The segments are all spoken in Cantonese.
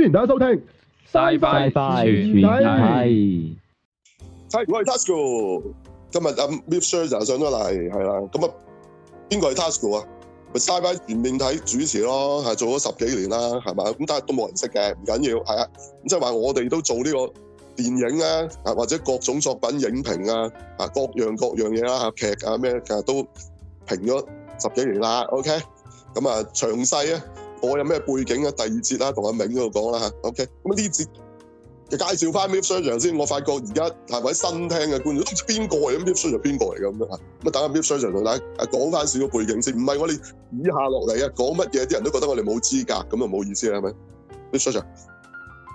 歡迎大家收聽，拜拜拜拜，係我係 Tasuku。今日咁 MythSearcher 上咗嚟，係啦，咁啊邊個係 Tasuku 啊？咪 SciFi 全面睇主持咯，係做咗十幾年啦，係嘛，咁但係都冇人識嘅，唔緊要，係啊，即係話我哋都做呢個電影啊，或者各種作品影評啊，啊各樣各樣嘢啦，吓劇啊咩，其實都評咗十幾年啦，OK，咁啊詳細啊。我有咩背景啊？第二節啦，同阿明嗰度講啦吓 OK，咁呢節就介紹翻 MythSearcher 先。我發覺而家係位新聽嘅觀眾，邊個啊？咁 MythSearcher 邊個嚟嘅咁啊？咁啊等下 MythSearcher 同大家，講翻少少背景先。唔係我哋以下落嚟啊，講乜嘢啲人都覺得我哋冇資格，咁就冇意思啦，係咪？MythSearcher，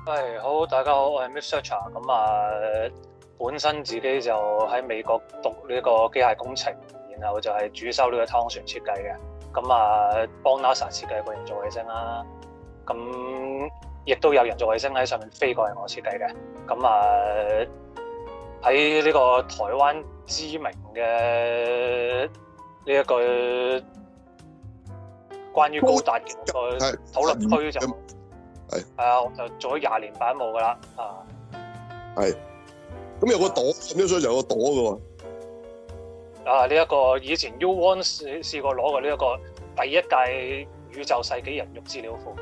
喂。好，大家好，我係 MythSearcher。咁啊，本身自己就喺美國讀呢個機械工程，然後就係主修呢個湯船設計嘅。咁啊，幫 NASA 設計一個人造衛星啦，啊，咁亦都有人造衛星喺上面飛過係我設計嘅。咁啊，喺呢個台灣知名嘅呢一個關於高達嘅討論區就係係，嗯嗯，啊，我就做咗廿年版模噶啦啊，係。咁有個朵，咁多張就有個朵嘅喎。啊！呢、這、一個以前 U One 試過攞過呢一個第一屆宇宙世紀人肉資料庫，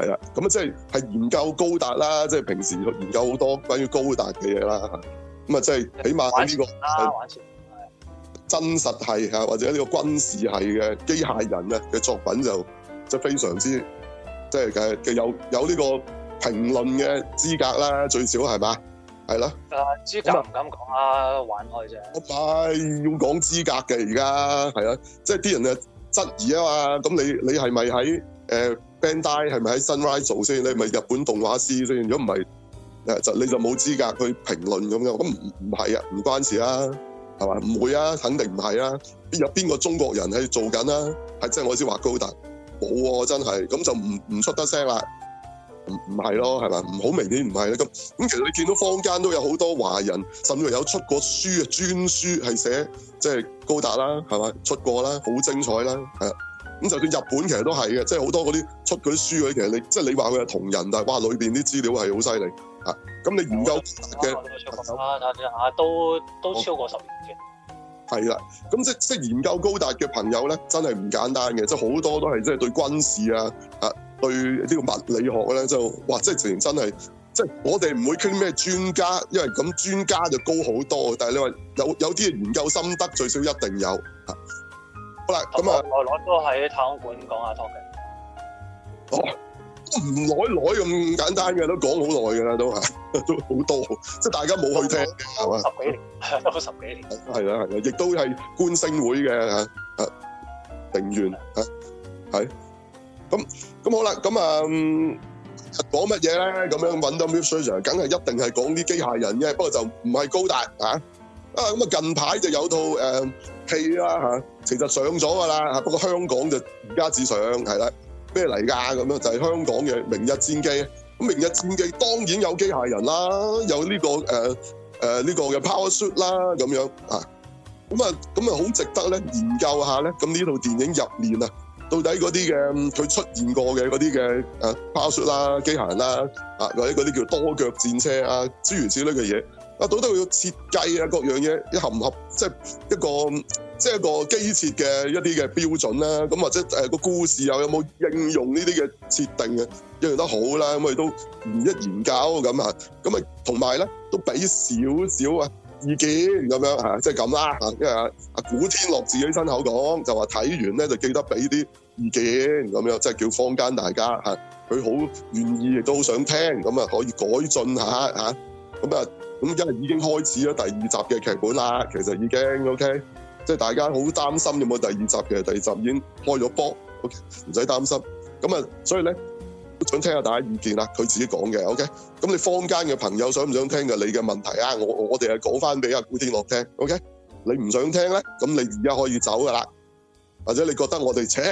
係啊，咁啊，即係係研究高達啦，即、就、係、是、平時研究好多關於高達嘅嘢啦。咁啊，即係起碼喺呢個真實係嚇、啊，或者呢個軍事係嘅機械人啊嘅作品就即係非常之即係嘅有有呢個評論嘅資格啦，最少係嘛？係啦，誒資格唔敢講啊，玩開啫。我怕要講資格嘅而家，係啊，即係啲人啊質疑啊嘛。咁你你係咪喺誒 Bandai？係咪喺 Sunrise 做先？你係咪日本動畫師先。如果唔係誒，就你就冇資格去評論咁樣。咁唔係啊，唔關事啊，係嘛？唔會啊，肯定唔係啊。邊有邊個中國人喺做緊啊？係真係我先話高達冇喎，真係。咁就唔唔出得聲啦。唔唔係咯，係嘛？唔好明顯唔係啦。咁咁其實你見到坊間都有好多華人，甚至有出過書嘅專書係寫即係、就是、高達啦，係嘛？出過啦，好精彩啦，係啊。咁就算日本其實都係嘅，即係好多嗰啲出嗰啲書嗰啲，其實你即係、就是、你話佢係同人，但係哇，裏邊啲資料係好犀利啊。咁你研究嘅、哦、嘅研究高達嘅，都都超過十年嘅。係啦，咁即即研究高達嘅朋友咧，真係唔簡單嘅，即係好多都係即係對軍事啊啊。對呢個物理學咧就哇真係完全真係，即係我哋唔會傾咩專家，因為咁專家就高好多。但係你話有有啲研究心得，最少一定有。好啦，咁啊，耐耐都喺太空館講下 topic 哦，都唔耐耐咁簡單嘅，都講好耐噶啦，都都好多，即係大家冇去聽，係嘛？十幾年，十幾年。係啦，係啦，亦都係觀星會嘅定員係。是咁咁好啦，咁啊講乜嘢咧？咁樣揾到 museum，梗係一定係講啲機械人嘅。不過就唔係高達啊啊！咁啊近排就有套誒戲啦嚇，其實上咗㗎啦嚇。不過香港就而家至上係啦，咩嚟㗎？咁樣就係香港嘅《明日戰記》。《明日戰記》當然有機械人啦，有呢個誒誒呢個嘅 power suit 啦，咁樣啊。咁啊咁啊，好值得咧研究下咧。咁呢套電影入面啊～到底嗰啲嘅佢出現過嘅嗰啲嘅，誒包雪啦，機械人啦，啊或者嗰啲叫多腳戰車啊諸如此類嘅嘢啊，到底佢設計啊各樣嘢一合唔合即係、就是、一個即係一個機設嘅一啲嘅標準啦、啊、咁或者誒個故事又有冇應用呢啲嘅設定應用得好啦？咁我哋都研一研究。咁啊咁啊同埋咧都俾少少啊意見，咁樣嚇即係咁啦，因為阿古天樂自己親口講就話、是、睇完咧就記得俾啲。意見咁樣，即係叫坊間大家吓，佢好願意，亦都好想聽，咁啊可以改進下吓，咁啊咁因為已經開始咗第二集嘅劇本啦，其實已經 OK，即係大家好擔心有冇第二集嘅，第二集已經開咗波，OK，唔使擔心，咁啊，所以咧都想聽下大家意見啦，佢自己講嘅 OK，咁你坊間嘅朋友想唔想聽嘅你嘅問題啊？我我哋係講翻俾阿古天樂聽，OK，你唔想聽咧，咁你而家可以走噶啦，或者你覺得我哋扯？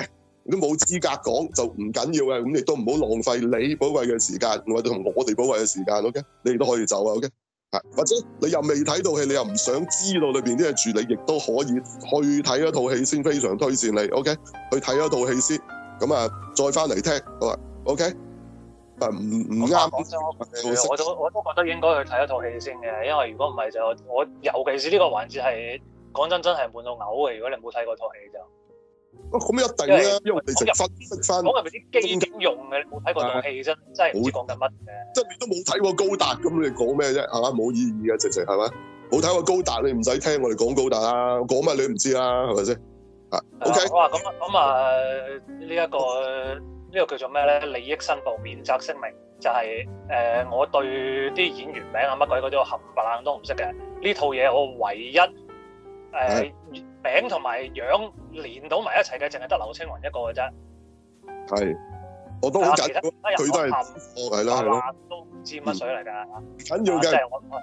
都冇資格講，就唔緊要嘅，咁亦都唔好浪費你寶貴嘅時間，或者同我哋寶貴嘅時間，OK？你哋都可以走啊，OK？或者你又未睇到戲，你又唔想知道裏邊啲嘢處理，亦都可以去睇一套戲先，非常推薦你，OK？去睇一套戲先，咁啊，再翻嚟聽，好，OK？唔唔啱。我都我都覺得應該去睇一套戲先嘅，因為如果唔係就我，尤其是呢個環節係講真真係悶到嘔嘅，如果你冇睇過套戲就。哦，咁一定啦，因為地食翻，食翻。講係咪啲機頂用嘅？你冇睇過套戲真，真係唔知講緊乜嘅。即係你都冇睇過高達，咁你講咩啫？係嘛，冇意義啊，直情係嘛。冇睇過高達，你唔使聽我哋講高達啦。我講乜你唔知啦，係咪先？啊，OK。我話咁啊，咁啊，呢一個呢個叫做咩咧？利益申報免責聲明就係誒，我對啲演員名啊乜鬼嗰啲我冚唪唥都唔識嘅。呢套嘢我唯一誒。餅同埋樣連到埋一齊嘅，淨係得劉青雲一個嘅啫。係，我都好簡，佢都係，係啦係啦，都唔知乜水嚟噶。緊要嘅，我我我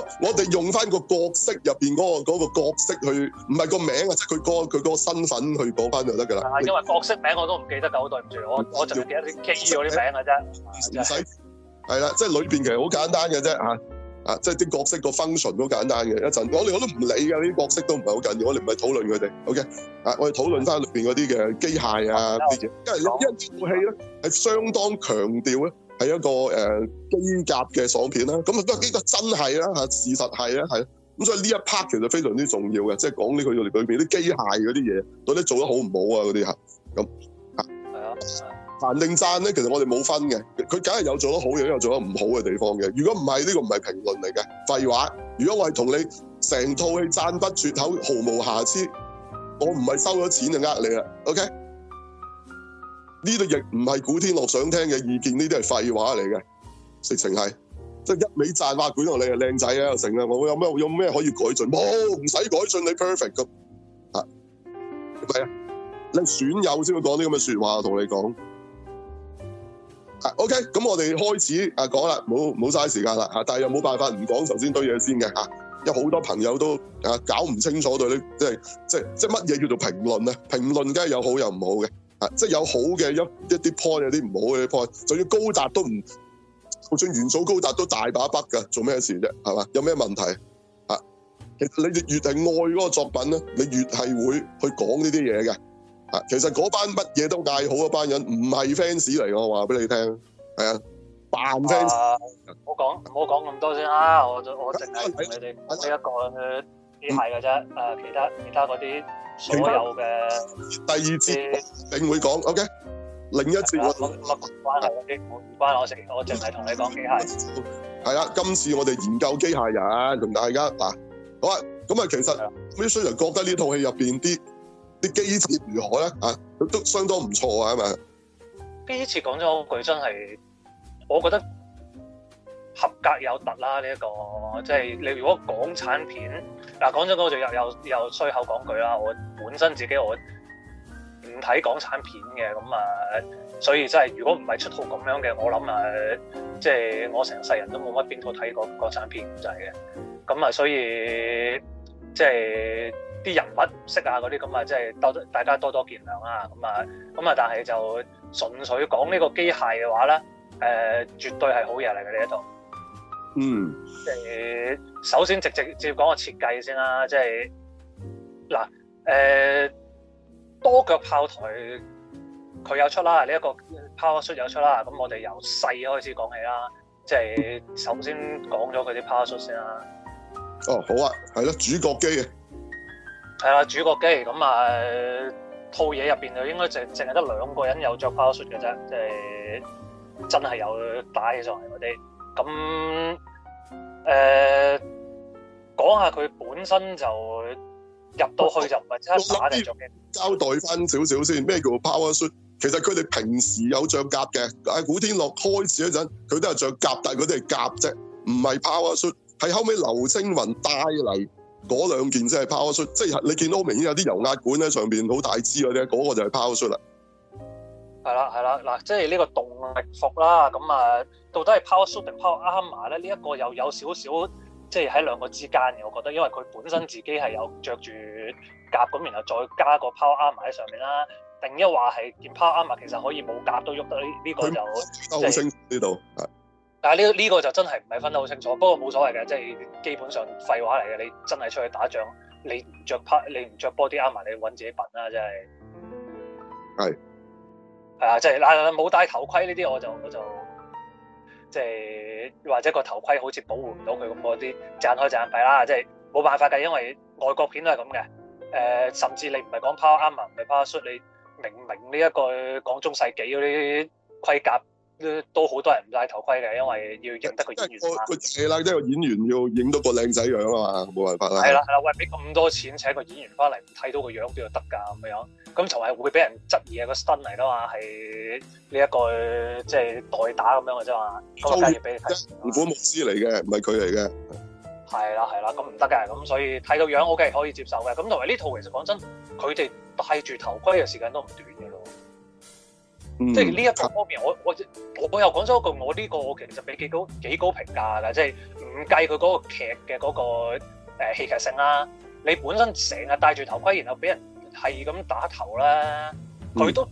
我我哋用翻個角色入邊嗰個嗰個角色去，唔係個名啊，即係佢個佢個身份去講翻就得噶啦。啊，因為角色名我都唔記得噶，對唔住我。我淨係記得啲機嗰啲名嘅啫。唔使，係啦，即係裏邊其實好簡單嘅啫啊。啊，即係啲角色個 function 好簡單嘅，一陣我哋我都唔理㗎，啲角色都唔係好緊要，我哋唔係討論佢哋，OK？啊，我哋討論翻裏邊嗰啲嘅機械啊，啲、啊、嘢，因為有一部戲咧係、啊、相當強調咧，係一個誒、啊、機甲嘅爽片啦，咁啊呢個真係啦嚇，事實係啊係，咁所以呢一 part 其實非常之重要嘅，即、就、係、是、講呢佢哋裏邊啲機械嗰啲嘢，到底做得好唔好啊嗰啲吓。咁啊。嗯彈定讚咧，其實我哋冇分嘅，佢梗係有做得好嘢，有做得唔好嘅地方嘅。如果唔係呢個唔係評論嚟嘅，廢話。如果我係同你成套戲讚不絕口，毫無瑕疵，我唔係收咗錢就呃你啦，OK？呢度亦唔係古天樂想聽嘅意見，呢啲係廢話嚟嘅，直情係即係一味讚話古天樂你係靚仔啊，成啊，我有咩有咩可以改進？冇，唔使改進，你 perfect 咁，係係啊？你損友先會講啲咁嘅說話，我同你講。OK，咁我哋開始啊，講啦，冇冇嘥時間啦嚇，但係又冇辦法唔講頭先堆嘢先嘅，有好多朋友都啊搞唔清楚對你，即係即係即係乜嘢叫做評論呢？評論梗係有好有唔好嘅，即係有好嘅一一啲 point，有啲唔好嘅 point，就要高達都唔，就算元素高達都大把筆噶，做咩事啫？係嘛？有咩問題啊？其實你哋越係愛嗰個作品咧，你越係會去講呢啲嘢嘅。其實嗰班乜嘢都嗌好一班人不是，唔係 fans 嚟我話俾你聽，係啊，扮 fans。唔好講，唔好講咁多先啊！我我淨係你哋講一個機械嘅啫，誒、嗯，其他其他嗰啲所有嘅。第二節，定會講 OK。另一節我是我關係我啲唔關我事，我淨係同你講機械。係 啦，今次我哋研究機械人同大家嗱，好啊，咁啊，其實啲雖然覺得呢套戲入邊啲。啲機制如何咧？啊，都相當唔錯啊，係咪？呢次講咗嗰句真係，我覺得合格有突啦。呢、這、一個即係你如果港產片嗱，講真我就又又又衰口講句啦。我本身自己我唔睇港產片嘅，咁啊，所以真係如果唔係出套咁樣嘅，我諗啊，即係我成世人都冇乜邊套睇過港產片咁滯嘅。咁啊，所以即係。啲人物識啊，嗰啲咁啊，即係多大家多多見諒啊，咁啊，咁啊，但係就純粹講呢個機械嘅話咧，誒、呃，絕對係好嘢嚟嘅呢一套。嗯，誒，首先直接接講個設計先啦，即係嗱，誒、呃，多腳炮台佢有出啦，呢一個 PowerShot 有出啦，咁我哋由細開始講起啦，即係首先講咗佢啲 PowerShot 先啦。哦，好啊，係咯，主角機嘅。係啊，主角機咁啊，套嘢入邊就應該淨淨係得兩個人有着 power suit 嘅啫，即、就、係、是、真係有打起上嚟嗰啲。咁誒、啊、講下佢本身就入到去就唔係打定着機，我諗住交代翻少少先，咩叫做 power suit？其實佢哋平時有着甲嘅。阿古天樂開始嗰陣，佢都係着甲，但係佢哋係甲啫，唔係 power suit。係後尾劉青雲帶嚟。嗰兩件就是 switch，即係 power suit，即係你見到明顯有啲油壓管喺上邊好大支嗰啲，嗰、那個就係 power suit 啦。係啦，係啦，嗱，即係呢個動力服啦，咁啊，到底係 power suit 定 power armour 咧？呢、這、一個又有少少即係喺兩個之間嘅，我覺得，因為佢本身自己係有着住夾咁，然後再加個 power armour 喺上面啦。定一話係件 power armour，其實可以冇夾都喐得。呢、這、呢個就即係知道。但係呢呢個就真係唔係分得好清楚，不過冇所謂嘅，即係基本上廢話嚟嘅。你真係出去打仗，你唔着 part，你唔著 body armor，你揾自己笨啦，真係。係。係啊，即係嗱，冇戴頭盔呢啲，我就我就即係或者個頭盔好似保護唔到佢咁嗰啲，隻眼開隻眼閉啦，即係冇辦法㗎，因為外國片都係咁嘅。誒，甚至你唔係講 body armor，唔係 body suit，你明唔明呢一個講中世紀嗰啲盔甲？都好多人唔戴頭盔嘅，因為要認得個演員。係啦，即係個演員要影到個靚仔樣啊嘛，冇辦法啦。係 啦樂，係啦，喂，俾咁多錢請個演員翻嚟，唔睇到個樣都要得㗎咁樣？咁同埋會俾人質疑啊，那個 stunt 嚟啦嘛，係呢一個即係、就是、代打咁樣嘅啫嘛。周亦俾你睇，如果牧師嚟嘅，唔係佢嚟嘅。係啦，係啦，咁唔得嘅，咁所以睇到樣 O K 可以接受嘅。咁同埋呢套其實講真，佢哋戴住頭盔嘅時間都唔短嘅咯。嗯、即係呢一個方面，我我我又講咗一句，我呢個其實俾幾高幾高評價㗎。即係唔計佢嗰個劇嘅嗰、嗰個誒、呃、戲劇性啦、啊，你本身成日戴住頭盔，然後俾人係咁打頭啦，佢、嗯、都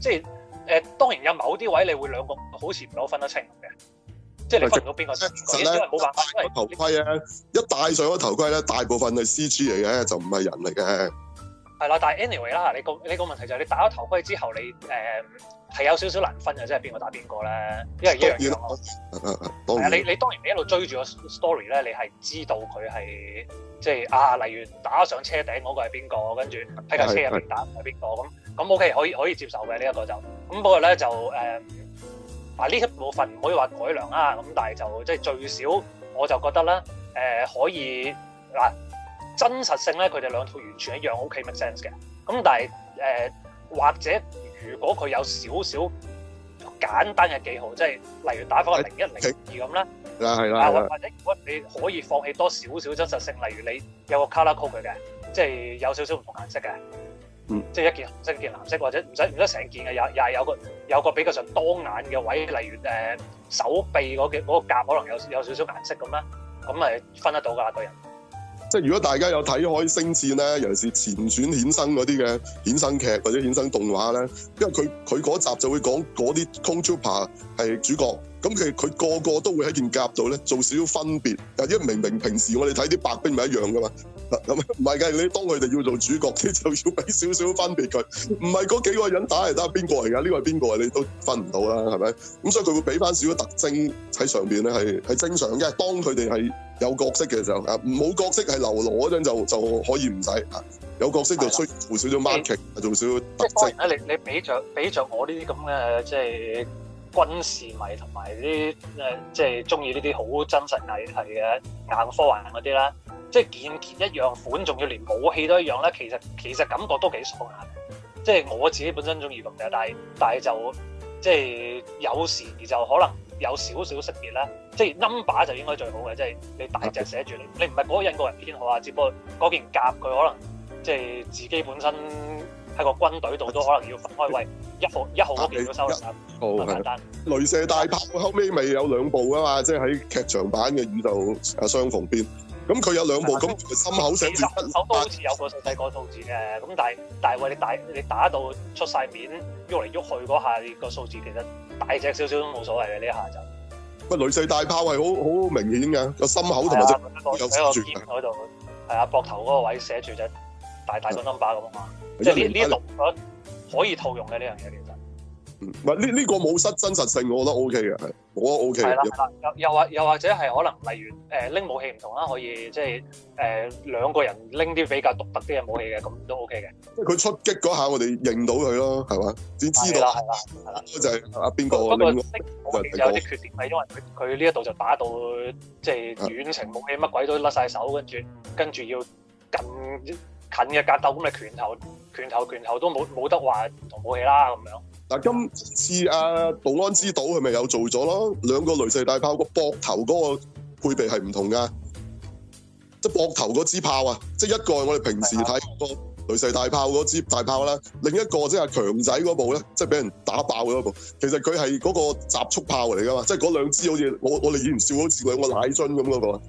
即係誒、呃。當然有某啲位你會兩個好似唔攞分得清嘅、嗯，即係你分唔到邊個？其實呢，冇辦法，因為、這個、頭盔啊，一戴上嗰頭盔咧，大部分係 CG 嚟嘅，就唔係人嚟嘅。係啦，但係 anyway 啦，你個你個問題就係你打咗頭盔之後，你誒係、嗯、有少少難分嘅，即係邊個打邊個咧，因為一樣嘢咯。係啊，你你，你當然你一路追住個 story 咧，你係知道佢係即係啊，例如打上車頂嗰個係邊個，跟住喺架車入邊打係邊個咁，咁 OK 可以可以接受嘅呢一個就，咁不過咧就誒，嗱、嗯、呢、啊、一部分唔可以話改良啦，咁但係就即係、就是、最少我就覺得咧，誒、呃、可以嗱。啊真實性咧，佢哋兩套完全一樣，OK，make sense 嘅。咁 但係誒、呃，或者如果佢有少少簡單嘅記號，即、就、係、是、例如打翻個零一零二咁啦，係啦， 或者如果你可以放棄多少少真實性，例如你有個 colour code 佢嘅，即、就、係、是、有少少唔同顏色嘅，嗯，即係一件紅色、一件藍色，或者唔使唔使成件嘅，又又係有，有個有個比較上當眼嘅位，例如誒、呃、手臂嗰嘅嗰個、那個、甲可能有有少少顏色咁啦，咁咪分得到㗎對人。即係如果大家有睇開星戰呢，咧，尤其是前傳衍生嗰啲嘅衍生劇或者衍生動畫咧，因為佢佢嗰集就會講嗰啲 clone trooper 係主角，咁其實佢個個都會喺件夾度咧做少少分別，因為明明平時我哋睇啲白兵咪一樣噶嘛。咁唔係嘅，你當佢哋要做主角，你就要俾少少分別佢。唔係嗰幾個人打嚟，得邊個嚟㗎？呢個係邊個你都分唔到啦，係咪？咁所以佢會俾翻少少特徵喺上面，咧，係係正常嘅。當佢哋係有角色嘅時候，啊，冇角色係流羅嗰陣就就可以唔使；有角色就需附少少 mark 做少少特徵。你你俾著俾著我呢啲咁嘅即係。就是軍事迷同埋啲即係中意呢啲好真實擬係嘅硬科幻嗰啲啦，即係件件一樣款，仲要連武器都一樣咧，其實其實感覺都幾爽眼即係我自己本身中意咁嘅，但係但係就即係有時就可能有少少識別啦，即係 number 就應該最好嘅，即係你大隻寫住，你你唔係嗰印個人編號啊，只不過嗰件甲佢可能即係自己本身。喺個軍隊度都可能要分開喂，一號一號都見到收手，好簡單。鐳射大炮後尾咪有兩部噶嘛，即係喺劇場版嘅宇宙啊相逢邊，咁佢有兩部咁心口寫住一百，都好似有個細細個數字嘅，咁但係但係喂你打你打到出晒面喐嚟喐去嗰下，個數字其實大隻少少都冇所謂嘅呢下就。喂，鐳射大炮係好好明顯嘅個心口同埋，喺個肩嗰度，係啊，膊頭嗰個位寫住啫。大大數 number 咁啊嘛，即係呢一度，我可，可以套用嘅呢樣嘢其實，唔係呢呢個冇失真實性，我覺得 O K 嘅，我 O、OK、K。係啦係啦，又又或又或者係可能例如誒拎、呃、武器唔同啦，可以即係誒、呃、兩個人拎啲比較獨特啲嘅武器嘅，咁都 O K 嘅。即係佢出擊嗰下，我哋認到佢咯，係嘛？先知道係啦係啦， 就係阿邊個拎、那個。不過武器有決定，有啲缺點係因為佢佢呢一度就打到即係遠程武器乜鬼都甩晒手，跟住跟住要近。近嘅格鬥咁咪拳頭，拳頭拳頭都冇冇得話唔同武器啦咁樣。嗱今次啊，杜安之島係咪又做咗咯？兩個雷射大炮個膊頭嗰個配備係唔同噶，即係膊頭嗰支炮啊！即係一個係我哋平時睇個雷射大炮嗰支大炮啦、啊，另一個即係強仔嗰部咧，即係俾人打爆嗰部。其實佢係嗰個集束炮嚟噶嘛，即係嗰兩支好似我我哋以前笑好似兩個奶樽咁嗰個。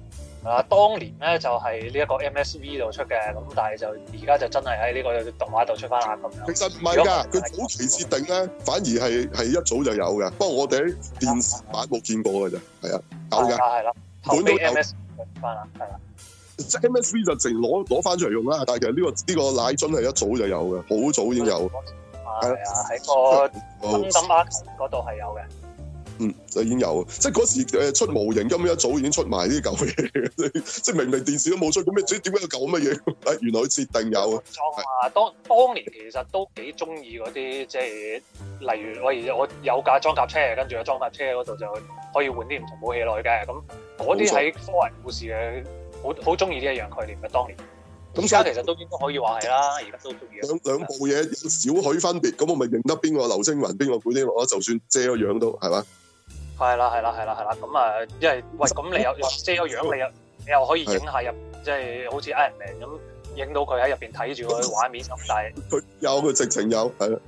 啊！當年咧就係呢一個 MSV 度出嘅，咁但係就而家就真係喺呢個動畫度出翻啦咁樣。其實唔係㗎，佢早期設定咧，反而係係一早就有嘅。不過我哋喺電視版冇見過嘅咋，係啊，嗯、是的是的本有嘅。啊，係咯。投 MSV 翻啊，係啊、嗯。即係 MSV 就淨攞攞翻出嚟用啦。但係其實呢、呢個呢、呢個奶樽係一早就有嘅，好早已經有。係、嗯、啊，喺個中心嗰度係有嘅。嗯，就已經有，即係嗰時出模型咁樣一早已經出埋啲舊嘢，即係明明電視都冇出，咁你點點解有舊乜嘢？原來佢設定有。啊、嗯，當當年其實都幾中意嗰啲，即係例如我而我有架裝甲車，跟住有裝甲車嗰度就可以換啲唔同武器落去嘅，咁嗰啲喺科幻故事嘅好好中意呢一樣概念嘅。當年，而家其實都應該可以話係啦，而、嗯、家都、嗯都、嗯、都兩兩部嘢有少許分別，咁我咪認得邊個劉青雲，邊個古天樂？就算遮個樣都係嘛？係啦，係啦，係啦，係啦，咁啊，因為喂，咁你又又遮個樣，你又又可以影下入，即係、就是、好似 Iron Man 咁影到佢喺入邊睇住佢啲畫面咁，但係佢有，佢直情有，係咯，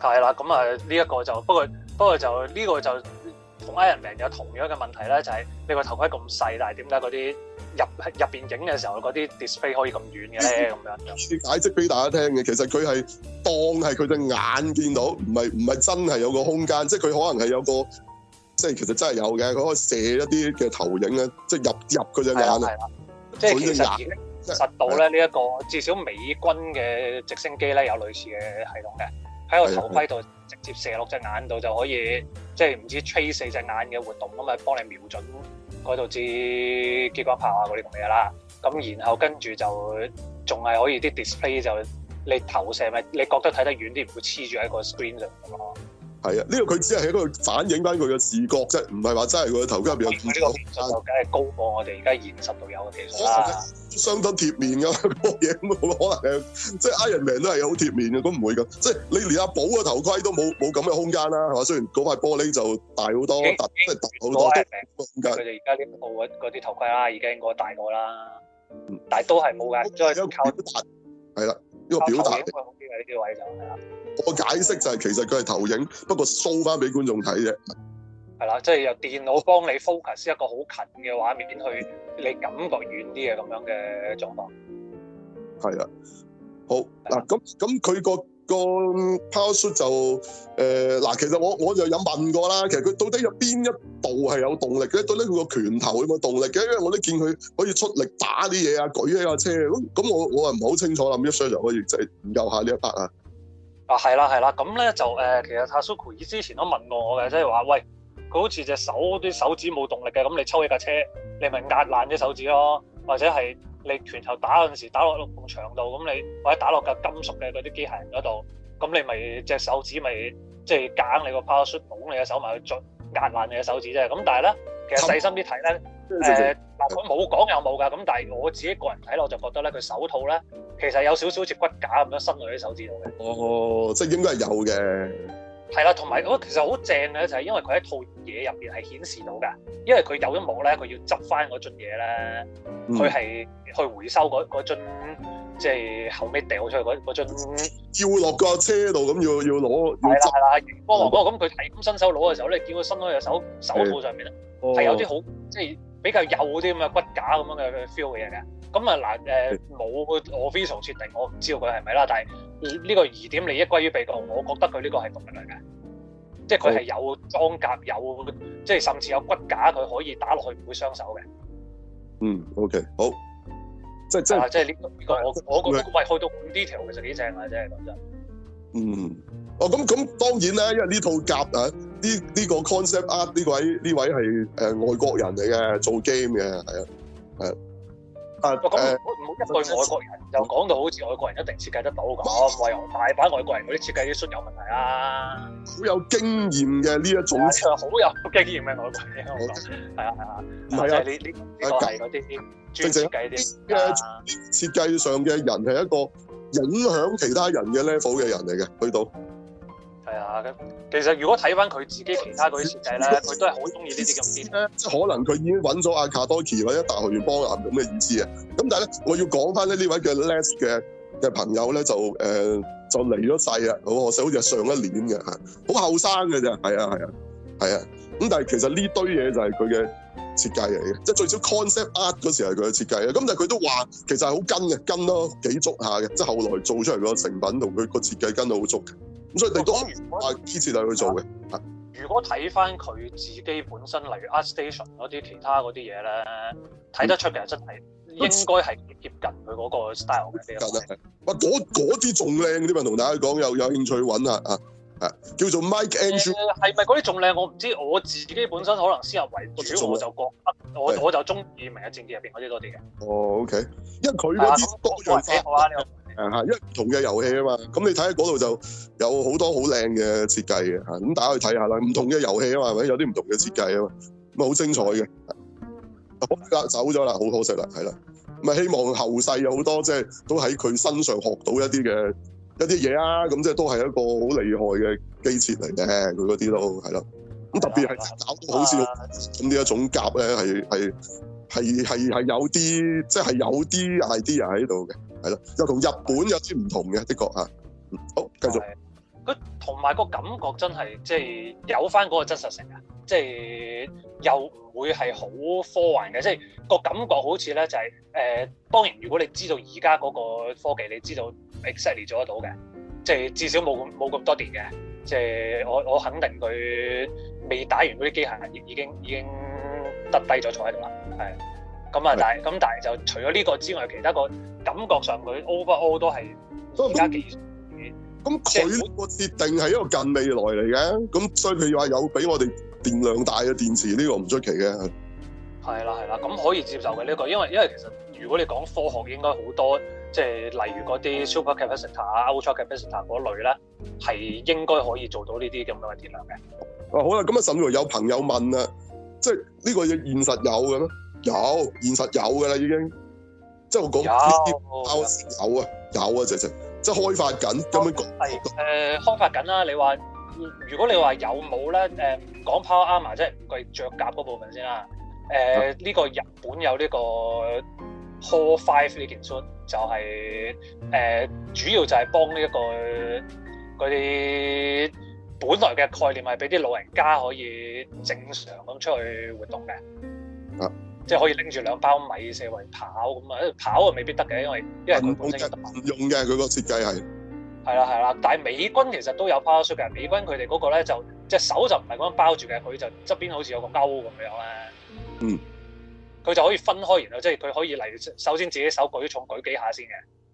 係啦，咁啊呢一個就不過不過就呢、這個就同 Iron Man 有同樣嘅問題咧，就係、是、你個頭盔咁細，但係點解嗰啲入入邊影嘅時候嗰啲 display 可以咁遠嘅咧？咁樣，我解釋俾大家聽嘅，其實佢係當係佢隻眼見到，唔係唔係真係有個空間，即係佢可能係有個。即係其實真係有嘅，佢可以射一啲嘅投影咧，即係入入佢隻眼啊！即係其實實到咧呢一個，至少美軍嘅直升機咧有類似嘅系統嘅，喺個頭盔度直接射落隻眼度就可以，即係唔知 trace 四隻眼嘅活動咁啊，幫你瞄準嗰度支激光炮啊嗰啲咁嘅嘢啦。咁然後跟住就仲係可以啲 display 就你投射咪，你覺得睇得遠啲唔會黐住喺個 screen 度咯？係啊，呢個佢只係喺度反映翻佢嘅視覺啫，唔係話真係佢嘅頭盔入面有空間。呢個技術梗係高過我哋而家現實度有嘅技術啦。相當貼面噶，個嘢冇可能係，即係 Iron Man 都係好貼面嘅，都唔會噶。即係你連阿寶嘅頭盔都冇冇咁嘅空間啦，係嘛？雖然嗰塊玻璃就大好多，即，欸、係大好多，欸，空間。佢哋而家呢個嗰嗰啲頭盔啦，已經應該個大過啦，但係都係冇嘅。因為表達，係啦，呢個表達。呢啲位就係啦。我解釋就係、是、其實佢係投影，不過 show 翻俾觀眾睇啫。係啦，即、就、係、是、由電腦幫你 focus 一個好近嘅畫面 去，你感覺遠啲嘅咁樣嘅狀況。係啊，好嗱，咁咁佢個。個 power suit 就誒嗱、呃，其實我我就有問過啦。其實佢到底有邊一度係有動力嘅？到底佢個拳頭有冇動力嘅？因為我都見佢可以出力打啲嘢啊，舉起架車咁。咁我我誒唔係好清楚啦。咁一時就可以即係研究下呢一 part 啊。啊，係啦，係啦。咁咧就誒、呃，其實 Tasuku 之前都問過我嘅，即係話喂，佢好似隻手啲手指冇動力嘅，咁你抽起架車，你係咪壓爛啲手指咯？或者係？你拳頭打嗰陣時，打落埲牆度，咁你或者打落架金屬嘅嗰啲機械人嗰度，咁你咪隻手指咪即係夾硬你個 power suit，攞你嘅手埋去捽，壓爛你嘅手指啫。咁但係咧，其實細心啲睇咧，誒嗱佢冇講又冇㗎。咁但係我自己個人睇落就覺得咧，佢手套咧其實有少少似骨架咁樣伸落啲手指度嘅。哦，即係應該係有嘅。係啦、啊，同埋其實好正嘅就係、是、因為佢一套嘢入邊係顯示到嘅，因為佢有咗幕咧，佢要執翻嗰樽嘢咧，佢係去回收嗰樽，即係後尾掉出去嗰樽，要落架車度咁要要攞。係啦係啦，光皇哥咁佢睇咁伸手攞嘅時候咧，見佢伸開隻手手套上面咧係、哎哦、有啲好即係比較幼啲咁嘅骨架咁樣嘅 feel 嘅嘢嘅。咁、呃哎、啊嗱誒冇我非常確定，我唔知道佢係咪啦，但係。呢、這個疑點利益歸於被告，我覺得佢呢個係合理嘅，即係佢係有裝甲，有即係甚至有骨架，佢可以打落去唔會傷手嘅。嗯，OK，好，即係、啊、即係即係呢、這個，如果我我覺得喂去到 detail 其實幾正真啫，講真。嗯，哦咁咁當然啦，因為呢套甲啊，呢呢、這個 concept art 呢位呢位係誒、呃、外國人嚟嘅，做 game 嘅誒。啊！咁唔好一句外國人又講到好似外國人一定設計得到咁，為何大把外國人嗰啲設計啲筍有問題啦、啊。好有經驗嘅呢一種好有經驗嘅外國人，我係啊係啊，唔、就、係、係、啊你呢呢個係嗰啲啲專設計啲、啊、設計上嘅人係一個影響其他人嘅 level 嘅人嚟嘅，去到。係啊，其實如果睇翻佢自己其他嗰啲設計咧，佢都係好中意呢啲咁嘅，即係可能佢已經揾咗阿卡多奇或者大學院幫啊咁嘅意思啊。咁但係咧，我要講翻咧呢位叫 Les 嘅嘅朋友咧、呃，就誒就離咗世啊。我死好似係上一年嘅，好後生嘅啫。係啊，係啊，係啊。咁但係其實呢堆嘢就係佢嘅設計嚟嘅，即係最少 concept art 嗰時係佢嘅設計啊。咁但係佢都話其實係好跟嘅，跟咯幾足下嘅。即係後來做出嚟個成品同佢個設計跟到好足嘅。所以你都係堅持你去做嘅。如果睇翻佢自己本身，例如 ArtStation 嗰啲其他嗰啲嘢咧，睇得出其實真係應該係接近佢嗰個 style 嘅。近啊，喂，嗰啲仲靚啲，咪同大家講又有，有興趣揾啊，啊，係叫做 Mike Andrew，係咪嗰啲仲靚？我唔知道我自己本身可能先入為主，就我就覺得我我就中意明日戰記入邊嗰啲多啲嘅。哦，OK，因為佢嗰啲多樣化。因為唔同嘅遊戲啊嘛，咁你睇下嗰度就有好多好靚嘅設計嘅嚇，咁大家去睇下啦。唔同嘅遊戲啊嘛，係咪有啲唔同嘅設計啊？咁好精彩嘅。可惜走咗啦，好可惜啦，係啦。咪希望後世有好多即係都喺佢身上學到一啲嘅一啲嘢啊！咁即係都係一個好厲害嘅機設嚟嘅，佢嗰啲都係啦。咁特別係搞到好似咁呢一種夾咧，係係係係係有啲即係有啲 idea 喺度嘅。係咯，又同日本有啲唔同嘅，的確嚇。好，繼續。佢同埋個感覺真係即係有翻嗰個真實性啊！即係又唔會係好科幻嘅，即係個感覺好似咧就係誒。當然，如果你知道而家嗰個科技，你知道 exactly 做得到嘅，即係至少冇冇咁多電嘅。即係我我肯定佢未打完嗰啲機械人已經已經得低咗坐喺度啦，係。咁、嗯、啊、嗯，但係咁，但係就除咗呢個之外，其他個感覺上佢 over all 都係更加技術，咁佢個設定係一個近未來嚟嘅，咁、嗯、所以佢話有俾我哋電量大嘅電池，呢、這個唔出奇嘅。係啦，係啦，咁可以接受嘅呢、這個，因為因為其實如果你講科學，應該好多即係、就是、例如嗰啲 super capacitor 啊、嗯、，ultracapacitor 嗰類咧，係應該可以做到呢啲咁樣嘅電量嘅。哦、嗯，好啦，咁、嗯、啊，甚、嗯、至、嗯、有朋友問啊，即係呢個嘢現實有嘅咩？有，現實有噶啦，已經。即係我講，有啊，有啊，直情，即係開發緊，咁、嗯、樣講？係，誒、呃，開發緊啦。你話，如果你話有冇咧，誒、呃，講 Power Armor 啊，即係佢着甲嗰部分先啦。誒、呃，呢、啊這個日本有呢個 HAL Five 呢件 suit 就係、是、誒、呃，主要就係幫呢、這、一個嗰啲本來嘅概念，係俾啲老人家可以正常咁出去活動嘅。啊。即係可以拎住兩包米四圍跑咁啊！跑啊未必得嘅，因為因為佢唔用嘅，唔用嘅佢個設計係係啦係啦。但係美軍其實都有 power suit 嘅。美軍佢哋嗰個咧就隻手就唔係咁樣包住嘅，佢就側邊好似有個勾咁樣咧。嗯，佢就可以分開，然後即係佢可以嚟，首先自己手舉重舉幾下先嘅。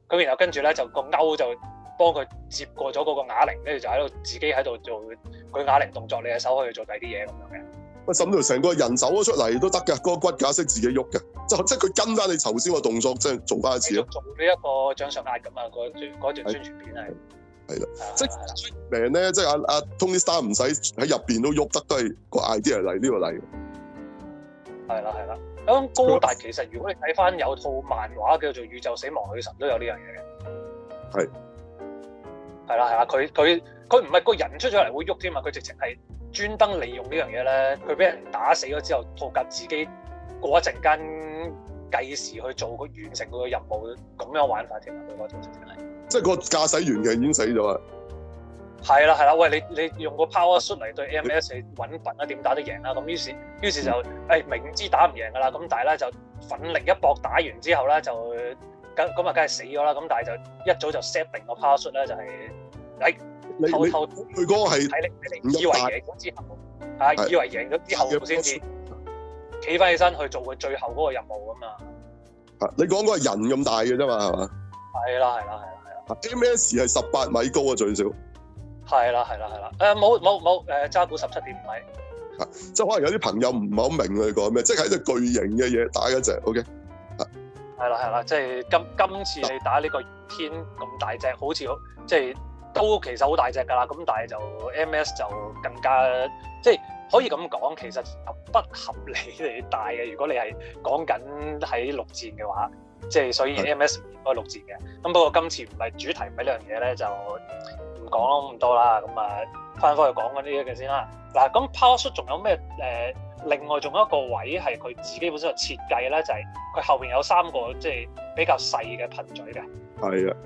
佢然後跟住咧就個勾就幫佢接過咗嗰個啞鈴，跟住就喺度自己喺度做舉啞鈴動作。你嘅手可以做第啲嘢咁樣嘅。喂，沈到成個人走咗出嚟都得嘅，嗰、那個骨架識自己喐嘅，就即係佢跟翻你頭先個動作，即係做翻一次咯。做呢一個掌上壓咁、就是、啊，嗰段宣傳片係係啦，即係明咧，即係阿阿 Tony Star 唔使喺入邊都喐得，都係個 idea 嚟，呢、這個嚟。係啦係啦，咁高達其實如果你睇翻有套漫畫叫做《宇宙死亡女神》，都有呢樣嘢嘅。係。係啦係啦，佢佢佢唔係個人出咗嚟會喐添嘛，佢直情係。專登利用這呢樣嘢咧，佢俾人打死咗之後，套夾自己過一陣間計時去做佢，完成佢嘅任務，咁樣玩法添啊！我睇出嚟，即係個駕駛員嘅已經死咗啦。係啦係啦，喂，你你用個 Power Shot 嚟對 AMS 揾笨啊，點 打都贏啦。咁於是於是就誒、哎、明知打唔贏噶啦，咁但係咧就奮力一搏，打完之後咧就咁咁啊，梗係死咗啦。咁但係就一早就 set 定個 Power Shot 咧、就係，就係誒。你你偷偷佢嗰個係以為贏咗之後，啊，以為贏咗之後先至企翻起身去做佢最後嗰個任務啊嘛。啊，你講嗰個人咁大嘅啫嘛，係嘛？係啦係啦係啦係啦。M.S. 係十八米高啊，最少。係啦係啦係啦，誒，冇冇冇，誒，渣古十七點五米。啊，呃、是即係可能有啲朋友唔係好明佢講咩，即係喺隻巨型嘅嘢打一隻。O.K.，係啦係啦，即係今今次你打呢個天咁大隻，好似即係。都其實好大隻噶啦，咁但係就 MS 就更加即係可以咁講，其實不合理哋大嘅。如果你係講緊喺六戰嘅話，即係所以 MS 唔可以六戰嘅。咁不過今次唔係主題唔係呢樣嘢咧，就唔講咁多啦。咁啊，翻返去講緊呢一嘅先啦。嗱，咁 PowerShot 仲有咩？誒，另外仲有一個位係佢自己本身嘅設計咧，就係、是、佢後邊有三個即係、就是、比較細嘅噴嘴嘅。係啊。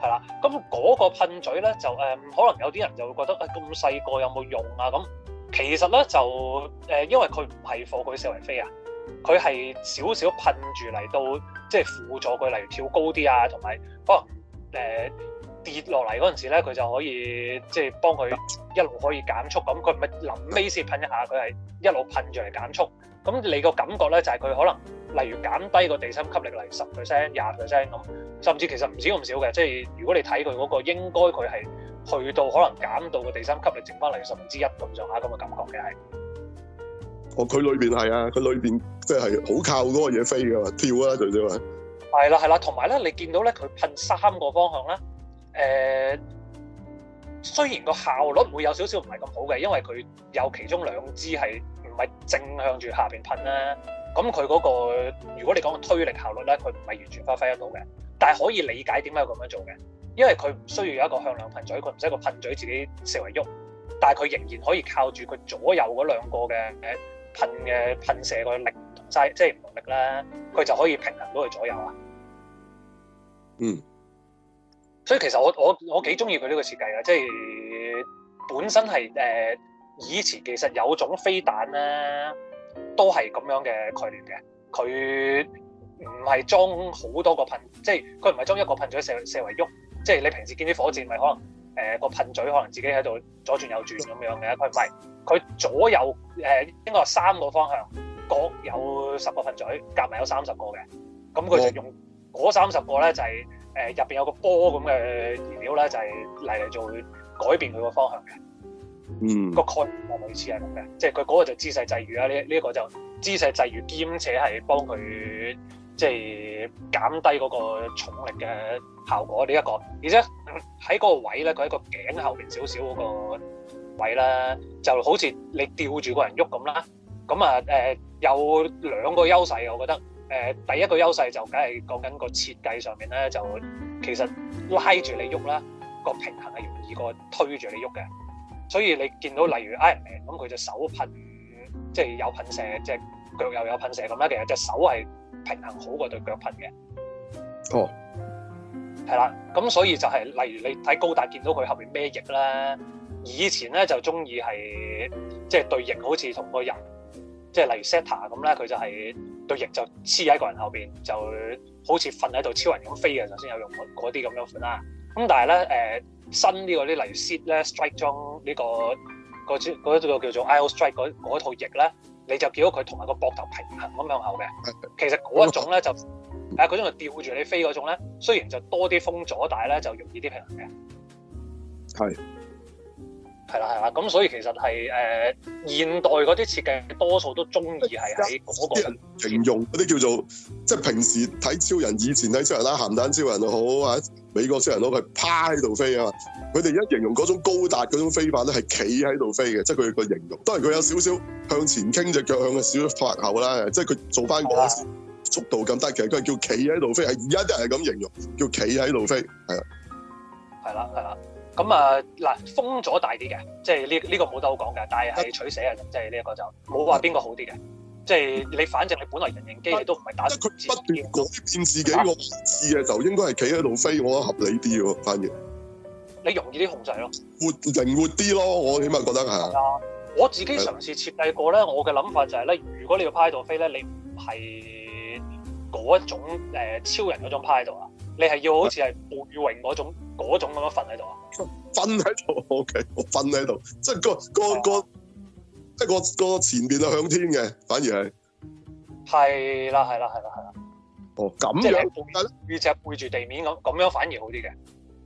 係啦，咁嗰個噴嘴咧就誒、呃，可能有啲人就會覺得誒咁細個有冇用啊？咁其實咧就誒、呃，因為佢唔係放佢四圍飛啊，佢係少少噴住嚟到即係輔助佢，例如跳高啲啊，同埋可能誒、呃、跌落嚟嗰陣時咧，佢就可以即係幫佢一路可以減速。咁佢唔係臨尾先噴一下，佢係一路噴住嚟減速。咁你個感覺咧就係、是、佢可能。例如減低個地心吸力嚟十 percent、廿 percent 咁，甚至其實唔少咁少嘅，即係如果你睇佢嗰個應該佢係去到可能減到個地心吸力剩翻嚟十分之一咁上下咁嘅、那個、感覺嘅係。哦，佢裏邊係啊，佢裏邊即係好靠嗰個嘢飛嘅嘛，跳啊，佢哋話。係啦，係啦，同埋咧，你見到咧佢噴三個方向啦。誒、呃，雖然個效率會有少少唔係咁好嘅，因為佢有其中兩支係唔係正向住下邊噴啦。咁佢嗰個，如果你講個推力效率咧，佢唔係完全發揮得到嘅，但係可以理解點解要咁樣做嘅，因為佢唔需要有一個向量噴嘴，佢唔使一個噴嘴自己四圍喐，但係佢仍然可以靠住佢左右嗰兩個嘅噴嘅噴射個力唔同曬，即係唔同力啦，佢就可以平衡到佢左右啊。嗯，所以其實我我我幾中意佢呢個設計啊，即係本身係誒以前其實有種飛彈啦。都係咁樣嘅概念嘅，佢唔係裝好多個噴，即係佢唔係裝一個噴嘴射射維喐，即係你平時見啲火箭咪可能誒個噴嘴可能自己喺度左轉右轉咁樣嘅，佢唔係，佢左右誒、呃、應該有三個方向，各有十個噴嘴，夾埋有三十個嘅，咁佢就用嗰三十個咧就係誒入邊有個波咁嘅燃料咧就係嚟嚟做改變佢個方向嘅。嗯，個概念我意思係咁嘅，即係佢嗰個就姿勢制御啦，呢呢一個就姿勢制御兼且係幫佢即係減低嗰個重力嘅效果呢一個，而且喺嗰個位咧，佢喺個頸後邊少少嗰個位啦，就好似你吊住個人喐咁啦，咁啊誒有兩個優勢，我覺得誒第一個優勢就梗係講緊個設計上面咧，就其實拉住你喐啦，個平衡係容易過推住你喐嘅。所以你見到例如 Iron Man 咁佢隻手噴，即係有噴射，即係腳又有噴射咁咧，其實隻手係平衡好過對腳噴嘅。哦、oh.，係啦，咁所以就係例如你睇高達見到佢後邊咩翼咧，以前咧就鍾意係即係對翼好似同個人，即係例如 Seta 咁咧，佢就係對翼就黐喺一個人後邊，就好似瞓喺度超人咁飛嘅，首先有用嗰啲咁樣款啦。咁但係咧，誒新啲嗰啲，例如 Seed 咧，strike 裝呢個嗰嗰一個叫做 Aile strike 嗰嗰套翼咧，你就見到佢同埋個膊頭平衡咁向後嘅。其實嗰一種咧就，啊嗰種就吊住你飛嗰種咧，雖然就多啲風阻，但係咧就容易啲平衡嘅。係。係啦、啊，係啦、啊，咁所以其實係誒、呃、現代嗰啲設計多數都中意係喺嗰個人形容嗰啲叫做即係平時睇超人，以前睇超人啦，鹹蛋超人又好啊，美國超人嗰佢趴喺度飛啊嘛，佢哋一形容嗰種高達嗰種飛法咧係企喺度飛嘅，即係佢個形容。當然佢有少少向前傾隻腳，向少小發後啦，即係佢做翻嗰個、啊、速度咁低。其實佢係叫企喺度飛，係而家啲人係咁形容叫企喺度飛，係啊，啊，係啦，係啦。咁啊，嗱，風阻大啲嘅，即係呢呢個冇得、這個、好講嘅，但係取捨啊，即係呢一個就冇話邊個好啲嘅，即係你反正你本來人形機器都唔係打，不斷改變自己個位置嘅，就應該係企喺度飛，我覺得合理啲嘅反而，你容易啲控制咯，活靈活啲咯，我起碼覺得吓。啊，我自己嘗試設計過咧，我嘅諗法就係、是、咧，如果你個派度飛咧，你唔係嗰一種誒、呃、超人嗰種派度啊。你係要好似係背泳嗰種嗰種咁樣瞓喺度啊？瞓喺度，O K，我瞓喺度，即係個個個，即係個個，個前邊就向天嘅，反而係係啦，係啦，係啦，係啦。哦，咁即係背，背面，而背住地面咁，咁樣反而好啲嘅。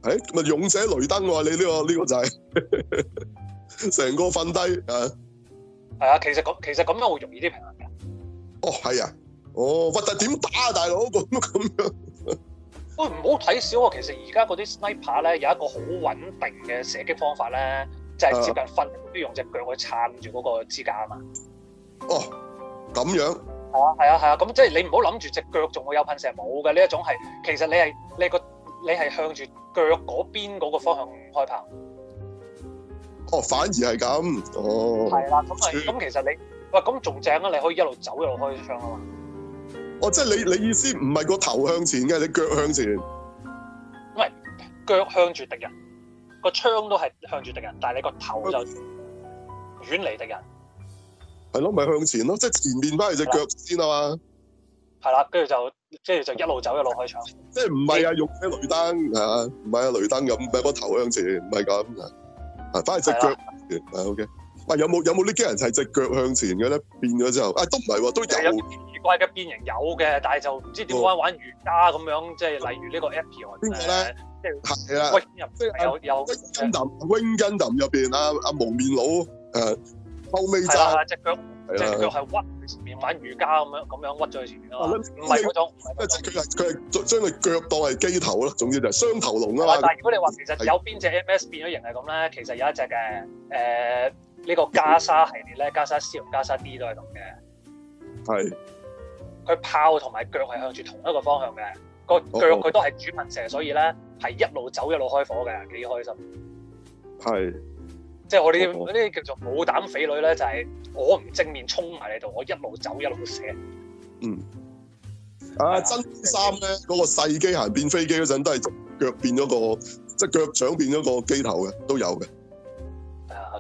誒，咪勇者雷登話你呢個呢個就係，成個瞓低啊？係、這個這個就是、 啊，其實咁其實咁樣會容易啲平衡嘅。哦，係啊，哦，核突點打啊，大佬咁咁樣。喂，唔好睇小我，其實而家嗰啲 sniper 咧有一個好穩定嘅射擊方法咧，就係、是、接近瞓，要用隻腳去撐住嗰個支架啊嘛。哦，咁樣。係啊，係啊，係啊，咁即係你唔好諗住隻腳仲會有噴射冇嘅呢一種係，其實你係你個你係向住腳嗰邊嗰個方向開炮。哦，反而係咁，哦，係啦，咁啊，咁其實你，喂，咁仲正啊！你可以一路走一路開槍啊嘛。哦，即係你你意思唔係個頭向前嘅，你腳向前。唔係，腳向住敵人，個槍都係向住敵人，但係你個頭就遠離敵人。係咯，咪向前咯，即係前面翻嚟隻腳先啊嘛。係啦，跟住就跟住就一路走一路開槍。即係唔係啊，用咩雷燈啊？唔係啊，雷燈咁，唔、咪個頭向前，唔係咁啊，翻嚟隻腳啊，OK。有冇有冇呢啲人係隻腳向前嘅咧？變咗之後啊、哎、都唔係喎，都有奇、嗯、怪嘅變形有嘅，但係就唔知點解玩瑜伽咁樣，即係例如個 Apion, 呢個 app 之邊嘅咧，即係係啦，入即有有。Gundam Gundam 入邊啊 Gundam, 啊蒙面、啊啊啊、面佬，誒、啊、後尾就係啦，隻腳隻腳係屈，屈前面玩瑜伽咁樣咁樣屈咗去前面咯。唔、啊、係嗰種，唔係，即係佢係將佢腳當係機頭咯，總之就雙頭龍、嗯、啊嘛。但係如果你話其實有邊隻 MS 變咗形係咁咧，其實有一隻嘅誒。呢、這個加沙系列咧，加沙 C 同加沙 D 都係咁嘅。係。佢炮同埋腳係向住同一個方向嘅，個腳佢都係主噴射，所以咧係一路走一路開火嘅，幾開心。係。即係我哋呢啲叫做冇膽匪類咧，就係、是、我唔正面衝埋你度，我一路走一路射。嗯。啊！是啊真三咧，嗰、那個細機械變飛機嗰陣，都係腳變咗個，即係腳掌變咗個機頭嘅，都有嘅。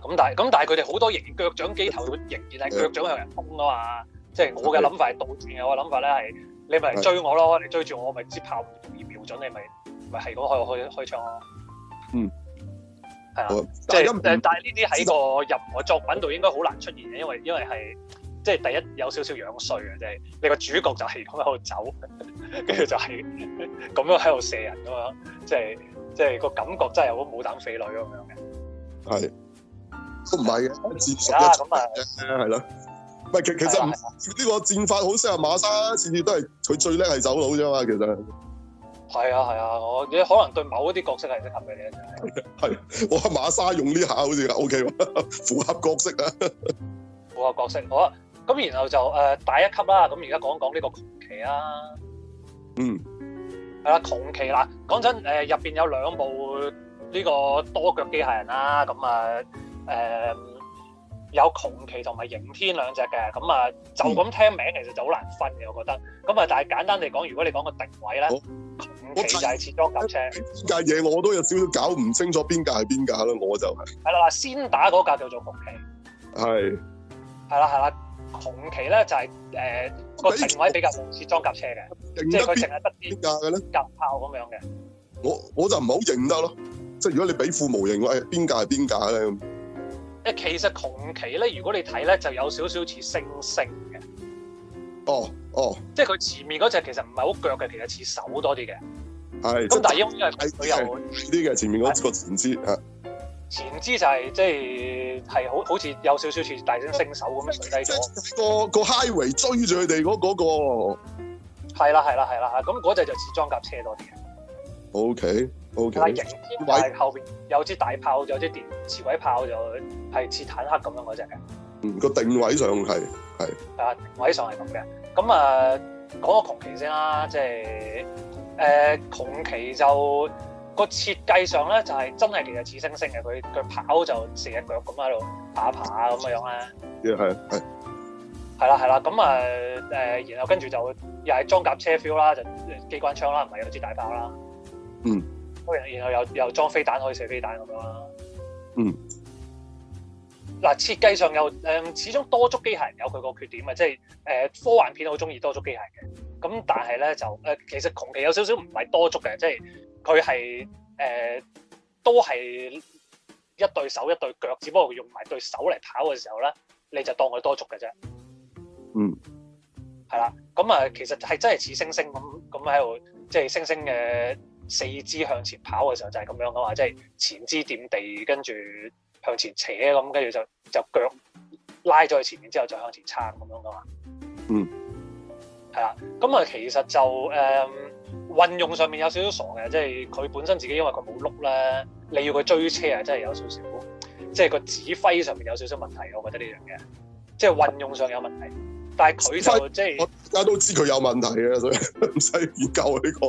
咁但係，咁但係佢哋好多型腳掌機頭的，仍然係腳掌向人攻啊嘛！即係我嘅諗法係倒轉嘅，我諗法咧係你咪嚟追我咯，你追住我，咪接炮容易瞄準你，咪咪係咁開開開槍咯。嗯，係啊，即係、就是、但係呢啲喺個任何作品度應該好難出現嘅，因為因為係即係第一有少少樣衰啊。即、就、係、是、你個主角就係喺度走，跟住就係、是、咁樣喺度射人咁樣，即係即係個感覺真係好啲冇膽匪類咁樣嘅。就是都唔係嘅，戰術嘅準備係咯，唔其、就是、其實唔呢、這個戰法好適合馬沙，次次都係佢最叻係走佬啫嘛，其實係啊係啊，我你可能對某一啲角色係適合嘅，你真係係，我馬沙用呢下好似 OK， 符合角色啊，符合角色好啊，咁然後就誒、呃、大一級啦，咁而家講講呢個窮奇啊，嗯，係啦，窮奇啦講真誒，入、呃、邊有兩部呢個多腳機械人啦，咁、嗯、啊。嗯誒、嗯，有窮奇同埋刑天兩隻嘅，咁啊就咁聽名其實就好難分嘅，我覺得。咁啊，但係簡單嚟講，如果你講個定位咧，窮奇就係切裝甲車。呢架嘢我都有少少搞唔清楚邊架係邊架啦，我就係、是。係啦，嗱，先打嗰架叫做窮奇。係。係啦係啦，窮奇咧就係、是、誒、呃、個定位比較似裝甲車嘅、就是，即係佢淨係得邊架嘅咧夾炮咁樣嘅。我我就唔係好認得咯，即係如果你俾副模型，誒、哎、邊架係邊架咧誒，其實窮奇咧，如果你睇咧，就有少少似猩猩嘅。哦哦，即係佢前面嗰隻其實唔係好腳嘅，其實似手多啲嘅。係。咁但係因為佢有啲嘅，前面嗰個前肢啊。前肢就係即係係好好似有少少似大猩猩手咁樣垂低咗。個 個 highway 追住佢哋嗰嗰個。係啦係啦係啦，咁嗰隻就似裝甲車多啲嘅。O K O K，但係型添，但係後邊有支大炮，有支電磁軌炮，就係似坦克咁樣嗰隻嘅。嗯，個定位上係係。啊，定位上係咁嘅。咁啊，講個窮奇先啦，即係誒窮奇就個設計上咧就係、是、真係其實似猩猩嘅，佢佢跑就四隻腳咁喺度爬爬咁嘅樣咧。係係係啦係啦，咁啊誒，然後跟住就又係裝甲車 feel 啦，就機關槍啦，唔係有支大炮啦。嗯，然後後又又裝飛彈可以射飛彈咁樣啦。嗯，嗱、啊，設計上又誒、嗯，始終多足機械人有佢個缺點啊，即係誒、呃，科幻片好中意多足機械人嘅，咁但係咧就誒、呃，其實窮奇有少少唔係多足嘅，即係佢係誒都係一對手一對腳，只不過用埋對手嚟跑嘅時候咧，你就當佢多足嘅啫。嗯，係啦，咁、嗯、啊，其實係真係似猩猩咁咁喺度，即係、就是、猩猩嘅。四肢向前跑嘅時候就係咁樣噶嘛，即係前肢點地，跟住向前扯咁，跟住就就腳拉咗去前面之後再向前撐咁樣噶嘛。嗯，係啊，咁啊其實就誒運用上面有少少傻嘅，即係佢本身自己因為佢冇碌咧，你要佢追車啊，真係有少少，即係個指揮上面有少少問題，我覺得呢樣嘢，即係運用上有問題，但係佢就即係，大家都知佢有問題嘅，所以唔使研究呢個。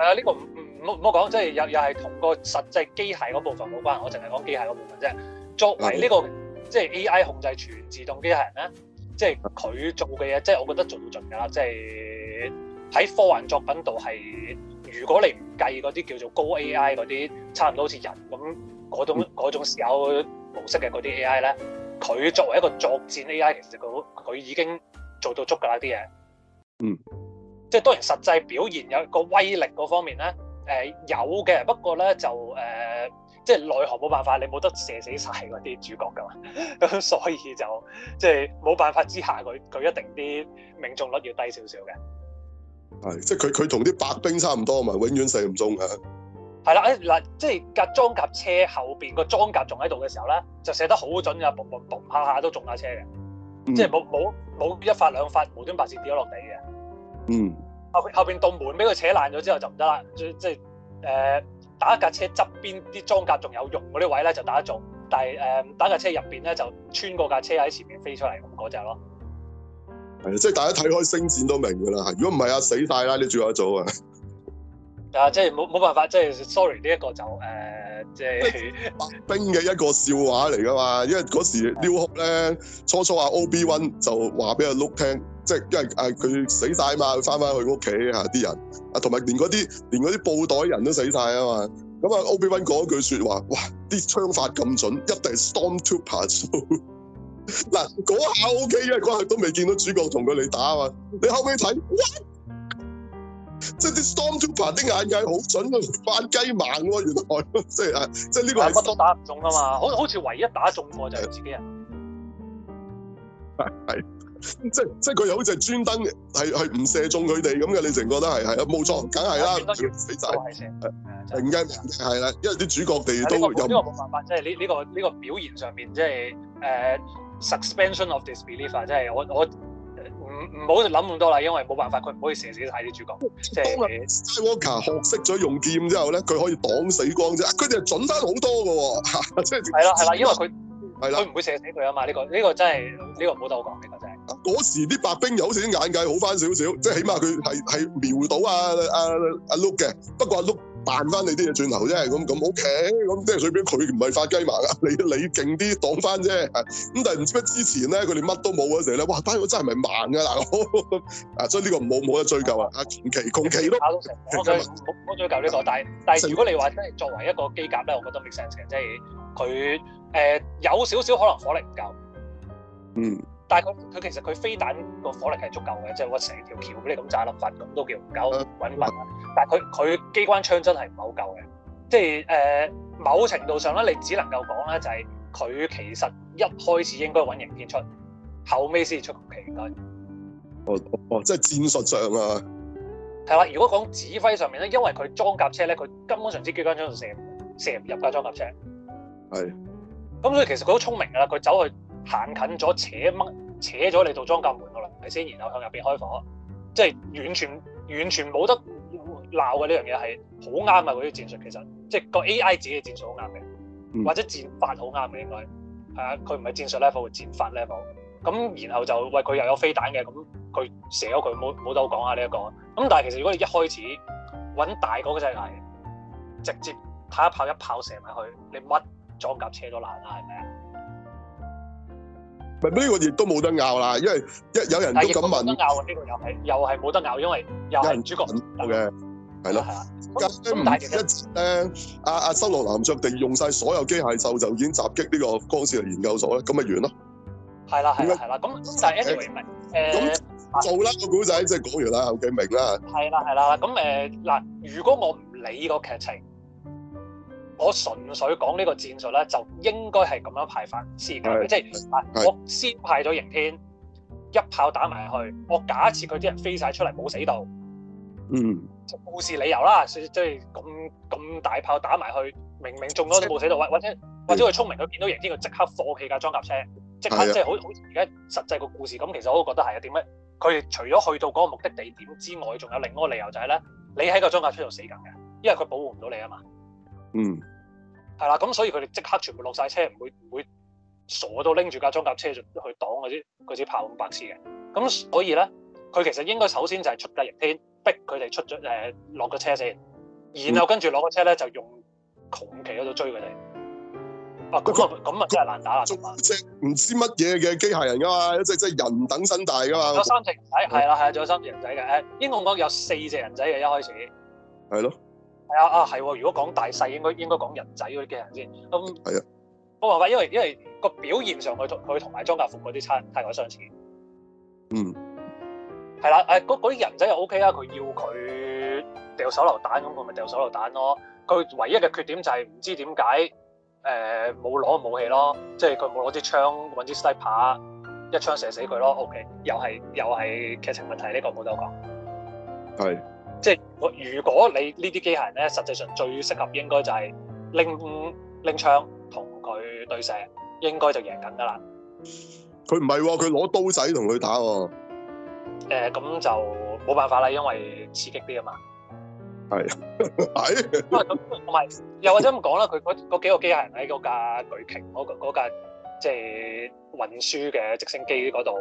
係啊，呢個唔。唔好唔好講，即係又又係同個實際機械嗰部分冇關，我淨係講機械嗰部分啫。作為呢個即係 AI 控制全自動機械人咧，即係佢做嘅嘢，即係我覺得做到盡噶啦。即係喺科幻作品度係，如果你唔計嗰啲叫做高 AI 嗰啲，差唔多好似人咁嗰種嗰種思考模式嘅嗰啲 AI 咧，佢作為一個作戰 AI，其實佢佢已經做到足噶啦啲嘢。嗯，即係當然實際表現有個威力嗰方面咧。誒、呃，有嘅，不過咧就，誒、呃，即係內行冇辦法，你冇得射死晒嗰啲主角噶嘛，咁 所以就即係冇辦法之下，佢佢一定啲命中率要低少少嘅。係，即係佢佢同啲白兵差唔多啊嘛，永遠射唔中嘅。係啦，誒，嗱，即係架裝甲車後邊個裝甲仲喺度嘅時候咧，就射得好準嘅，嘣嘣嘣，下下都中架車嘅，即係冇冇冇一發兩發無端白事跌咗落地嘅。嗯。後後邊道門俾佢扯爛咗之後就唔得啦，即即係誒打架車側邊啲裝甲仲有用嗰啲位咧就打得到，但係誒打架車入邊咧就穿過架車喺前面飛出嚟咁嗰隻咯。係即係大家睇開星戰都明噶啦，如果唔係啊死晒啦你仲有得做啊？啊即係冇冇辦法，即係 sorry 呢一個就誒、呃、即係冰嘅一個笑話嚟噶嘛，因為嗰時 U 酷咧初初話 O B one 就話俾阿碌 o 聽。即係因為誒佢死晒啊嘛，佢翻翻去屋企吓啲人，啊同埋連嗰啲連嗰啲布袋人都死晒啊嘛，咁啊歐比溫講一句說話，哇啲槍法咁準，一定係 Stormtrooper。嗱嗰下 ok 啊，嗰下都未見到主角同佢哋打啊嘛，你後尾睇，哇，即係啲 Stormtrooper 啲眼界好準啊，發雞盲咯，原來、啊、即係即係呢個係乜都打唔中啊嘛，好好似唯一打中過就係自己人，係係。即係即係佢又好似係專登係係唔射中佢哋咁嘅，你成個覺得是是面都係係啊，冇錯，梗係啦，死晒，突然間係啦，因為啲主角哋都有，呢個冇辦法，即係呢呢個呢個表現上面，即係誒，suspension of disbelief 啊，即係我我唔唔好諗咁多啦，因為冇辦法，佢唔可以射死晒啲主角。即係，Skywalker 學識咗用劍之後咧，佢可以擋死光啫。佢哋係準翻好多噶，係啦係啦，因為佢係啦，唔會射死佢啊嘛。呢個呢個真係呢個唔好得我講嗰時啲白兵又好似啲眼界好翻少少，即係起碼佢係係瞄到阿阿阿碌嘅，不過阿碌彈翻你啲嘢轉頭啫，咁咁 O K，咁即係代表佢唔係發雞盲噶、啊，你你勁啲擋翻啫。咁但係唔知乜之前咧，佢哋乜都冇啊，成日咧哇，但係我真係咪盲噶嗱， 所以呢個冇冇得追究啊。阿共奇，共奇都。我 追究呢、呢個， 但係但係如果你話真係作為一個機甲咧，我覺得 make sense 嘅，即係佢誒有少少可能火力唔夠。嗯。但係佢佢其實佢飛彈個火力係足夠嘅，即係我成條橋俾你咁炸粒翻，咁都叫唔夠揾命。但係佢佢機關槍真係唔係好夠嘅，即係誒、呃、某程度上咧，你只能夠講咧就係佢其實一開始應該揾營建出，後尾先出奇關。哦哦，即係戰術上啊。係啦，如果講指揮上面咧，因為佢裝甲車咧，佢根本上啲機關槍就射射唔入架裝甲車。係。咁所以其實佢好聰明㗎啦，佢走去。行近咗扯掹扯咗你到裝甲門嘅嚟先，然後向入邊開火，即係完全完全冇得鬧嘅。呢樣嘢係好啱嘅嗰啲戰術，其實即係個 AI 自己嘅戰術好啱嘅，或者戰法好啱嘅應該係啊，佢唔係戰術 level，是戰法 level。咁然後就喂佢又有飛彈嘅，咁佢射咗佢冇冇得講啊呢一個。咁但係其實如果你一開始揾大嗰個勢危，直接拍一炮一炮射埋去，你乜裝甲車都爛啦，係咪啊？呢、這個亦都冇得拗啦，因為一有人都咁問，拗呢個又係又係冇得拗，因為有人都、這個、又又為又主角問到嘅，係咯。咁一誒阿阿修羅男爵定用晒所有機械獸就，就已經襲擊呢個光線研究所咧，咁咪完咯。係啦係啦係啦，咁但係，誒誒咁做啦個古仔即係講完啦，OK 明啦。係啦係啦，咁誒嗱，如果我唔理個劇情。我純粹講呢個戰術咧，就應該係咁樣、即係、派法。翻師，即係我先派咗刑天一炮打埋去。我假設佢啲人飛晒出嚟冇死到，嗯，故事理由啦，即係咁咁大炮打埋去，明明中咗都冇死到，或者或者或者佢聰明，佢見到刑天，佢即刻放棄架裝甲車，即刻即係好似而家實際個故事咁，其實我都覺得係啊。點咧？佢除咗去到嗰個目的地點之外，仲有另一個理由就係咧，你喺個裝甲車度死緊嘅，因為佢保護唔到你啊嘛。嗯，係啦，咁所以佢哋即刻全部落晒車，唔會唔會傻到拎住架裝甲車去擋嗰啲嗰啲炮咁白痴嘅。咁所以咧，佢其實應該首先就係出個逆天，逼佢哋出咗誒落個車先，然後跟住攞個車咧、嗯、就用窮奇喺度追佢哋、嗯。啊，咁啊真係難打啊！唔知乜嘢嘅機械人噶嘛，即係即係人等身大噶嘛。有三隻人仔，係啦係，仲、嗯、有三隻人仔嘅。誒，英國國有四隻人仔嘅一開始。係咯。係啊啊係喎、啊！如果講大細，應該應該講人仔嗰啲嘅人先咁。係、嗯、啊，冇辦法，因為因為個表現上佢佢同埋裝甲服嗰啲差太過相似。嗯，係啦、啊，誒、啊，嗰啲人仔又 OK 啦、啊，佢要佢掉手榴彈，咁佢咪掉手榴彈咯。佢唯一嘅缺點就係唔知點解誒冇攞武器咯，即係佢冇攞支槍，搵支 sniper 一槍射死佢咯。OK，又係又係劇情問題，呢、這個冇得講。係。即係我如果你呢啲機械人咧，實際上最適合應該就係拎拎槍同佢對射，應該就贏緊噶啦。佢唔係，佢攞刀仔同佢打，哦。誒、呃，咁就冇辦法啦，因為刺激啲啊嘛。係、 嗯。係。同埋又或者咁講啦，佢嗰嗰幾個機械人喺嗰架舉旗嗰架即係運輸嘅直升機嗰度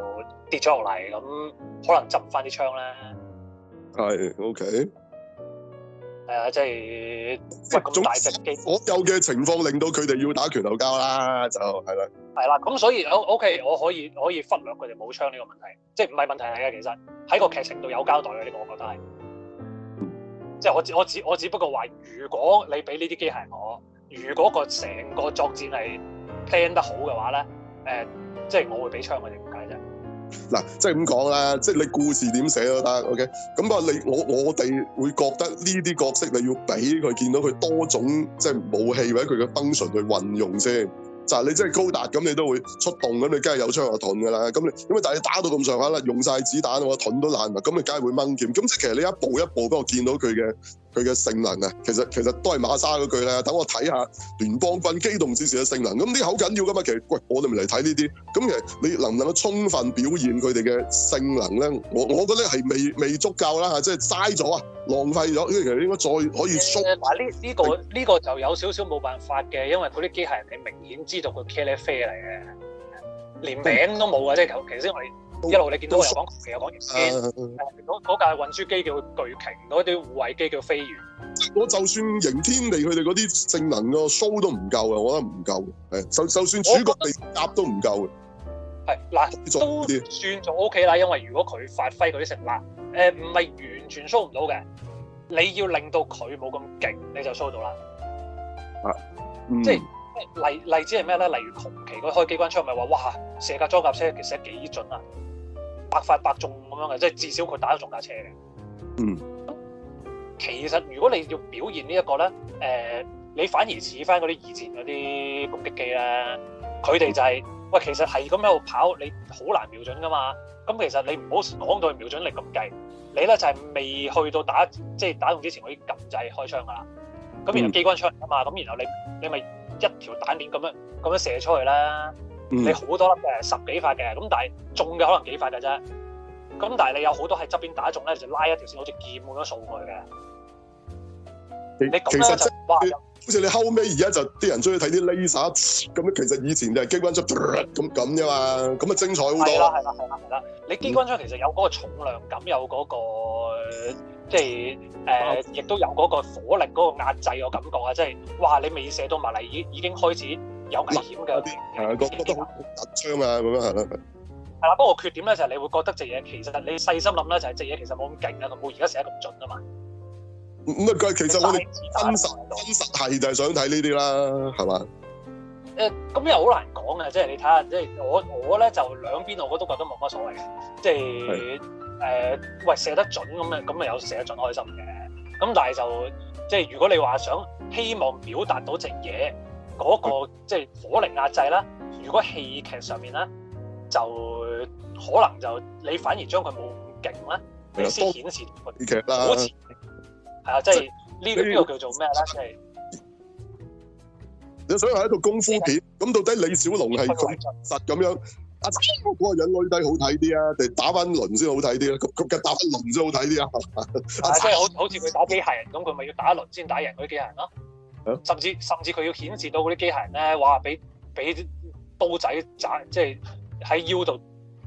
跌咗落嚟，咁可能浸唔翻啲槍咧。係，OK，係啊、呃，即係，咁大隻，我有嘅情況令到佢哋要打拳頭交啦，就係咯，係啦，咁所以 o、OK, k 我可以我可以忽略佢哋冇槍呢個問題，即係唔係問題嚟嘅，其實喺個劇情度有交代嘅呢個，我覺得係、嗯，即係我我只我只不過話，如果你俾呢啲機械我，如果個成個作戰係 plan 得好嘅話咧，誒、呃，即係我會俾槍佢哋唔解啫。嗱，即係咁講啦，即係你故事點寫都得，OK。咁不過你我我哋會覺得呢啲角色你要俾佢見到佢多種即係武器或者佢嘅 function 去運用先。就係你真係高達咁，你都會出動咁，你梗係有槍有盾噶啦。咁你因為但係你打到咁上下啦，用晒子彈，我盾都爛埋咁，你梗係會掹劍。咁即係其實你一步一步俾我見到佢嘅。佢嘅性能啊，其實其實都係馬沙嗰句呢，等我睇下聯邦軍機動戰士嘅性能，咁啲好緊要㗎嘛。其實，喂，我哋咪嚟睇呢啲，咁其實你能唔能夠充分表現佢哋嘅性能咧？我我覺得係未未足夠啦吓，即係嘥咗啊，浪費咗，呃這個這個，因為其實應該再可以縮。嗱呢呢個呢個就有少少冇辦法嘅，因為佢啲機械人你明顯知道佢茄喱啡嚟嘅，連名都冇啊、嗯！即係求其先我哋一路你見到人講窮奇，又講刑天，嗰、啊、架運輸機叫巨鯨，嗰啲護衛機叫飛魚。我就算刑天地，佢哋嗰啲性能個 show 都唔夠嘅，我覺得唔夠。誒，就就算主角地甲都唔夠嘅。係嗱，都算仲 OK 啦，因為如果佢發揮嗰啲實力，誒唔係完全 show 唔到嘅。你要令到佢冇咁勁，你就 show 到啦。啊，嗯、即係例例子係咩咧？例如窮奇嗰開機關槍，咪話哇，射架裝甲車，其實幾準啊！百發百中咁樣嘅，即係至少佢打到中架車嘅。嗯，其實如果你要表現這呢一個咧，誒、呃，你反而似翻嗰啲以前嗰啲攻擊機咧，佢哋就係、是、喂，其實係咁喺度跑，你好難瞄準噶嘛。咁其實你唔好講到佢瞄準力咁計，你咧就係、是、未去到打，即、就、係、是、打中之前嗰啲撳掣開槍噶啦。咁然後機關槍嚟嘛，咁然後你你咪一條彈鏈咁樣咁樣射出去啦。嗯、你好多粒嘅，十幾塊嘅，咁但係中嘅可能幾塊嘅啫。咁但係你有好多喺側邊打中咧，就拉一條線，好似劍咁樣掃佢嘅。你其實即係，好似你，你後尾而家就啲人中意睇啲 laser，咁其實以前就機關槍咁咁啫嘛，咁啊精彩好多。啦係啦係啦係啦，你機關槍其實有嗰個重量感，嗯、有嗰、嗰個即係誒，亦、呃、都有嗰個火力嗰個壓制嘅感覺啊！即係哇，你未射到埋嚟已已經開始。有危險嘅，有啲係啊，覺得好突出嘛，咁樣係啦。係啦，不過缺點咧就係你會覺得隻嘢其實你細心諗咧就係隻嘢其實冇咁勁啊，同冇而家射得咁準啊嘛。唔唔，佢其實我哋真實真實係就係想睇呢啲啦，係嘛？誒，咁又好難講嘅，即係你睇下，即係我我咧就兩邊，我覺得都覺得冇乜所謂嘅，即係誒喂射得準咁咧，咁咪有射得準開心嘅。咁但係就即係如果你話想希望表達到隻嘢。嗰、那個即係、就是、火力壓制啦。如果戲劇上面咧，就可能就你反而將佢冇咁勁咧，你先顯示戲劇啦。係啊，即係呢個呢個叫做咩咧？即係你想一套功夫片咁，到底李小龍係確實咁樣？阿 Sir 女帝好睇啲啊，定打翻輪先好睇啲啊，佢佢打翻輪先好睇啲啊？即係好好似佢打機械人咁，佢咪要打一輪先打贏嗰啲機械人咯？甚至甚至佢要顯示到嗰啲機械人咧，哇！俾俾刀仔斬，即係喺腰度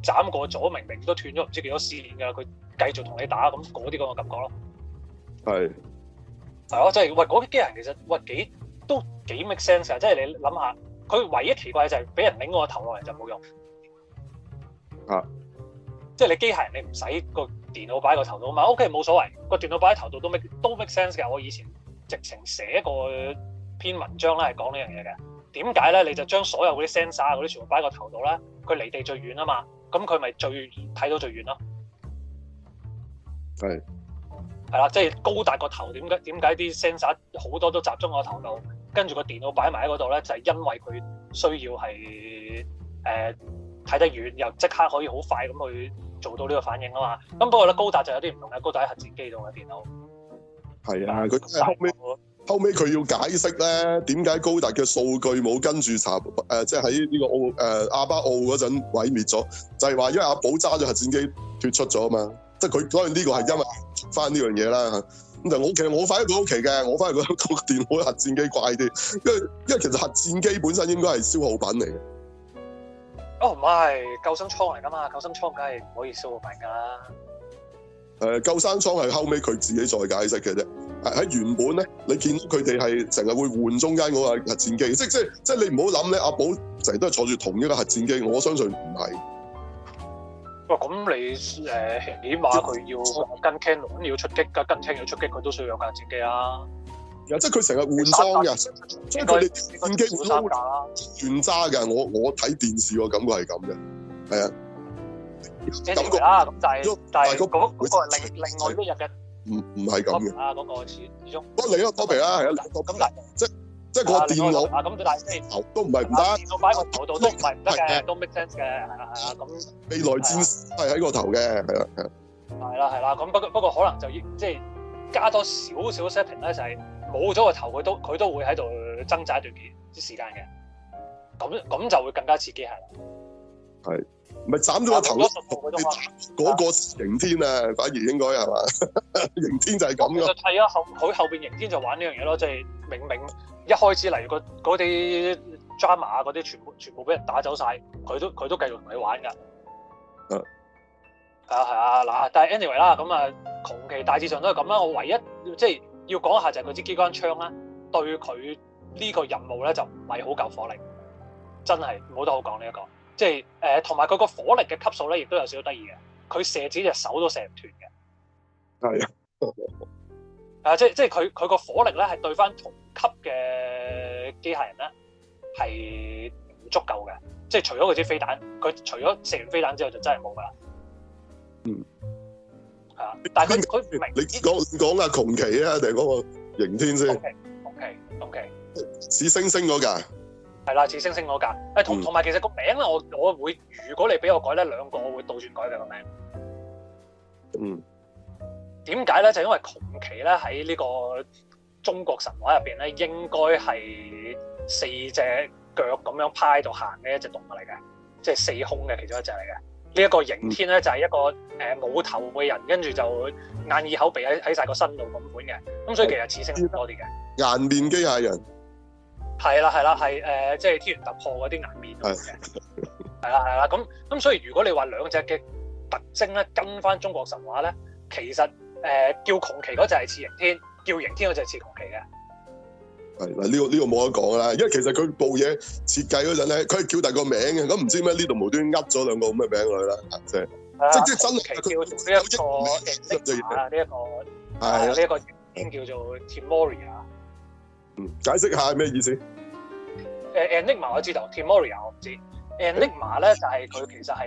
斬過咗，明明都斷咗唔知幾多線噶啦，佢繼續同你打，咁嗰啲咁嘅感覺咯。係係咯，即係、哦就是、喂嗰啲機械人其實喂幾都幾 make sense 啊！即、就、係、是、你諗下，佢唯一奇怪是被就係俾人擰我個頭落嚟就冇用啊！即、就、係、是、你機械人，你唔使個電腦擺個頭度啊嘛？OK，冇所謂，個電腦擺喺頭度都 make 都 make sense 嘅。我以前。直情寫個篇文章啦，係講呢樣嘢嘅。點解咧？你就將所有嗰啲 sensor 嗰啲全部擺個頭度咧？佢離地最遠啊嘛，咁佢咪最睇到最遠咯。係。係啦，即係高達個頭點解點解啲 sensor 好多都集中個頭度？跟住個電腦擺埋喺嗰度咧，就係因為佢需要係誒睇得遠，又即刻可以好快咁去做到呢個反應啊嘛。咁不過咧，高達就有啲唔同嘅。高達喺核戰機度嘅電腦。係啊，佢即係後屘後屘佢要解釋咧，點解高達嘅數據冇跟住查誒、呃，即係喺呢個奧誒、呃、阿巴奧嗰陣毀滅咗，就係、是、話因為阿寶揸咗核戰機脱出咗啊嘛，即係佢當然呢個係因為翻呢樣嘢啦咁但我其實我反而佢好奇嘅，我反而覺得個電腦核戰機怪啲，因為因為其實核戰機本身應該係消耗品嚟嘅。Oh 唔係救生艙嚟噶嘛，救生艙梗係唔可以消耗品噶啦。誒救生艙係後尾佢自己再解釋嘅啫，喺原本咧，你見到佢哋係成日會換中間嗰個核戰機，即即即你唔好諗咧，阿寶成日都係坐住同一架核戰機，我相信唔係。哇、啊！咁你誒，起碼佢要跟 Canon 要出擊㗎，跟 Canon 要出擊佢都需要有架戰機啊。嗯、即係佢成日換裝嘅，即係佢哋換機換刀、換揸嘅。我我睇電視我感覺係咁嘅，係啊。呢、就是、個啊，咁就係個另另外一日嘅，唔唔係咁嘅。啊，嗰個始始終。哦，嚟咯，多皮啦，嚟。咁嚟即即個電腦啊，咁嚟頭都唔係唔得。電腦擺個頭度都唔係唔得嘅，都 make sense 嘅。係啊係啊，咁未來戰士係喺個頭嘅，係啦係啦。係啦咁不過不過可能就應即係加多少少 setting 咧，就係冇咗個頭，佢都佢都會喺度掙扎一段啲時間嘅。咁咁就會更加似機械。係。唔係斬咗個頭咯，啊、你打嗰個刑天啊，啊，反而應該係嘛？刑 天就係咁樣，係啊，後佢後邊刑天就玩呢樣嘢咯，即、就、係、是、明明一開始嚟個嗰啲 drama 嗰啲全部全部俾人打走晒，佢都佢都繼續同你玩噶。係啊係啊，嗱、啊啊，但係 anyway 啦，咁啊，窮奇大致上都係咁啦。我唯一即係要講下就係佢支機關槍啦，對佢呢個任務咧就唔係好夠火力，真係冇得好講呢一個。即係誒，同埋佢個火力嘅級數咧，亦都有少少得意嘅。佢射自己隻手都射唔斷嘅。係 啊，啊即係即係佢佢個火力咧係對翻同級嘅機械人咧係唔足夠嘅。即係除咗佢啲飛彈，佢除咗射完飛彈之後就真係冇噶啦。嗯，係啊。但係佢佢唔明。你講你講下窮奇啊定係嗰個刑天先？O K K O K。似、okay, okay, okay. 星星嗰架。係啦，似猩猩嗰架，誒同、同埋其實個名咧，我我會如果你俾我改咧，兩個我會倒轉改嘅，嗰個名。嗯，點解咧？就係，因為窮奇咧喺呢個中國神話入邊咧，應該係四隻腳咁樣趴喺度行嘅一隻動物嚟嘅，即、就、係、是、四凶嘅其中一隻嚟嘅。這個，呢一個刑天咧就係一個誒冇頭嘅人，跟住就眼耳口鼻喺喺晒個身度咁樣嘅，咁所以其實似猩猩多啲嘅。顏面機械人。係啦，係啦，係誒，即係天元突破嗰啲顏面咁係啦，係啦，咁咁所以如果你話兩隻嘅特徵咧，跟翻中國神話咧，其實誒、呃、叫窮奇嗰就係似刑天，叫刑天嗰就似窮奇嘅。係嗱，呢、呢個呢、呢個冇得講啦，因為其實佢部嘢設計嗰陣咧，佢係叫大個名嘅，咁唔知咩呢度無端噏咗兩個咁嘅名落去啦，即係即即真奇佢叫呢、呢個呢個、一、呢個呢一、呢個呢一、啊呢個叫做 Timoria，嗯，解釋下咩意思？誒、uh, 誒，Enigma 我知道 Timoria，我唔知。誒 Enigma 咧就係、是、佢其實係誒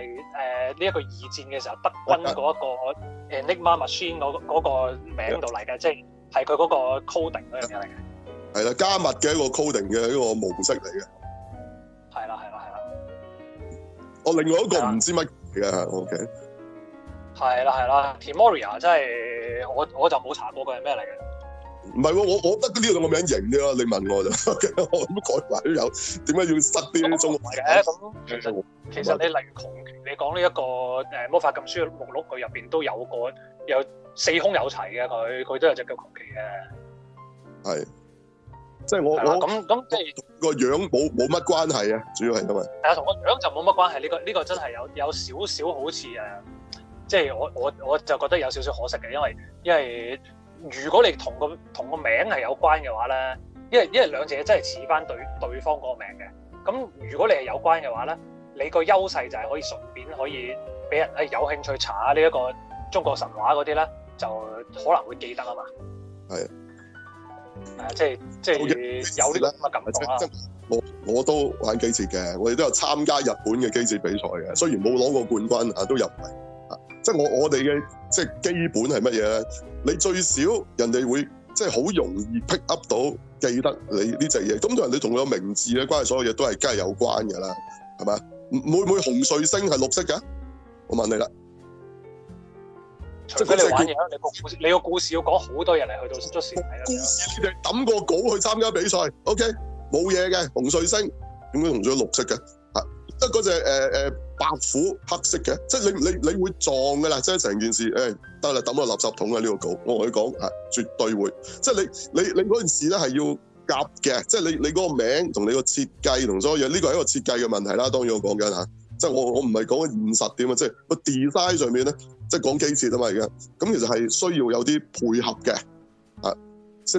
呢一個二戰嘅時候德軍嗰一個誒 Enigma machine 嗰嗰個名度嚟嘅，即係係佢嗰個 coding 嗰樣嘢嚟嘅。係啦，加密嘅一個 coding 嘅一個模式嚟嘅。係啦，係啦，係啦。我另外一個唔知乜嘅，OK。係啦，係啦，Timoria 真係我我就冇查過佢係咩嚟嘅。唔係喎，我我覺得呢個咁嘅名型啫，你問我就， 我咁改埋都有，點解要塞啲啲中？嘅咁、嗯嗯，其實你例如窮奇，你講呢一個誒魔法禁書目錄，佢入邊都有個有四空有齊嘅佢，佢都有隻叫窮奇嘅。係，即係我咁咁即係個樣冇冇乜關係啊，主要係因為係啊，但係同個樣就冇乜關係。呢個呢個真係有有少少好似誒，即係我我我就覺得有少少可惜嘅，因為因為。如果你同個同個名係有關嘅話咧，因為因為兩者真係似翻對對方嗰個名嘅，咁如果你係有關嘅話咧，你個優勢就係可以順便可以俾人誒、哎、有興趣查下呢一個中國神話嗰啲咧，就可能會記得啊嘛。係。誒、啊，即係即係有啲咁嘅感覺、啊、我我都玩機節嘅，我哋都有參加日本嘅機節比賽嘅，雖然冇攞過冠軍啊，都入圍。即係我我哋嘅即係基本係乜嘢咧？你最少人哋會即係好容易 pick up 到記得你呢隻嘢，咁就人哋仲有名字咧，關佢所有嘢都係梗係有關嘅啦，係咪啊？會唔會紅瑞星係綠色嘅？我問你啦，即係你玩嘢、那個，你個故事，你個故事要講好多人嚟去到出事，故事你哋抌個稿去參加比賽，OK？冇嘢嘅紅瑞星點解紅咗綠色嘅？啊，得嗰隻誒誒。呃呃白虎黑色嘅，即係你你你會撞噶啦，即係成件事，誒、欸，得啦，抌落垃圾桶喺呢、這個稿，我同佢講，係絕對會，即係你你你嗰件事咧係要夾嘅，即係你你嗰個名同你個設計同所有嘢，呢個係一個設計嘅問題啦。當然我講緊吓，即係我我唔係講緊現實點啊，即係個 design 上面咧，即係講機設啊嘛而家，咁其實係需要有啲配合嘅，啊、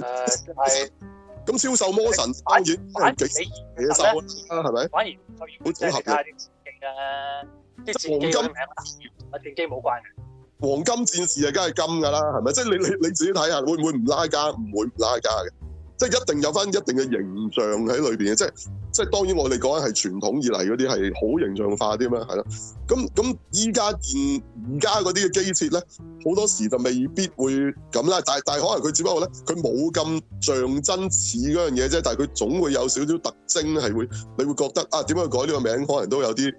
呃，咁銷售魔神、呃、當然幾幾熱係咪？反而會配、就是、合嘅。嘅、啊、啲戰機嘅名，我冇關嘅。黃金戰士啊，梗係金㗎啦，係咪？即係你你你自己睇下，會唔會唔拉架，唔會唔拉架嘅。即係一定有翻一定嘅形象喺裏邊嘅。即係即係當然，我哋講係傳統以嚟嗰啲係好形象化啲啊，係咯。咁咁依家而而家嗰啲嘅機設咧，好多時就未必會咁啦。但係但係可能佢只不過咧，佢冇咁像真似嗰樣嘢啫。但係佢總會有少少特徵係會，你會覺得啊，點解改呢個名？可能都有啲。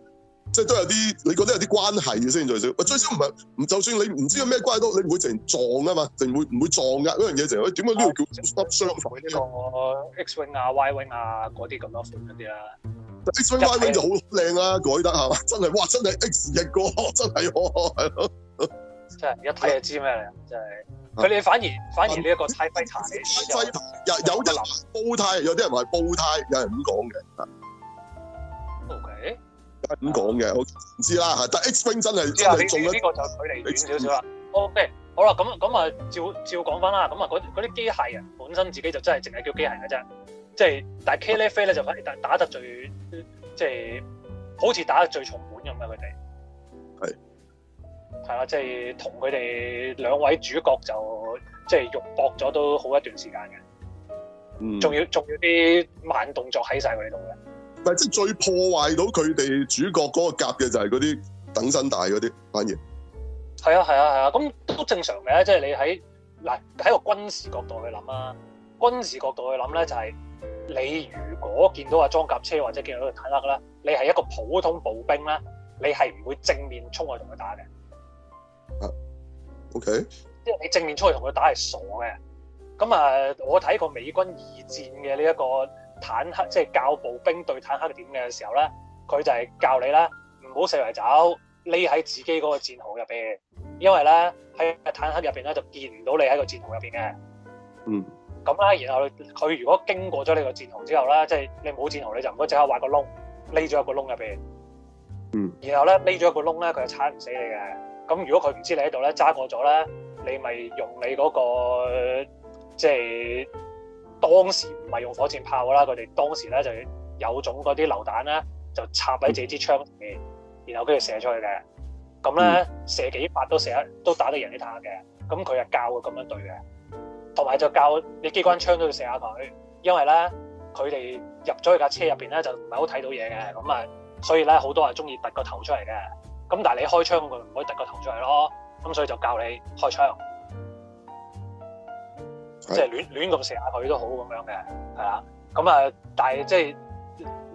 即係都有啲，你覺得有啲關係嘅先最少。喂，最少唔係唔就算你唔知有咩關係都，你唔會成撞啊嘛，成會唔會撞噶？嗰樣嘢成喂，點解呢度叫 Stub Show？撞我 X Wing 啊、-Sing, Y Wing 啊嗰啲咁多飛嗰啲啊。X Wing、Y Wing 就好靚啊，改得係嘛？真係哇！真係 X 一個，真係喎、係咯，真係一睇就知咩嚟，真係佢哋反而反而呢一個猜飛查嘅，啊、有有嘅人煲胎，有啲人話煲胎，有人咁講嘅。OK。咁講嘅，我唔知啦吓。但 X Wing 真係真係中一，呢個就距離你遠少少啦。OK，好啦，咁咁啊，照照講翻啦。咁啊，嗰啲機械人本身自己就真係淨係叫機械人嘅啫。即係，但係 Kaleface 咧，就反而打打得最，即係好似打得最重本咁啊！佢哋係係啊，即係同佢哋兩位主角就即係肉搏咗都好一段時間嘅。嗯，仲要仲要啲慢動作喺晒佢哋度嘅。唔係，即係最破壞到佢哋主角嗰個甲嘅就係嗰啲等身大嗰啲，反而係啊係啊係啊，咁、啊啊、都正常嘅。即、就、係、是、你喺嗱喺個軍事角度去諗啊，軍事角度去諗咧，就係你如果見到阿裝甲車或者見到坦克咧，你係一個普通步兵咧，你係唔會正面衝去同佢打嘅。啊，OK，即係你正面衝去同佢打係傻嘅。咁啊，我睇過美軍二戰嘅呢一個。坦克即係教步兵對坦克點嘅時候咧，佢就係教你咧，唔好四圍走，匿喺自己嗰個戰壕入邊，因為咧喺坦克入邊咧就見唔到你喺個戰壕入邊嘅。嗯。咁啦，然後佢如果經過咗呢個戰壕之後咧，即係你冇戰壕你就唔好即刻挖個窿，匿咗一個窿入邊。嗯。然後咧匿咗一個窿咧，佢就踩唔死你嘅。咁如果佢唔知你喺度咧，揸過咗咧，你咪用你嗰個即係。當時唔係用火箭炮啦，佢哋當時咧就有種嗰啲榴彈咧，就插喺自己支槍入面，然後跟住射出去嘅。咁咧射幾百都射一都打得贏你嘅。咁佢係教佢咁樣對嘅，同埋就教你機關槍都要射下佢，因為咧佢哋入咗去架車入邊咧就唔係好睇到嘢嘅。咁啊，所以咧好多係中意突個頭出嚟嘅。咁但係你開槍佢唔可以突個頭出嚟咯。咁所以就教你開槍。即係亂亂咁射下佢都好咁樣嘅，係啊，咁啊，但係即係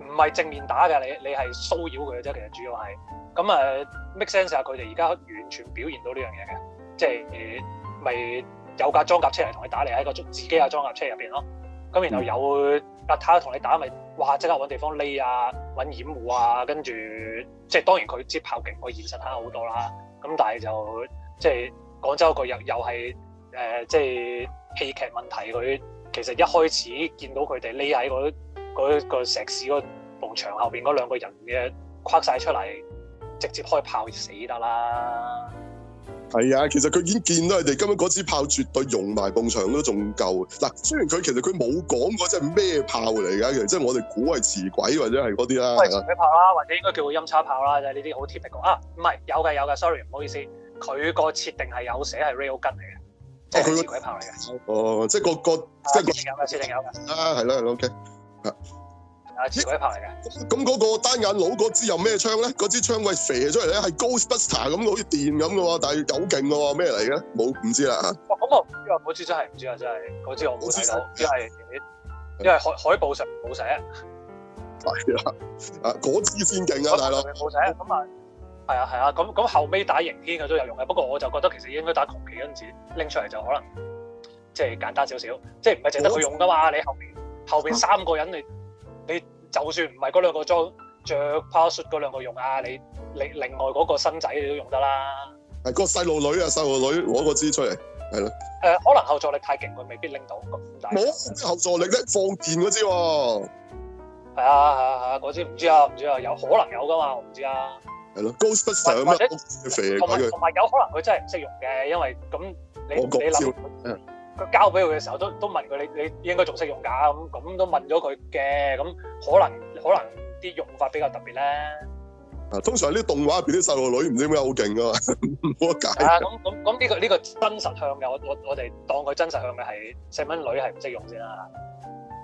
唔係正面打嘅，你你係騷擾佢嘅啫。其實主要係咁啊，make sense 下佢哋而家完全表現到呢樣嘢嘅，即係咪、呃、有架裝甲車嚟同你，你，你打，你喺個自己嘅裝甲車入面咯。咁、啊啊、然後有架坦克同你打，咪哇即刻揾地方匿啊，揾掩護啊，跟住即係當然佢接炮跑勁，個現實下好多啦。咁但係就即係廣州個又又係。誒、呃，即係戲劇問題。佢其實一開始見到佢哋匿喺嗰個石屎個埲牆後邊嗰兩個人嘅，跨晒出嚟，直接開炮就死得啦。係啊，其實佢已經見到佢哋。今日嗰支炮絕對用埋埲牆都仲夠嗱。雖然佢其實佢冇講過隻咩炮嚟㗎，其實即係我哋估係磁軌或者係嗰啲啦。係鬼炮啦，或者應該叫個音叉炮啦，即係呢啲好 typical 啊。唔係，有嘅有嘅，sorry 唔好意思，佢個設定係有寫係 railgun 嚟嘅。哦，佢、哦、個鬼炮嚟嘅，哦，即係、那個個即係設定咁嘅，設定咁嘅。啊，係啦，係啦、啊、，OK，啊，那那、哦啊，嗯、啊，啊，鬼炮嚟嘅。咁嗰個單眼佬嗰支有咩槍咧？嗰支槍喂射出嚟咧係 Ghostbuster 咁，好似電咁嘅喎，但係又好勁嘅喎，咩嚟嘅？冇唔知啦吓。咁啊，唔、啊啊啊、知嗰、啊啊、支真係唔知啊，啊啊啊啊啊真係嗰支，支，、啊、支我冇睇到、啊啊啊，因為因為、啊、海海，海報上冇寫。係啦，啊，嗰支先勁啊，大佬冇寫咁啊。係啊係啊，咁咁、啊、後尾打刑天嘅都有用嘅。不過我就覺得其實應該打窮奇嗰陣時拎出嚟，就可能即係簡單少少，即係唔係淨得佢用噶嘛。你後面後邊三個人、啊、你你就算唔係嗰兩個裝着 passive 嗰兩個用啊，你另另外嗰個新仔你都用得啦。係、個細路女啊，細路女攞個支出嚟，係咯。誒，可能後座力太勁，佢未必拎到咁大。冇後座力咧，放電嗰支。係啊係啊係啊，嗰支唔知啊唔知啊，是啊是啊，知知有可能有噶嘛，我唔知啊。係咯，高上乜？佢肥啊嘛，佢。同埋同埋有可能佢真係唔識用嘅，因為咁你你諗，佢交俾佢嘅時候都都問佢你你應該仲識用㗎咁，咁都問咗佢嘅，咁可能可能啲用法比較特別咧。啊，通常呢啲動畫入邊啲細路女唔知點解好勁㗎嘛，冇得解。啊，咁咁咁呢個呢個真實向嘅，我我我哋當佢真實向嘅係細蚊女係唔識用先啦。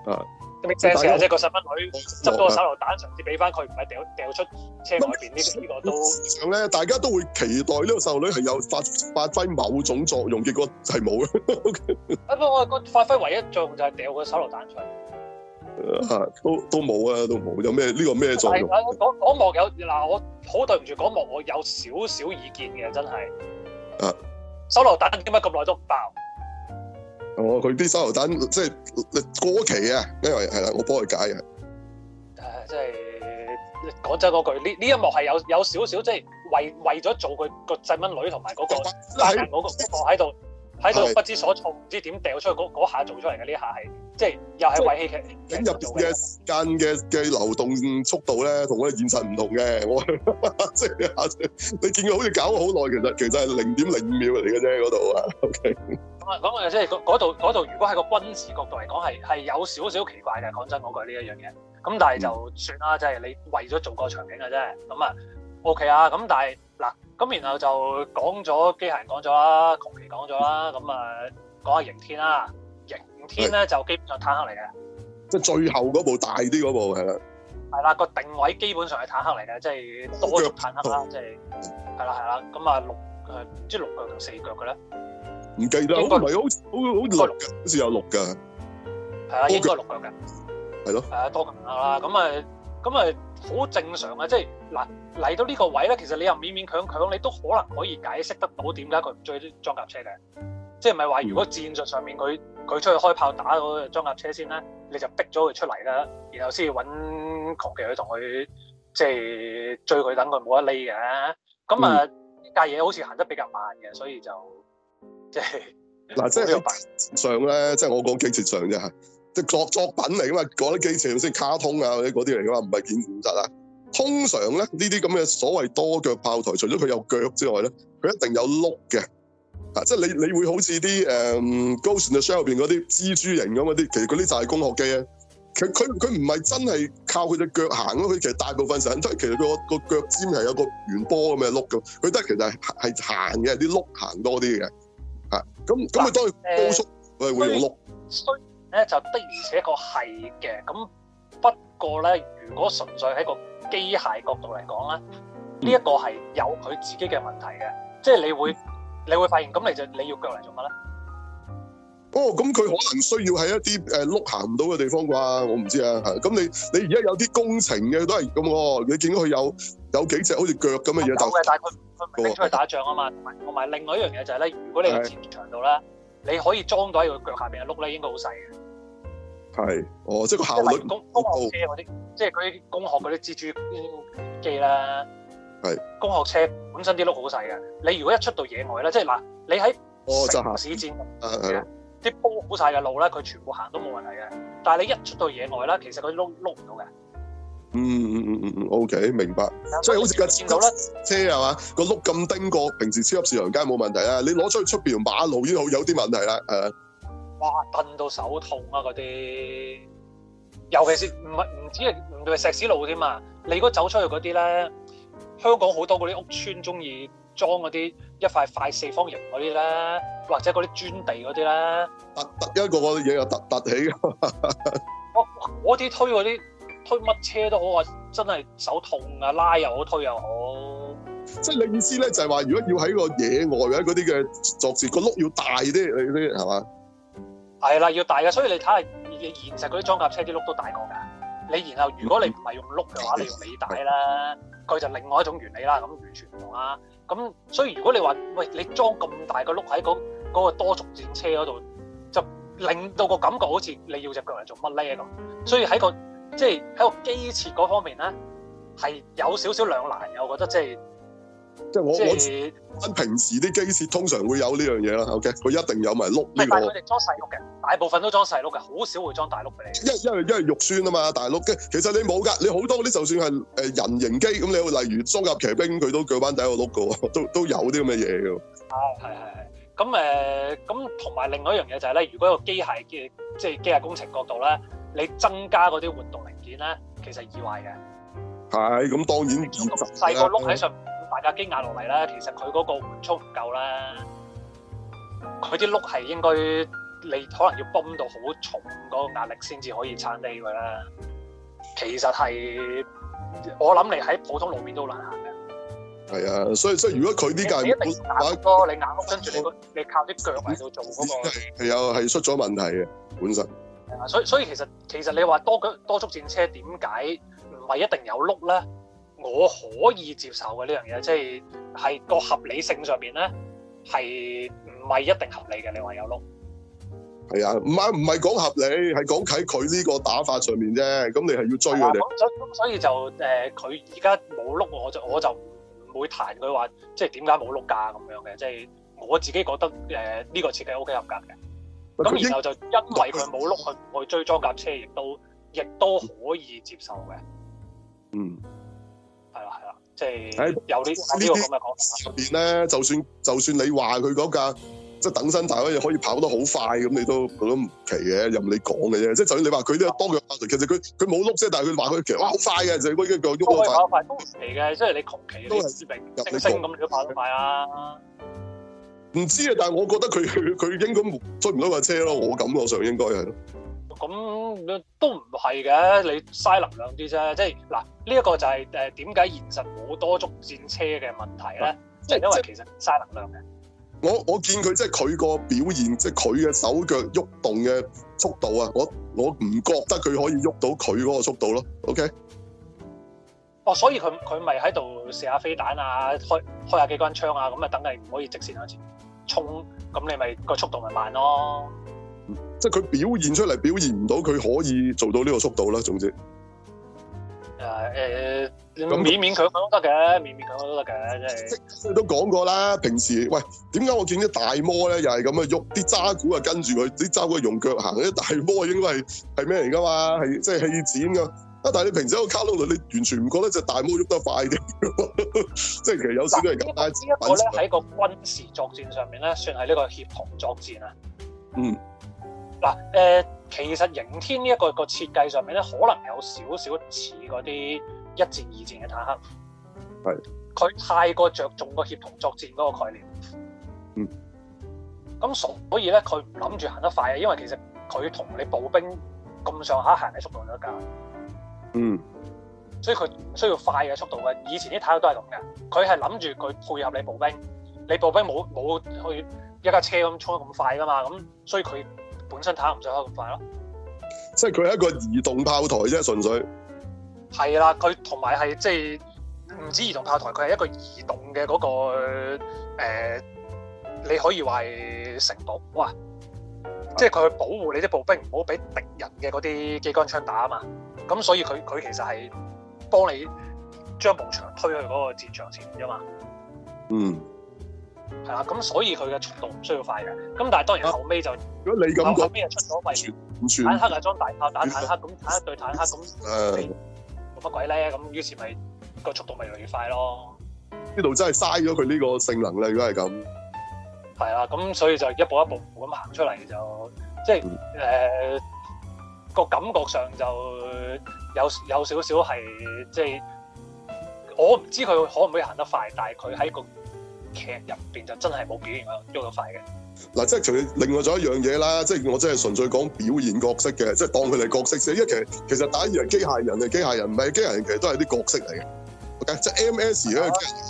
啊什麼，即係個細蚊女執咗個手榴彈，上次俾翻佢，唔係掉掉出車外邊呢？呢、呢個呢個都咧，大家都會期待呢個細路女係有發發揮某種作用，結果係冇嘅。啊不過，我個發揮唯一作用就係掉個手榴彈出嚟。都都冇啊，都冇。都有咩呢、呢個咩作用？我我幕有嗱，我好對唔住，嗰幕我有少少意見嘅，真係。啊！手榴彈點解咁耐都唔爆？我佢啲手榴彈即係過期啊，因為係啦，我幫佢解啊。誒，即係講真嗰句，呢呢一幕係有有少少，即係為為咗做佢個細蚊女同埋嗰個，嗰、 嗰個嗰、嗰個喺度。 喺度不知所措，唔知點掉出去嗰下做出嚟嘅呢下係，即係又係為戲劇。整入邊嘅時間嘅嘅、嗯、流動速度咧，同我現實唔同嘅。我即係你見佢好似搞好耐，其實其實係零點零五秒嚟嘅啫嗰度啊。OK。咁啊，講嘅即係嗰度度，嗰度、如果喺個軍事角度嚟講，係係有少少奇怪嘅。講真嗰句呢一樣嘢。咁但係就算啦，即、嗯、係、就係、你為咗做個場景嘅啫。咁啊，OK 啊。咁但係。嗱，咁然後就講咗機械人講咗啦，窮奇講咗啦，咁啊講下刑天啦，刑天咧就基本上坦克嚟嘅，即係最後嗰部大啲嗰部係啦，係啦，個定位基本上係坦克嚟嘅，即係多腳坦克啦，即係係啦係啦，咁啊六誒唔知六腳定四腳嘅咧？唔記得啦，好似唔係，好似好似好似有六㗎，係啊，應該六腳嘅，係咯，係啊，多腳啦，咁啊咁啊。好正常啊，即係嗱嚟到呢個位咧，其實你又勉勉強強，你都可能可以解釋得到點解佢唔追裝甲車嘅，即係唔係話如果戰術上面佢佢出去開炮打嗰個裝甲車先咧，你就逼咗佢出嚟啦，然後先揾狂騎去同佢即係追佢，等佢冇得匿嘅。咁啊架嘢、嗯、好似行得比較慢嘅，所以就即係嗱，即係、嗯、上咧，即係我講技術上啫嚇。就作作品嚟噶嘛，講啲機器用先，卡通啊或者嗰啲嚟噶嘛，唔係建築物質啊。通常咧呢啲咁嘅所謂多腳炮台，除咗佢有腳之外咧，佢一定有轆嘅。啊，即係你你會好似啲誒《Ghost in the Shell》入邊嗰啲蜘蛛型咁嗰啲，其實嗰啲就係工學機啊。其實佢佢唔係真係靠佢隻腳行咯，佢其實大部分成都其實佢個腳尖係有個圓波咁嘅轆嘅，佢都其實係行嘅，啲轆行多啲嘅。啊，咁咁佢當高速佢會用轆。咧就的而且確係嘅，咁不過咧，如果純粹喺個機械角度嚟講咧，呢一個係有佢自己嘅問題嘅，即係你會，你會發現咁你就你要腳嚟做乜咧？哦，咁佢可能需要喺一啲誒碌行唔到嘅地方啩，我唔知啊。咁你你而家有啲工程嘅都係咁喎，你見到佢有有幾隻好似腳咁嘅嘢就，大概佢明，出去打仗啊嘛，同埋另外一樣嘢就係咧，如果你係戰場度咧，你可以裝到喺個腳下邊嘅碌咧，應該好細嘅。係，哦，即係個效率。工工學車嗰啲，即係佢工學嗰啲蜘蛛機啦。係。工學車本身啲轆好細嘅，你如果一出到野外咧，即係嗱，你喺城市戰，啲、哦、鋪、就是啊啊、好晒嘅路咧，佢全部行都冇問題嘅。但係你一出到野外咧，其實佢轆轆唔到嘅。嗯嗯嗯嗯 OK 明白。所以，所以，所以，所以好似個戰車係嘛，個轆咁叮過，平時超級市場街冇問題，問題啊。你攞出去出邊馬路已經好有啲問題啦，誒。哇，蹬到手痛啊！嗰啲，尤其是唔係唔止係唔係石屎路添嘛？你如果走出去嗰啲咧，香港好多嗰啲屋村中意裝嗰啲一塊塊四方形嗰啲咧，或者嗰啲磚地嗰啲咧，突突一個個嘢又突突起㗎嘛！我啲推嗰啲推乜車都好啊，真係手痛啊！拉又好，推又好。即係你意思咧，就係話如果要喺個野外啊，嗰啲嘅作戰個碌要大啲，你啲係嘛？係啦，要大嘅，所以你睇下，現實嗰啲裝甲車啲碌都大過㗎。你然後如果你唔係用碌嘅話，你用履帶啦，佢就另外一種原理啦，咁完全唔同啦。咁所以如果你話喂，你裝咁大個碌喺嗰個多足戰車嗰度，就令到個感覺好似你要隻腳嚟做乜呢？咁所以喺個即係喺個機設嗰方面咧，係有少少兩難嘅，我覺得即係。即係我我跟平時啲機械通常會有呢樣嘢啦，OK？佢一定有埋碌呢個。係，佢哋裝細碌嘅，大部分都裝細碌嘅，好少會裝大碌嘅。一因為因為肉酸啊嘛，大碌嘅。其實你冇噶，你好多啲就算係誒人形機咁，你會例如裝甲騎兵佢都腳板底有碌噶喎，都都有啲咁嘅嘢㗎。啊，係係係。咁誒，咁同埋另外一樣嘢就係、是、咧，如果個機械嘅即係機械工程角度咧，你增加嗰啲活動零件咧，其實意外嘅。係，咁當然要細個碌喺上。大架機壓落嚟咧，其實佢嗰個緩衝唔夠啦，佢啲碌係應該你可能要泵到好重個壓力先至可以撐低㗎啦。其實係我諗，你喺普通路面都好難行嘅。係啊，所以所以如果佢呢架唔打咯，你硬跟住你你靠啲腳喺度做嗰個，係啊係出咗問題嘅本身。係啊，所以所以其實其實你話多腳多足戰車點解唔係一定有碌咧？我可以接受嘅呢樣嘢，即係係個合理性上面咧，係唔係一定合理嘅？你話有碌？係啊，唔係唔係講合理，係講喺佢呢個打法上面啫。咁你係要追佢哋、啊嗯。所以就誒，佢而家冇碌，我就我就唔會彈佢話，即係點解冇碌㗎咁樣嘅。即、就、係、係、我自己覺得誒，呢、呃呢個設計 O K 合格嘅。咁然後就因為佢冇碌，去 去追裝甲車，亦都亦都可以接受嘅。喺有、這個、呢呢啲入面咧，就算就算你話佢嗰架即係等身大可以可以跑得好快，咁你都都唔奇嘅、嗯，任你講嘅啫。即係就算你話佢都有多腳，其實佢佢冇碌啫，但係佢話佢其實好快嘅、嗯嗯，就嗰啲腳喐得快。都唔奇嘅，即係你窮奇，你水平提升咁，你都跑得快啊。唔知啊，但係我覺得佢佢佢應該追唔到架車咯，我感覺上應該係。咁都唔係嘅，你嘥能量啲啫。即係嗱，呢一個就係誒點解現實冇多足戰車嘅問題咧？即係因為其實嘥能量嘅。我我見佢即係佢個表現，即係佢嘅手腳喐動嘅速度啊！我我唔覺得佢可以喐到佢嗰個速度咯。OK。哦，所以佢佢咪喺度射下飛彈啊，開開下機關槍啊，咁啊等佢唔可以直線向前衝，咁你咪個速度咪慢咯。即係佢表現出嚟，表現唔到佢可以做到呢個速度啦。總之，誒、嗯、誒、咁勉勉強強都得嘅，勉勉強強都得嘅，就是，即係。即都講過啦。平時喂，點解我見啲大摩咧，又係咁啊，喐啲渣古啊，跟住佢啲渣古用腳行。啲大摩應該係係咩嚟噶嘛？係即係氣墊噶。啊、就是，但係你平時喺個卡路里，你完全唔覺得隻大摩喐得快啲。即係其實有少都係。但係、這個這個、呢一個咧喺個軍事作戰上面咧，算係呢個協同作戰啊。嗯。嗱，誒，其實刑天呢一個個設計上面，咧，可能有少少似嗰啲一戰二戰嘅坦克。係，佢太過着重個協同作戰嗰個概念。嗯。咁所以咧，佢唔諗住行得快啊，因為其實佢同你步兵咁上下行嘅速度就得㗎。嗯。所以佢唔需要快嘅速度嘅，以前啲坦克都係咁嘅。佢係諗住佢配合你步兵，你步兵冇冇去一架車咁衝得咁快噶嘛，咁所以佢。本身坦克唔想開咁快咯，即係佢係一個移動炮台啫，純粹係啦。佢同埋係即係唔止移動炮台，佢係一個移動嘅嗰、那個誒、呃，你可以話係城堡哇！即係佢去保護你啲步兵，唔好俾敵人嘅嗰啲機關槍打啊嘛。咁所以佢佢其實係幫你將步槍推去嗰個戰場前面啫嘛。嗯。係啊，咁所以佢嘅速度唔需要快嘅。咁但係當然後尾就，如果你咁講，後尾又出咗位，坦克又裝大炮打坦克，咁坦克對坦克，咁、啊、誒，冇乜鬼咧。咁於是咪個速度咪越嚟越快咯。呢度真係嘥咗佢呢個性能咧。如果係咁，係啊，咁所以就一步一步咁行出嚟就，即係誒個感覺上就有有少少係即係，我唔知佢可唔可以行得快，但係佢喺個。嗯劇入邊就真係冇表現我喐得快嘅。嗱，即係除另外仲有一樣嘢啦，即係我真係純粹講表演角色嘅，即係當佢哋角色先。因為其實其實打完機械人係機械人唔係機械人，其實都係啲角色嚟嘅。O K，即係 M S 嘅，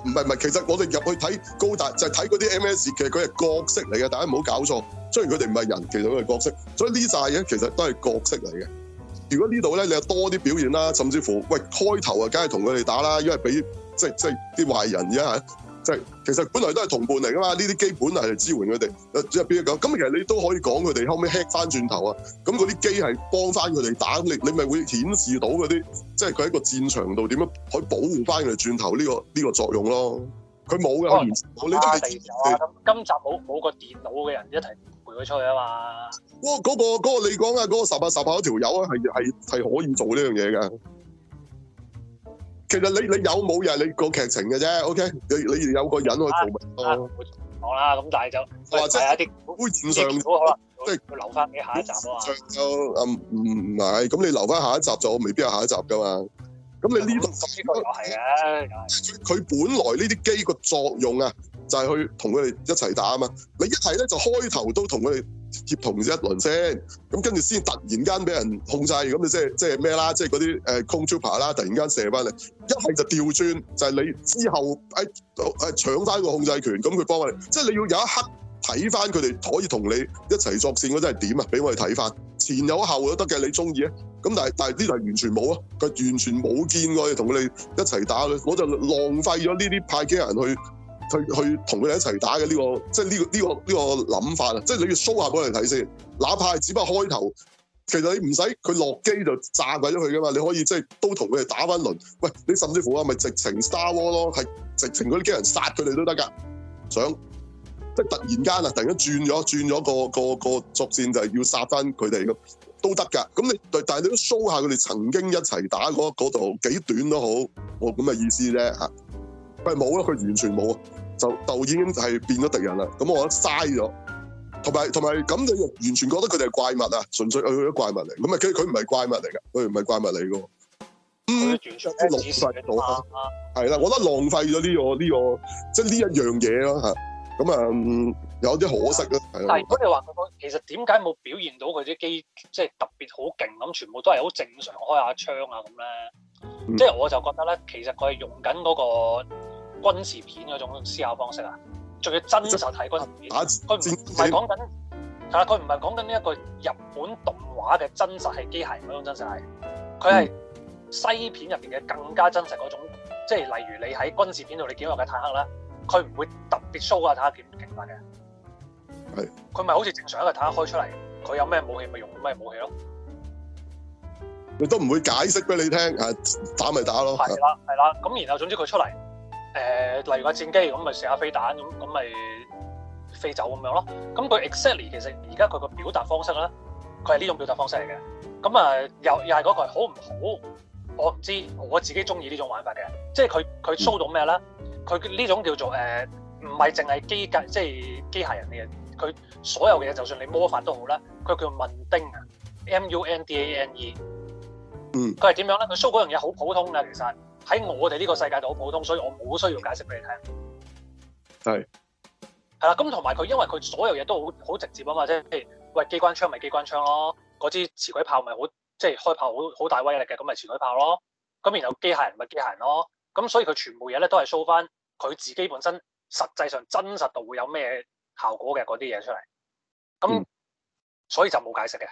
唔係唔係。其實我哋入去睇高達就係睇嗰啲 M S 其實，佢係角色嚟嘅。大家唔好搞錯。雖然佢哋唔係人，其實佢係角色。所以呢扎嘢其實都係角色嚟嘅。如果呢度咧，你有多啲表現啦，甚至乎喂開頭啊，梗係同佢哋打啦，因為俾即係即係啲壞人啫。即係其實本來都係同伴嚟噶嘛，呢啲基本係支援佢哋。即係邊一個咁？其實你都可以講佢哋後尾 hit 翻轉頭啊，咁嗰啲機係幫翻佢哋打力你咪會顯示到嗰啲，即係佢喺個戰場度點樣可以保護翻佢哋轉頭呢、呢個呢、呢個、作用咯。佢冇噶，我、啊、呢、啊、你都打地今集冇冇個電腦嘅人一齊陪佢出去啊嘛！哇、嗰個！嗰、嗰個嗰個你講啊，嗰、嗰個十八十八條條友啊，係可以做呢樣嘢㗎。其實你你有冇人？你個劇情嘅啫，OK？你你有個人去做咪？冇、啊、錯，講、啊、啦。咁但係就係一啲虛擬上，即係留返俾下一集就啊嘛。上啊唔唔唔係，咁、嗯、你留返下，下一集就未必有下一集㗎嘛。咁你呢度係啊，即係佢佢本來呢啲機個作用啊。就係去同佢哋一齊打啊嘛！你一係咧就開頭都同佢哋協同一輪先，咁跟住先突然間俾人控制咁，即係即係咩啦？即係嗰啲誒 Clone Trooper 啦，突然間射翻嚟。一係就調轉，就係你之後喺誒搶翻個控制權，咁佢幫我哋。即係你要有一刻睇翻佢哋可以同你一齊作戰嗰陣係點啊？俾我哋睇翻前有後都得嘅，你中意啊？咁但係但係呢度係完全冇啊！佢完全冇見過同佢哋一齊打嘅，我就浪費咗呢啲派機人去。去去同佢哋一齊打嘅呢、這個，即係呢個呢、這個呢、這個諗法啊！即係你要 show 下俾佢哋睇先，哪怕係只不過開頭，其實你唔使佢落機就炸鬼咗佢㗎嘛。你可以即係都同佢哋打翻輪。喂，你甚至乎啊，咪直情 star war 咯，係直情嗰啲機人殺佢哋都得㗎。想即係突然間啊，突然間轉咗轉咗個個個，個作戰就係要殺翻佢哋咁，都得㗎。咁你但係你都 show 下佢哋曾經一齊打嗰度幾短都好，我咁嘅意思啫嚇。佢冇咯，佢完全冇啊！就已經係變咗敵人啦，咁我覺得嘥咗。同埋同埋咁，你完全覺得佢哋係怪物啊？純粹佢啲怪物嚟，咁咪佢佢唔係怪物嚟噶，佢唔係怪物嚟噶。嗯，轉出嘅浪費咗，係啦，我覺得浪費咗呢個呢個，即係呢一樣嘢咯嚇。咁啊，有啲可惜咯。但係如果你話佢講，其實點解冇表現到佢啲機，即係特別好勁咁，全部都係好正常，開下槍啊咁咧。即係我就覺得咧，其實佢係用緊嗰個。軍事片嗰種思考方式啊，仲要真實睇軍事片，佢唔係講緊，係啊，佢唔係講緊呢一個日本動畫嘅真實係機械嗰種真實係，佢係西片入邊嘅更加真實嗰種，嗯、即係例如你喺軍事片度你見到嘅坦克咧，佢唔會特別 show 下坦克幾勁唔勁嘅，係佢咪好似正常一個坦克開出嚟，佢有咩武器咪用咩武器咯，你都唔會解釋俾你聽，誒打咪打咯，係啦係啦，咁然後總之佢出嚟。誒、呃，例如個戰機咁，咪射下飛彈咁，咁咪飛走咁樣咯。咁佢 exactly 其實而家佢個表達方式咧，佢係呢種表達方式嚟嘅。咁啊、呃，又又係嗰句，好唔好？我唔知，我自己中意呢種玩法嘅。即係佢佢 show 到咩咧？佢呢種叫做誒，唔係淨係機械，即係機械人嘅。佢所有嘅嘢，就算你魔法都好啦，佢叫問丁啊，M U N D A N E。嗯。佢係點樣咧？佢 show 嗰樣嘢好普通嘅，其實。喺我哋呢個世界度好普通，所以我冇需要解釋俾你聽。係，係啦。咁同埋佢，因為佢所有嘢都好好直接啊嘛，即係，喂，機關槍咪機關槍咯，嗰支磁軌炮咪好，即係開炮好好大威力嘅，咁咪磁軌炮咯。咁然後機械人咪機械人咯。咁所以佢全部嘢咧都係 show 翻佢自己本身實際上真實度會有咩效果嘅嗰啲嘢出嚟。咁、嗯、所以就冇解釋嘅，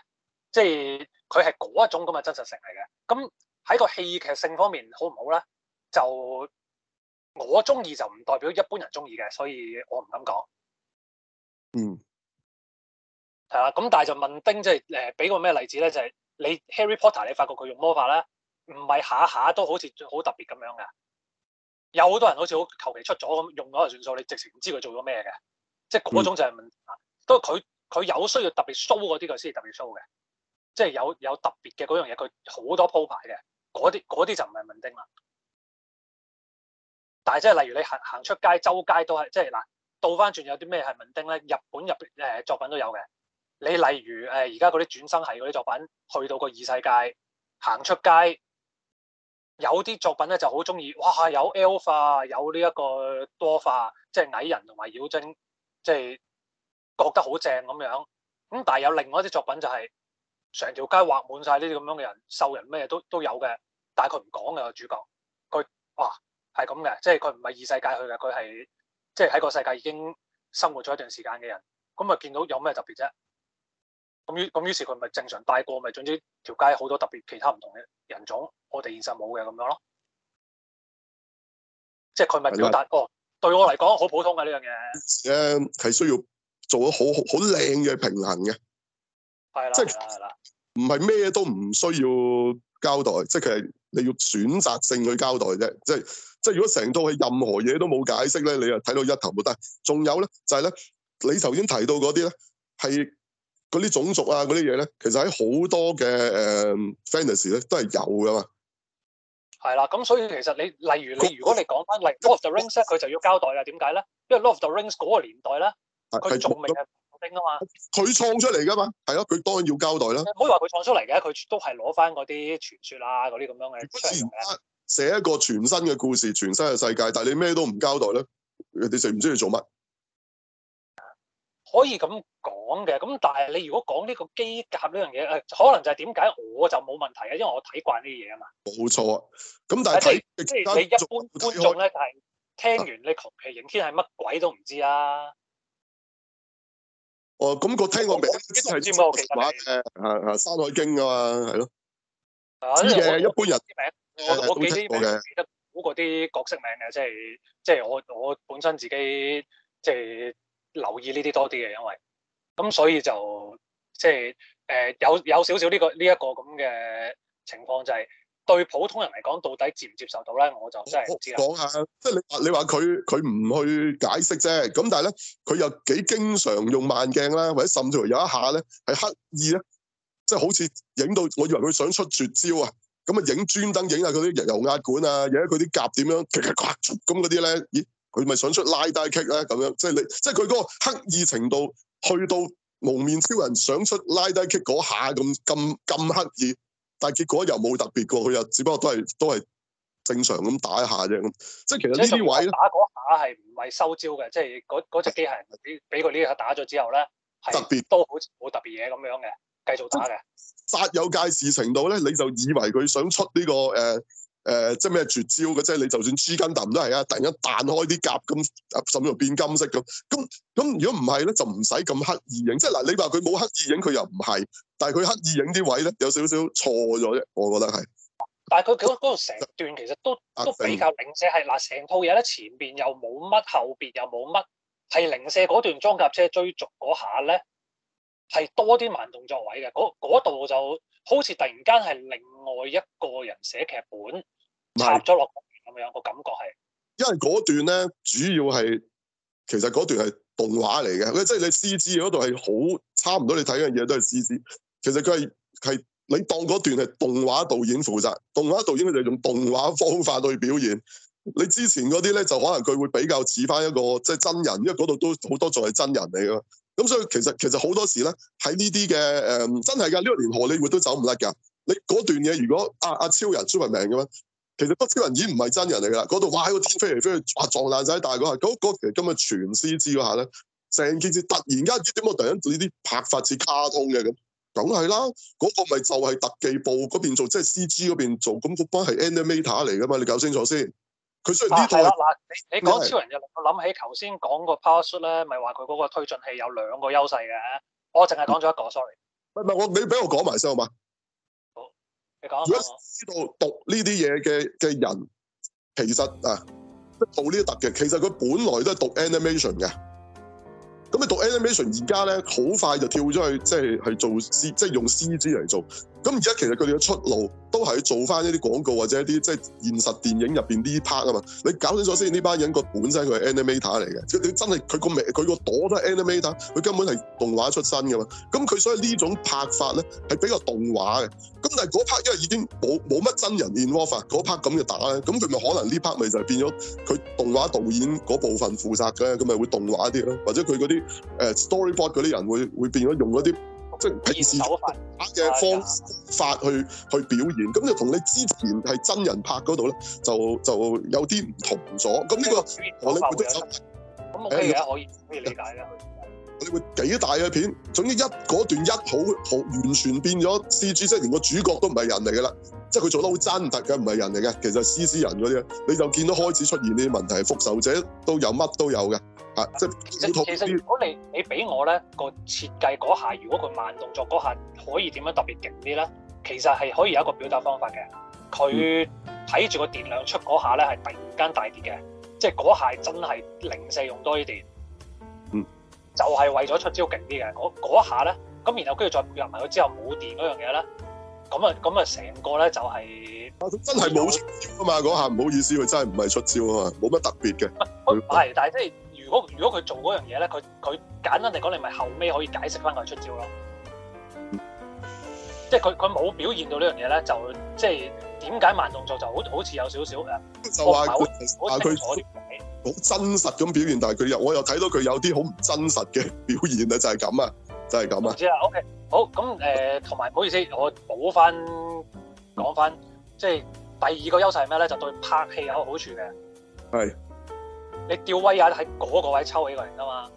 即係佢係嗰一種咁嘅真實性嚟嘅。咁喺個戲劇性方面好唔好咧？就我中意就唔代表一般人中意嘅，所以我唔敢講。嗯，係啊。咁但係就問丁，即係誒，俾個咩例子咧？就係你 Harry Potter，你發覺佢用魔法咧，唔係下下都好似好特別咁樣嘅。有好多人好似好求其出咗咁用咗就算數，你直情唔知佢做咗咩嘅。即係嗰種就係問題、嗯，都佢佢有需要特別 show 嗰啲，佢先特別 show 嘅。即係有有特別嘅嗰樣嘢，佢好多鋪排嘅。嗰啲嗰啲就唔係文丁啦，但係即係例如你行行出街，周街都係即係嗱，倒翻轉有啲咩係文丁咧？日本入誒、呃、作品都有嘅，你例如誒而家嗰啲轉生系嗰啲作品，去到個異世界行出街，有啲作品咧就好中意，哇！有 L 化，有呢一個多化，即係矮人同埋妖精，即係覺得好正咁樣。咁但係有另外一啲作品就係、是、成條街畫滿晒呢啲咁樣嘅人、獸人咩都都有嘅。大概唔講嘅主角，佢啊，係咁嘅，即係佢唔係異世界去嘅，佢係即係喺個世界已經生活咗一段時間嘅人，咁咪見到有咩特別啫？咁於咁於是佢咪正常帶過，咪總之條街好多特別其他唔同嘅人種，我哋現實冇嘅咁樣咯。即係佢咪表達，的哦對我嚟講好普通嘅呢樣嘢。誒係需要做咗好好靚嘅平衡嘅，係啦，即係唔係咩都唔需要。交代，即係你要選擇性去交代啫，即係如果成套係任何嘢都冇解釋呢，你又睇到一頭冇得。仲有呢，就係、是、呢，你頭先提到嗰啲呢，係嗰啲種族啊嗰啲嘢呢，其實喺好多嘅誒 fans t a y 呢，嗯、Fantasy，都係有㗎嘛。係啦，咁所以其實你例如你如果你講返 Love the Rings》呢，佢就要交代啊？點解呢？因為《Love the Rings》嗰個年代呢，佢仲未。啊嘛，佢創出嚟噶嘛，係咯，佢當然要交代啦。唔好以話佢創出嚟嘅，佢都係攞翻嗰啲傳說啊，嗰啲咁樣嘅。如果寫一個全新嘅故事、全新嘅世界，但係你咩都唔交代咧，你就唔知佢做乜。可以咁講嘅，咁但係你如果講呢個機甲呢樣嘢，誒，可能就係點解我就冇問題嘅，因為我睇慣呢啲嘢啊嘛。冇錯啊，咁但係即係你一般觀眾咧，但係、就是、聽完你求其影天係乜鬼都唔知啊。哦，咁我聽過名，都係真係其實話嘅，係《山海經》噶嘛，係咯。知一般人。我記名字的我啲名，得好嗰啲角色名嘅，即係即係我我本身自己即係留意呢啲多啲嘅，因為咁所以就即係誒、呃、有有少少呢個呢一、這個咁嘅情況就係、是。對普通人嚟講，到底接唔接受到咧？我就真係唔知。講下，即係你話你話佢佢唔去解釋啫。咁但係咧，佢又幾經常用慢鏡啦，或者甚至乎有一下咧係刻意咧，即係好似影到我以為佢想出絕招啊。咁啊，影專登影下佢啲油壓管啊，影下佢啲夾點樣，咁嗰啲咧，咦？佢咪想出拉低棘咧？咁樣即係你，即係佢嗰個刻意程度，去到蒙面超人想出拉低棘嗰下咁咁咁刻意。但係結果又冇特別過，佢又只不過都係都係正常咁打一下啫。咁即係其實這呢啲位打嗰下係唔係收招嘅，就是，即係嗰嗰隻機械人俾俾佢呢下打咗之後咧，特別都好似冇特別嘢，咁樣嘅，繼續打嘅。煞有介事程度咧，你就以為佢想出呢，這個誒。呃誒、呃、即係咩絕招嘅？即係你就算黐筋，彈都係啊！突然間彈開啲甲咁，甚至變金色咁。咁咁如果唔係咧，就唔使咁刻意影。即係嗱，你話佢冇刻意影，佢又唔係。但係佢刻意影啲位咧，有少少錯咗啫。我覺得係。但係佢嗰度成段其實都、啊、都比較零舍係嗱，成、啊啊、套嘢咧前面又冇乜，後面又冇乜，係零舍嗰段裝甲車追逐嗰下咧，係多啲慢動作位嘅。嗰嗰度就好似突然間係另外一個人寫劇本。咗落咁樣，個感覺係，因為嗰段咧主要係，其實嗰段係動畫嚟嘅，即係你 C G 嗰度係好差唔多你 CG，你睇嗰樣嘢都係 C G。其實佢係係你當嗰段係動畫導演負責，動畫導演就係用動畫方法去表現。你之前嗰啲咧就可能佢會比較似翻一個即係真人，因為嗰度都好多仲係真人嚟噶。咁所以其實其實好多時咧喺呢啲嘅誒真係噶，呢個連荷里活都走唔甩噶。你嗰段嘢如果阿阿、啊啊、超人出 u 名嘅 r 其實北超人已經唔係真人嚟噶啦，嗰度哇喺、個天飛嚟飛去，哇撞爛仔大那，但係嗰下嗰嗰其實今日全 C G 嗰下咧，成件事突然間點解突然間呢啲拍法似卡通嘅，咁，梗係啦，嗰、個咪就係特技部嗰邊做，即係 C G 嗰邊做，咁嗰班係 Animator 嚟噶嘛？你搞清楚先。佢雖然呢度嗱，你你講超人又諗起頭先講個 Power Suit 咧，咪話佢嗰個推進器有兩個優勢嘅，我淨係講咗一個、嗯、，sorry。唔唔係，你我你俾我講埋先好嘛。說說如果知道讀呢啲嘢嘅嘅人，其實啊，做呢一特技，其實佢本來都係讀 animation 嘅。咁你讀 animation 而家咧，好快就跳咗去，即係去做 C，即係用 C G 嚟做。咁而家其實佢哋嘅出路都係做翻一啲廣告或者一啲即係現實電影入面呢 part 啊嘛，你搞清楚先，呢班人個本身佢係 Animator 嚟嘅，即你真係佢個名佢個朵都係 Animator，佢根本係動畫出身㗎嘛。咁佢所以呢種拍法咧係比較動畫嘅。咁但係嗰 part 因為已經冇冇乜真人 involved，嗰 part 咁嘅打咧，咁佢咪可能呢 part 咪就係變咗佢動畫導演嗰部分負責嘅，咁咪會動畫啲咯，或者佢嗰啲 storyboard 嗰啲人會會變咗用嗰啲。即係平時拍嘅方法去去表現咁、啊、就同你之前係真人拍嗰度咧，就就有啲唔同咗。咁、嗯、呢、呢個我哋覺得都咁可以、嗯、可以理解咧？你會幾大嘅片？總之一嗰段一好好完全變咗 C G，即係連個主角都唔係人嚟噶啦，即係佢做得好真，但嘅，唔係人嚟嘅。其實 C G 人嗰啲，你就見到開始出現呢啲問題。復仇者都有，乜都有嘅，即係。其實如果你你俾我咧個設計嗰下，如果佢慢動作嗰下可以點樣特別勁啲咧？其實係可以有一個表達方法嘅。佢睇住個電量出嗰下咧，係突然間大跌嘅，嗯、即係嗰下真係零舍用多啲電。就係為咗出招勁啲嘅，嗰嗰一下咧，咁然後跟住再入埋佢之後冇電嗰樣嘢咧，咁啊咁啊成個咧就係真係冇出招啊嘛！嗰下唔好意思，佢真係唔係出招啊嘛，冇乜特別嘅。唔係，但係即係如果如果佢做嗰樣嘢咧，佢佢簡單嚟講，你咪後尾可以解釋翻佢出招咯。即係佢佢冇表現到呢樣嘢咧，就即係點解慢動作就好好似有少少就話佢話佢。好真實咁表現，但係佢又我又睇到佢有啲好唔真實嘅表現啊！就係咁啊，就係咁啊。唔知啊，OK，好，咁誒，同埋唔好意思，我補翻講翻，即係、就是、第二個優勢係咩咧？就對拍戲有個好處嘅。係。你吊威亞啊，喺嗰個位抽起個人啊嘛。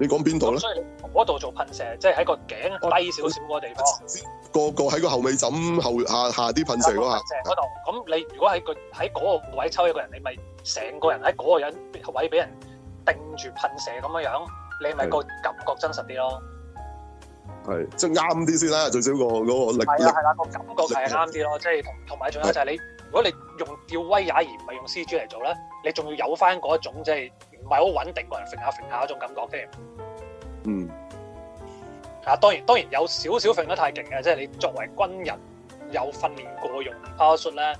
你講邊度咧？所以嗰度做噴射，即係喺個頸低少少個地方。個個喺個後尾枕後下下啲噴射嗰下。噴射嗰度。咁你如果喺個喺嗰個位抽一個人，你咪成個人喺嗰個人位俾人定住噴射咁樣樣，你咪個感覺真實啲咯。係，即係啱啲先啦，最少個嗰個力力係啦，個感覺係啱啲咯。即係同同埋，仲有就係你，如果你用吊威也而唔係用 CG 嚟做咧，你仲要有翻嗰一種即係。唔係好穩定，個人揈下揈下嗰種感覺啫。嗯。啊，當然當然有少少揈得太勁嘅，即係你作為軍人有訓練過用 power suit 咧，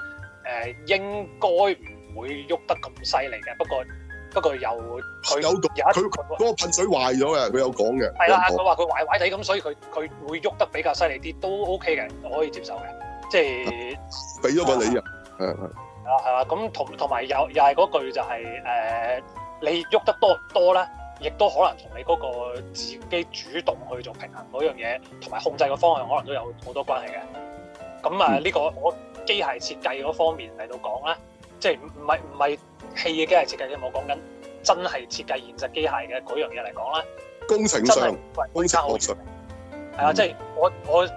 誒應該唔會喐得咁犀利嘅。不過不過又佢佢嗰個噴水壞咗嘅，佢有講嘅。係啦，佢話佢壞壞哋咁，所以佢佢會喐得比較犀利啲，都 OK 嘅，可以接受嘅。即係俾咗個理由，係係。啊係啊，咁同同埋又又係嗰句就係誒。你喐得多多咧，亦都可能同你嗰個自己主動去做平衡嗰樣嘢，同埋控制嘅方向，可能都有好多關係嘅。咁啊，呢、嗯這個我機械設計嗰方面嚟到講咧，即係唔係唔係戲嘅機械設計咧？我講緊真係設計現實機械嘅嗰樣嘢嚟講咧。工程上，好工程學上，係啊，嗯、即係我我諗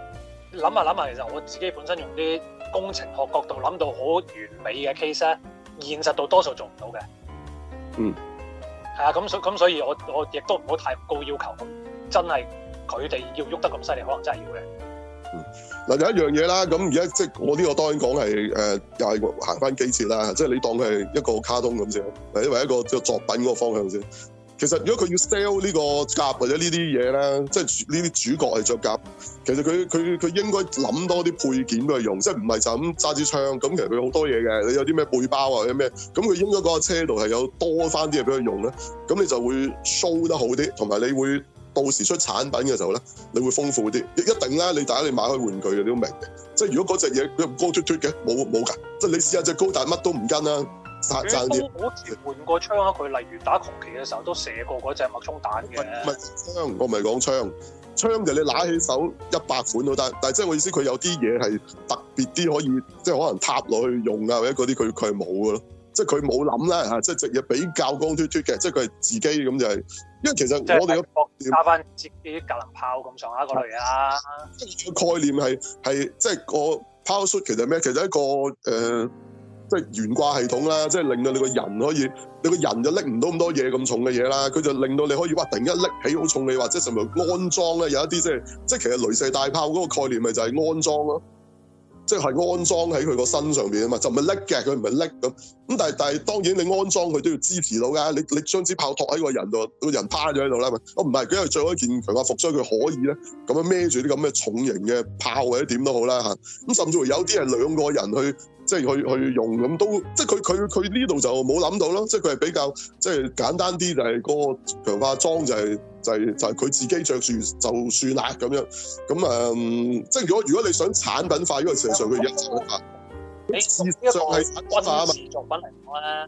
下諗下，其實我自己本身用啲工程學角度諗到好完美嘅 case 咧，現實度多數做唔到嘅。嗯。係啊，咁所咁所以我，我我亦都唔好太高要求。咁真係佢哋要喐得咁犀利，可能真係要嘅。嗯，嗱有一樣嘢啦，咁而家即係我呢個當然講係誒，又係行翻機設啦，即係你當係一個卡通咁先，或者為一個即作品嗰個方向先。其實如果佢要 sell 呢個甲或者呢啲嘢咧，即係呢啲主角係着甲。其實佢佢佢應該諗多啲配件俾佢用，即係唔係就咁揸支槍咁。其實佢好多嘢嘅，你有啲咩背包啊或者咩，咁佢應該嗰個車度係有多翻啲嘢俾佢用咧。咁你就會 show 得好啲，同埋你會到時出產品嘅時候咧，你會豐富啲。一定啦，你大家你去買開玩具嘅你都明嘅。即係如果嗰隻嘢高凸凸嘅，冇冇㗎。即係你試下隻高達乜都唔跟啦。佢都好易換過槍啊！佢例如打狂騎嘅時候都射過嗰隻脈衝彈嘅。唔係槍，我唔係講槍，槍就你攋起手一百款都得。但係即係我意思，佢有啲嘢係特別啲，可以即係可能塔落去用啊，或者嗰啲佢佢冇嘅咯。即係佢冇諗咧嚇，即係直接比較光脫脫嘅。即係佢係自己咁就係，因為其實我哋嘅博點打返自己格林炮咁上下嗰類的啊。即係個概念係係即係個 power suit 其實咩？其實一個誒。呃即係懸掛系統啦，即係令到你個人可以，你個人就拎唔到咁多嘢咁重嘅嘢啦。佢就令到你可以突然一拎起好重你或者甚至乎安裝咧有一啲即係，即係其實雷射大炮嗰個概念咪就係安裝咯，即係安裝喺佢個身上邊啊嘛，就唔係拎嘅，佢唔係拎咁咁。但係但係當然你安裝佢都要支持到噶，你你將支炮托喺個人度，一個人趴咗喺度啦嘛。哦唔係，佢為最關鍵強嘅服裝佢可以咧，咁樣孭住啲咁嘅重型嘅炮或者點都好啦吓，咁甚至乎有啲係兩個人去。即係去去用咁都，即係佢佢佢呢度就冇諗到咯。即係佢係比較即係簡單啲，就係嗰個強化裝就係、係、就係就係佢自己着住就算啦咁樣。咁啊、嗯，即係如果如果你想產品化，因為事實上佢而家產品化。事、嗯、實上係軍事作品嚟講咧，呢、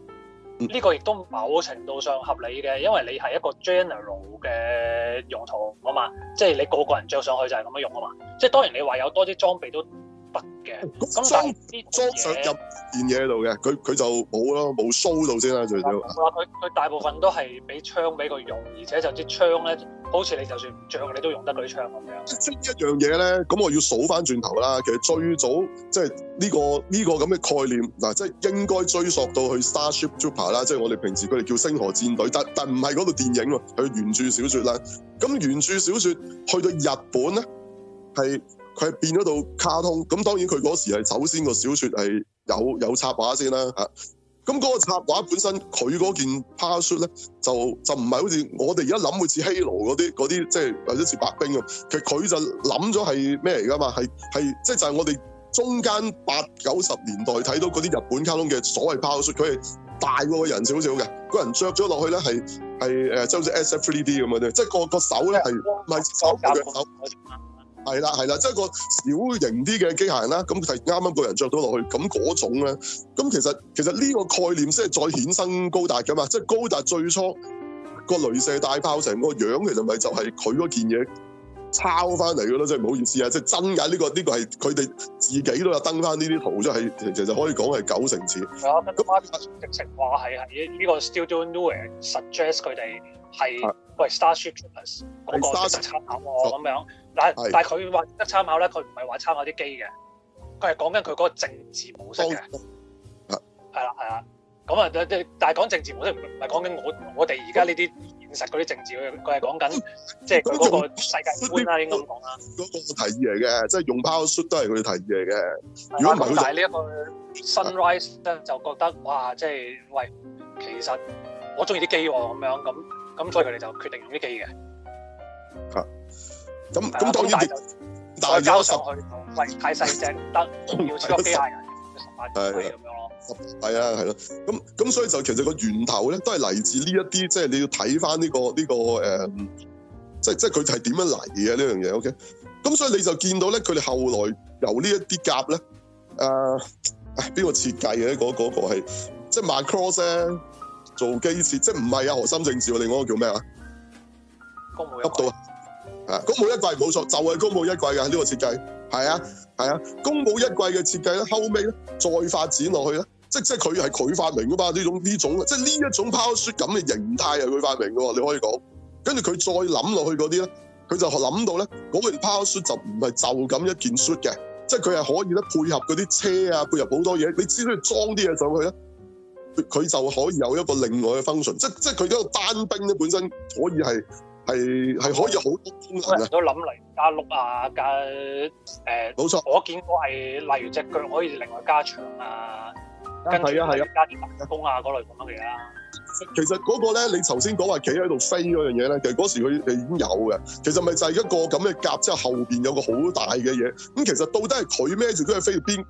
嗯、個亦都某程度上合理嘅，因為你係一個 general 嘅用途啊嘛。即係你個個人着上去就係咁樣用啊嘛。即係當然你話有多啲裝備都得嘅，裝裝上入件嘢喺度嘅，佢佢就冇咯，冇 show 到先啦，最少。嗱，佢佢大部分都係俾槍俾佢用，而且就啲槍咧，好似你就算唔着，你都用得嗰啲槍咁樣。即係一樣嘢咧，咁我要數翻轉頭啦。其實最早即係呢個呢個咁嘅概念，嗱，即係應該追溯到去 Starship Trooper 啦，即係我哋平時佢哋叫星河戰隊，但但唔係嗰部電影咯，係原著小說啦。咁原著小說去到日本咧，係。佢係變咗到卡通，咁當然佢嗰時係首先個小説係有有插畫先啦嚇。咁嗰個插畫本身，佢嗰件 power suit 咧，就就唔係好似我哋而家諗會似希羅嗰啲嗰啲，即係、就是、或者似白冰咁。其實佢就諗咗係咩嚟噶嘛？係即係就係、是、我哋中間八九十年代睇到嗰啲日本卡通嘅所謂 power suit 佢係大過個人少少嘅，人就是就是那個人着咗落去咧，係係，即係好似 S F 3 D 咁樣啫。即係個個手咧係咪手嘅手？係啦，係啦，即係個小型啲嘅機械人啦，咁係啱啱個人着到落去，咁嗰種咧，咁其實其實呢個概念先係再衍生高達噶嘛，即係高達最初個雷射大炮成個樣，其實咪就係佢嗰件嘢抄翻嚟嘅咯，即係唔好意思啊，即係真噶呢個呢個係佢哋自己都有登翻呢啲圖出嚟，其實其實可以講係九成似。係啊，咁馬克直接話係係呢個 student doing suggest 佢哋係喂 Starship Troopers 嗰個嘅咁樣。嗱，但佢話得參考咧，佢唔係話參考啲機嘅，佢係講緊佢嗰個政治模式嘅，係啦，係啦。咁啊，但係講政治模式唔係講緊我我哋而家呢啲現實嗰啲政治，佢係講緊，即係佢嗰個世界觀啦，應該咁講啦。嗰個提議嚟嘅，即係用 Power Suit 都係佢哋提議嚟嘅。如果唔係，但係呢一個 Sunrise 咧、啊、就覺得哇，即係喂，其實我中意啲機喎，咁樣咁咁，所以佢哋就決定用啲機嘅。啊。咁咁當然，但係搞十太細隻，得 要多幾廿人，十幾咁樣咯。係啊，係咯。咁咁所以就其實個源頭咧，都係嚟自呢一啲，即係你要睇翻呢個呢、呢個誒、呃，即係即係佢係點樣嚟嘅呢樣嘢。OK。咁所以你就見到咧，佢哋後來由甲呢一啲夾咧，邊、呃、個設計嘅？嗰、嗰、嗰個係、嗰個、即係 Macross 咧做機設，即係唔係啊？河森正治，我哋一個叫咩啊？公武一季冇錯，就係、是、宮武一貴嘅呢個設計，係啊係啊，宮武一貴嘅設計咧，後尾咧再發展落去咧，即即係佢係佢發明噶嘛呢種呢種，即係呢一種 power suit 咁嘅形態係佢發明嘛。你可以講，跟住佢再諗落去嗰啲咧，佢就諗到咧，嗰個 power suit 就唔係就咁一件 suit 嘅，即係佢係可以咧配合嗰啲車啊，配合好多嘢，你只需要裝啲嘢上去咧，佢就可以有一個另外嘅 function，即即係佢嗰個單兵咧本身可以係。係係可以有好多功能嘅，啊，都諗嚟加碌啊，加誒，老、呃、實，我見過係例如隻腳可以另外加長啊，係啊係啊，加啲滑桿啊嗰，啊啊啊、類咁、啊、樣嚟、嗯就是、啦。其實嗰個咧，你頭先講話企喺度飛嗰樣嘢咧，其實嗰時佢已經有嘅。其實咪就係一個咁嘅夾，之後後面有個好大嘅嘢。咁其實到底係佢孭住嗰樣飛去邊？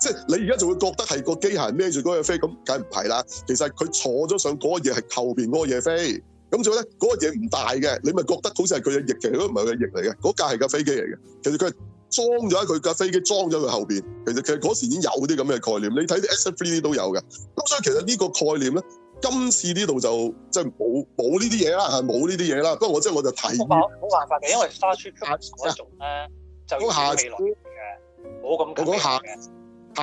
即係你而家就會覺得係個機械孭住嗰樣飛，咁梗唔係啦？其實佢坐咗上嗰個嘢係後面嗰個嘢飛。咁所以咧，嗰個嘢唔大嘅，你咪覺得好似係佢嘅翼嘅，其實唔係佢翼嚟嘅，嗰架係架飛機嚟嘅。其實佢裝咗喺佢架飛機，裝咗佢後邊。其實佢嗰時已經有啲咁嘅概念。你睇啲 S3 啲都有嘅。咁所以其實呢個概念咧，今次呢度就即係冇冇呢啲嘢啦，係冇呢啲嘢啦。不過我真係我就睇冇辦法，冇辦法嘅，因為花出筆所做咧就下期來冇，咁我講下，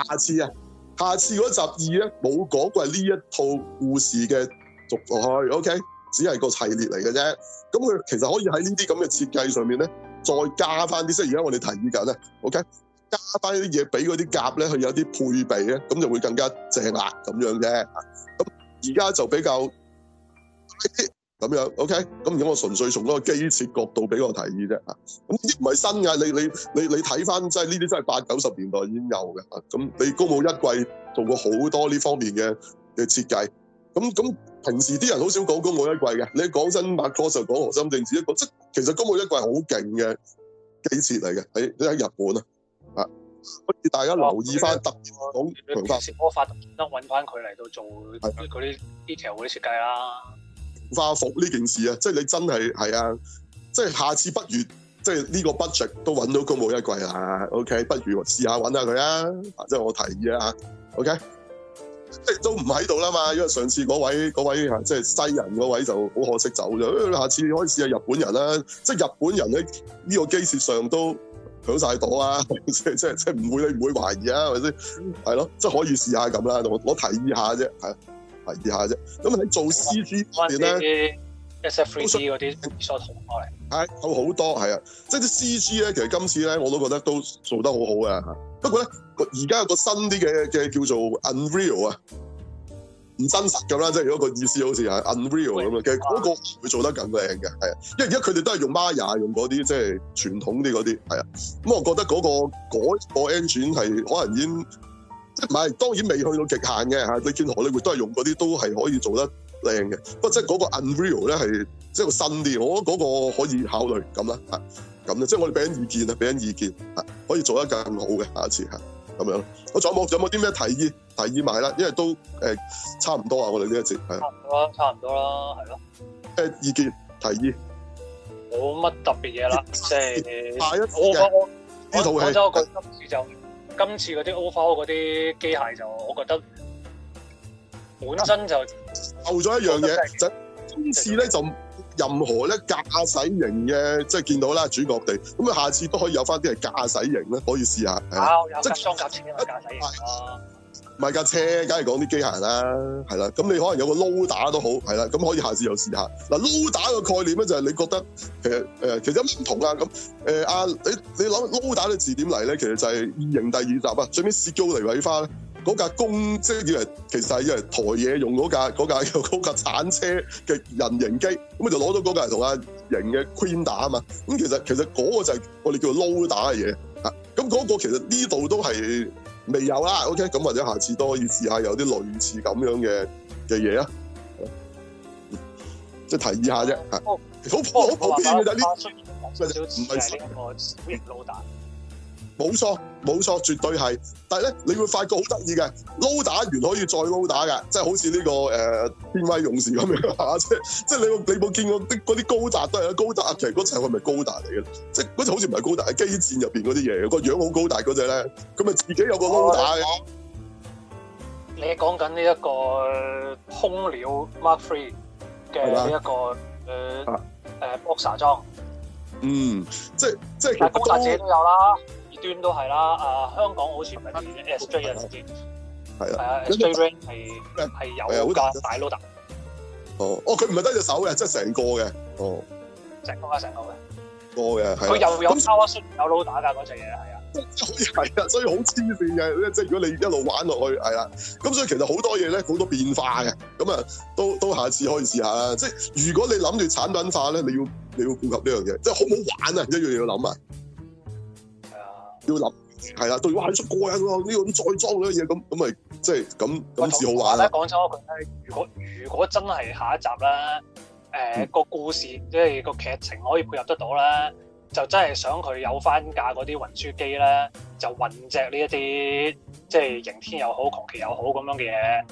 下次啊，下次嗰集二咧冇講過係呢一套故事嘅續落去，OK。只係個系列嚟嘅啫，咁佢其實可以喺呢啲咁嘅設計上面咧，再加翻啲，即係而家我哋提議緊咧，OK，加翻啲嘢俾嗰啲甲咧，佢有啲配備咧，咁就會更加正啦，咁樣嘅。咁而家就比較呢咁樣，OK，咁而家我純粹從嗰個機設角度俾我提議啫。咁呢啲唔係新嘅，你你你你睇翻即係呢啲真係八九十年代已經有嘅。咁你高寶一季做過好多呢方面嘅嘅設計。咁咁，平時啲人好少講宮武一貴嘅，你講新拍拖就講河森正治一個即其實宮武一貴好勁嘅機設嚟嘅，喺喺日本啊，係不如大家留意翻特工強大，魔法得揾翻佢嚟到做佢啲劇本設計啊，化服呢件事啊、wow, yeah. 出發，即係你真係係啊，即係下次不如即係呢個 budget 都揾到宮武一貴啊。o、OK? k 不如試找下揾下佢啊，即、就、係、是、我提議啊，OK。即係都唔喺度啦嘛，因為上次嗰位即係、嗰位、西人嗰位就好可惜走咗，下次可以試下日本人啦、啊。即係日本人喺呢個機設上都響晒檔啊，即係即係即係唔會你唔會懷疑啊，係咪先？係咯，即係可以試下咁啦，我我提議下啫，係提議下啫。咁喺做 CG 方面 SF 3D 嗰啲，所同過嚟，係好多係啊，即係啲 CG 咧，其實今次咧，我都覺得都做得好好好嘅。不過咧，而家有個新啲嘅嘅叫做 Unreal 啊，唔真實咁啦，即係如果個意思好似係 Unreal 咁嘅，其實嗰個會做得更靚嘅，係啊，因為而家佢哋都係用 Maya 用嗰啲即係傳統啲嗰啲，係啊，咁我覺得嗰、嗰個 engine 係、嗰個、可能已經即係唔係當然未去到極限嘅嚇，你見荷里活都係用嗰啲都係可以做得靚嘅，不過即係嗰個 Unreal 咧係即係新啲，我覺得嗰個可以考慮咁啦嚇。咁即係我哋俾緊意見啊，俾緊意見，可以做得更好嘅下一次吓，咁樣。我仲有冇有冇啲咩提議提議埋啦？因為都誒、呃、差唔多啊，我哋呢一節係差唔多啦，差唔多啦，係咯。誒、嗯，意見提議，冇乜特別嘢啦。即 係、就是、下一套，f o 呢套戲，今次就今次嗰啲 OFO 嗰啲機械就，我覺得本身就漏咗、啊、一樣嘢，就今次咧就。任何咧駕駛型嘅，即係見到啦，主角地，咁啊，下次都可以有翻啲係駕駛型咧，可以試下，有即係裝架車啊，駕駛型、啊，買架車，梗係講啲機械啦，係啦，咁你可能有個撈打都好，係啦，咁可以下次又試下。嗱，撈打嘅概念咧就係你覺得其實誒、呃，其實唔同呀、啊。咁、呃、你你諗撈打嘅字點嚟咧？其實就係《型第二集》啊，最尾雪高嚟位花咧。嗰架公即係，其實係因為抬嘢用嗰架、嗰架、嗰架鏟車嘅人形機，咁就攞咗嗰架同阿人嘅 Queen 打嘛。咁其實其實嗰個就係我哋叫做撈打嘅嘢。吓，咁嗰個其實呢度都係未有啦。OK，咁或者下次都可以試下有啲類似咁樣嘅嘅嘢啊。即係提議下啫。吓、哦，好普好普遍嘅啫。呢、哦這個人形撈打。冇錯，冇錯，絕對係。但係咧，你會發覺好得意嘅，撈打，打完可以再撈打嘅，即係好似呢、呢個誒天威勇士咁樣啊！即係即係你你冇見過啲啲高達都係啊，高達其實嗰隻係咪高達嚟嘅？即係嗰隻好似唔係高達，喺機戰入邊嗰啲嘢嘅個樣好高大嗰隻咧。咁咪自己有個撈打嘅、嗯。你講緊呢一個空鳥 Mark Three 嘅呢一個誒誒 Boxer 裝。嗯，即係即係、嗰個、高達自己都有啦。端都係啦，啊香港好似唔係得只 S J 啊，直接係啦，係啊 S J Rain 係係有啊，啊啊啊有啊有大 Loda。哦，哦佢唔係得隻手嘅，即係成個嘅。哦，成個，個啊，成個嘅。個嘅係。佢又有 Star 有 Loda 㗎嗰隻嘢係啊，即係、啊、所以好黐線嘅，即係如果你一路玩落去係啊，咁所以其實好多嘢咧，好多變化嘅，咁啊都都下次可以試下啦。即係如果你諗住產品化咧，你要你要顧及呢樣嘢，即係好唔好玩啊，一樣要諗啊。要諗係啦，如果係出過癮咯，呢種再裝嘅嘢咁咁咪即係咁咁至好玩啦。講真，如果如果真係下一集啦，誒、呃、個、嗯、故事即係個劇情可以配合得到啦，就真係想佢有翻架嗰啲運輸機啦，就運著呢一啲即係刑天又好、窮奇又好咁樣嘅嘢，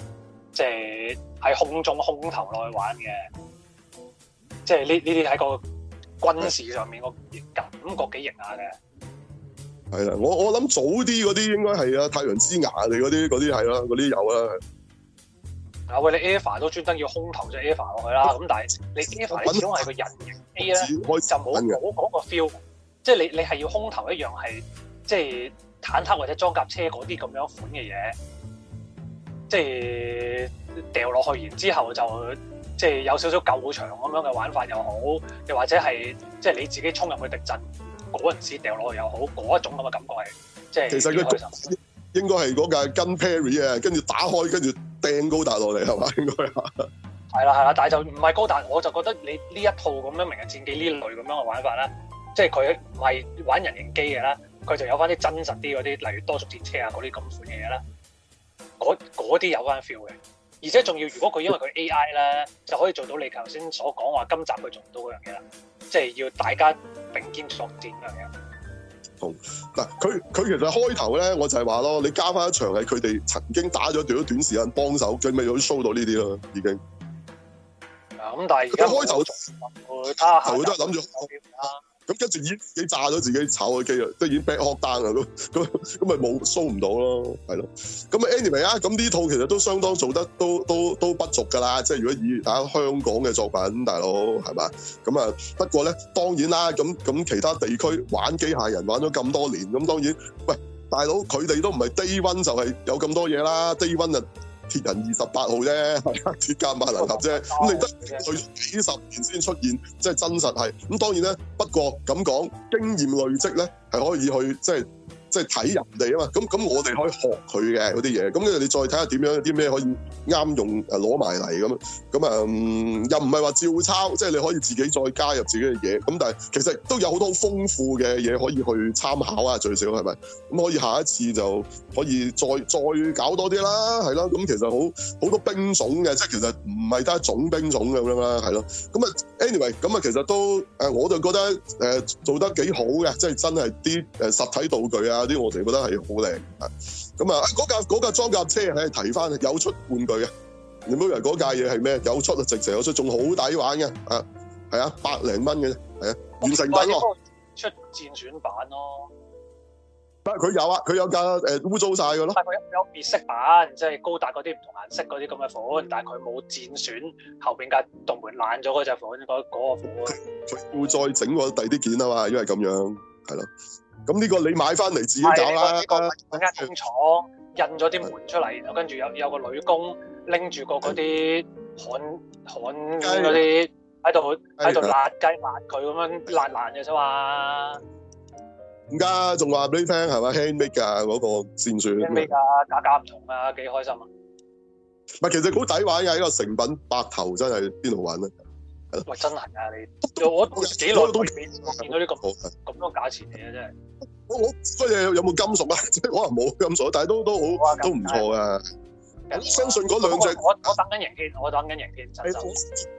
即係喺空中空投落去玩嘅，即係呢呢啲喺個軍事上面個感覺幾型下嘅。係啦，我我諗早啲嗰啲應該係啦，太陽之牙你嗰啲嗰啲係啦，嗰啲有啦。啊，喂，你 Eva 都專登要空投隻 Eva 落、啊、去啦，咁但係你 Eva 始終係個人形 A 咧，就冇冇嗰個 feel，即係你你係要空投一樣係，即、就、係、是、坦克或者裝甲車嗰啲咁樣款嘅嘢，即係掉落去，然之後就即係、就是、有少少救場咁樣嘅玩法又好，又或者係即係你自己衝入去敵陣。嗰陣時掉落去又好，嗰一種咁嘅感覺係，即係其實佢應該係嗰架 Gunperry 啊，跟住打開，跟住掟高達落嚟係嘛？應該係，係啦係啦，但係就唔係高達，我就覺得你呢一套咁樣明日戰記呢類咁樣嘅玩法咧，即係佢唔係玩人形機嘅啦，佢就有翻啲真實啲嗰啲，例如多足戰車啊嗰啲咁款嘅嘢啦，嗰啲有翻 feel 嘅，而且仲要如果佢因為佢 AI 咧， 就可以做到你頭先所講話今集佢做唔到嗰樣嘢啦。即係要大家並肩作戰嘅，啊、嗱，佢佢其實開頭咧，我就係話咯，你加翻一場喺佢哋曾經打咗一段短時間幫手，最尾又都 show 到呢啲啦，已經。咁，嗯、但係一開頭，佢都係諗住。 咁跟住已經自己炸咗自己炒嘅機了都已經 black out 單啦，咁咁咁咪冇收唔到咯，係咯。咁啊，Anyway 啊，咁呢套其實都相當做得都都都不俗噶啦，即係如果以家、啊、香港嘅作品，大佬係嘛？咁啊，不過咧當然啦，咁咁其他地區玩機械人玩咗咁多年，咁當然，喂，大佬佢哋都唔係 day one 就係有咁多嘢啦，day one 啊～鐵人二十八號啫，鐵甲萬能俠啫，咁 你得累咗幾十年先出現，即、就、係、是、真實係咁當然咧，不過咁講經驗累積咧，係可以去即係。就是即係睇人哋啊嘛，咁咁我哋可以學佢嘅嗰啲嘢，咁跟住你再睇下點樣，啲咩可以啱用攞埋嚟咁，咁啊又唔係話照抄，即係你可以自己再加入自己嘅嘢，咁但係其實都有好多豐富嘅嘢可以去參考啊，最少係咪？咁可以下一次就可以再再搞多啲啦，係咯，咁其實好好多兵種嘅，即係其實唔係得一種兵種咁樣啦，係咯，咁啊 anyway，咁啊其實都我就覺得、呃、做得幾好嘅，即係真係啲、呃、實體道具啊～啊！啲我哋覺得係好靚啊，咁啊，嗰架架裝甲車喺提翻有出玩具嘅，你冇以為嗰架嘢係咩？有出啊，直情有出仲好抵玩嘅，啊，係啊，百零蚊嘅啫，係啊、哦，完成品出戰損版咯，但係佢有啊，佢有，有架誒污糟晒嘅咯，佢有別色版，即係高達嗰啲唔同顏色嗰啲咁嘅款，但係佢冇戰損，後邊架動門爛咗嗰隻款，嗰個款，佢要再整個第啲件啊嘛，因為咁樣係咯。咁呢個你買翻嚟自己搞啦，更加、這個嗯、清楚印咗啲門出嚟，然後跟住有有個女工拎住個嗰啲焊焊嗰啲喺度喺度焫雞焫佢咁樣辣爛嘅啫嘛，而家仲話俾啲 friend 係咪？handmade 㗎嗰個先算 handmade，㗎價格唔同啊幾開心啊，其實好抵玩啊，一、這個成品白頭真係邊度玩呢？喂，真係 啊！你我幾耐都見見到啲咁咁多價錢嘢啊！真我我佢哋有冇金屬啊？即係可能冇金屬，但係都都好都唔錯噶。相信嗰兩隻，我我等緊迎我等緊迎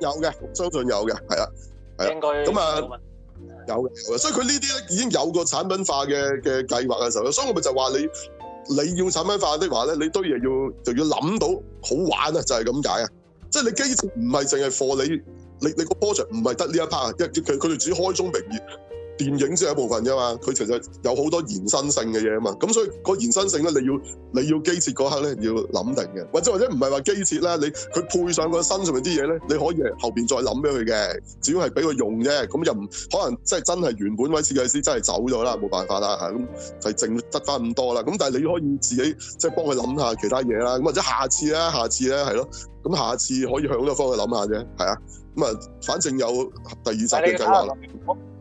有嘅，相信有嘅，係啦，係啦。應該咁啊，有嘅有嘅。所以佢呢啲咧已經有個產品化嘅嘅計劃嘅時候，所以我咪就話你你要產品化的話咧，你都要就要諗到好玩啊，就係咁解啊。即係你基唔係淨係貨你。你你個 project 唔係得呢一 part，一佢佢哋只開宗明義。電影先係一部分啫嘛，佢其實有好多延伸性嘅嘢啊嘛，咁所以個延伸性咧，你要你要機設嗰刻咧要諗定嘅，或者或者唔係話機設咧，你佢配上個身上面啲嘢咧，你可以後邊再諗俾佢嘅，只要係俾佢用啫，咁又唔可能即係真係原本位設計師真係走咗啦，冇辦法啦嚇，咁就係剩得翻咁多啦，咁但係你可以自己即係、就是、幫佢諗下其他嘢啦，咁或者下次咧，下次咧係咯，咁下次可以向呢一個方向去諗下啫，係啊，咁啊，反正有第二集嘅計劃啦。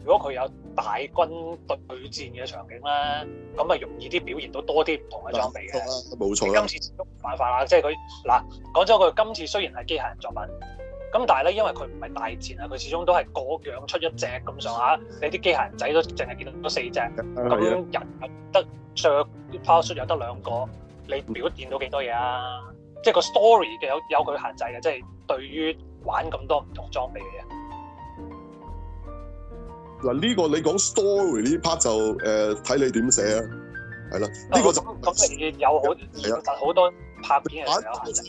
如果佢有。大軍對戰嘅場景啦，咁啊容易啲表現到多啲唔同嘅裝備嘅。冇錯，冇錯。今次冇辦法啦，即係佢嗱講咗佢今次雖然係機械人作品，咁但係咧因為佢唔係大戰啊，佢始終都係個樣出一隻咁上下。你啲機械人仔都淨係見到四隻，咁人得 s 啲 power shot 又得兩個，你表現到幾多嘢啊？即係個 story 嘅有有佢限制嘅，即係對於玩咁多唔同的裝備嘅嘢。嗱、這、呢個你講 story 呢 part 就誒睇、呃、你點寫啊。係啦，呢、這個就咁、是，咁有好係好、啊、多拍片嘅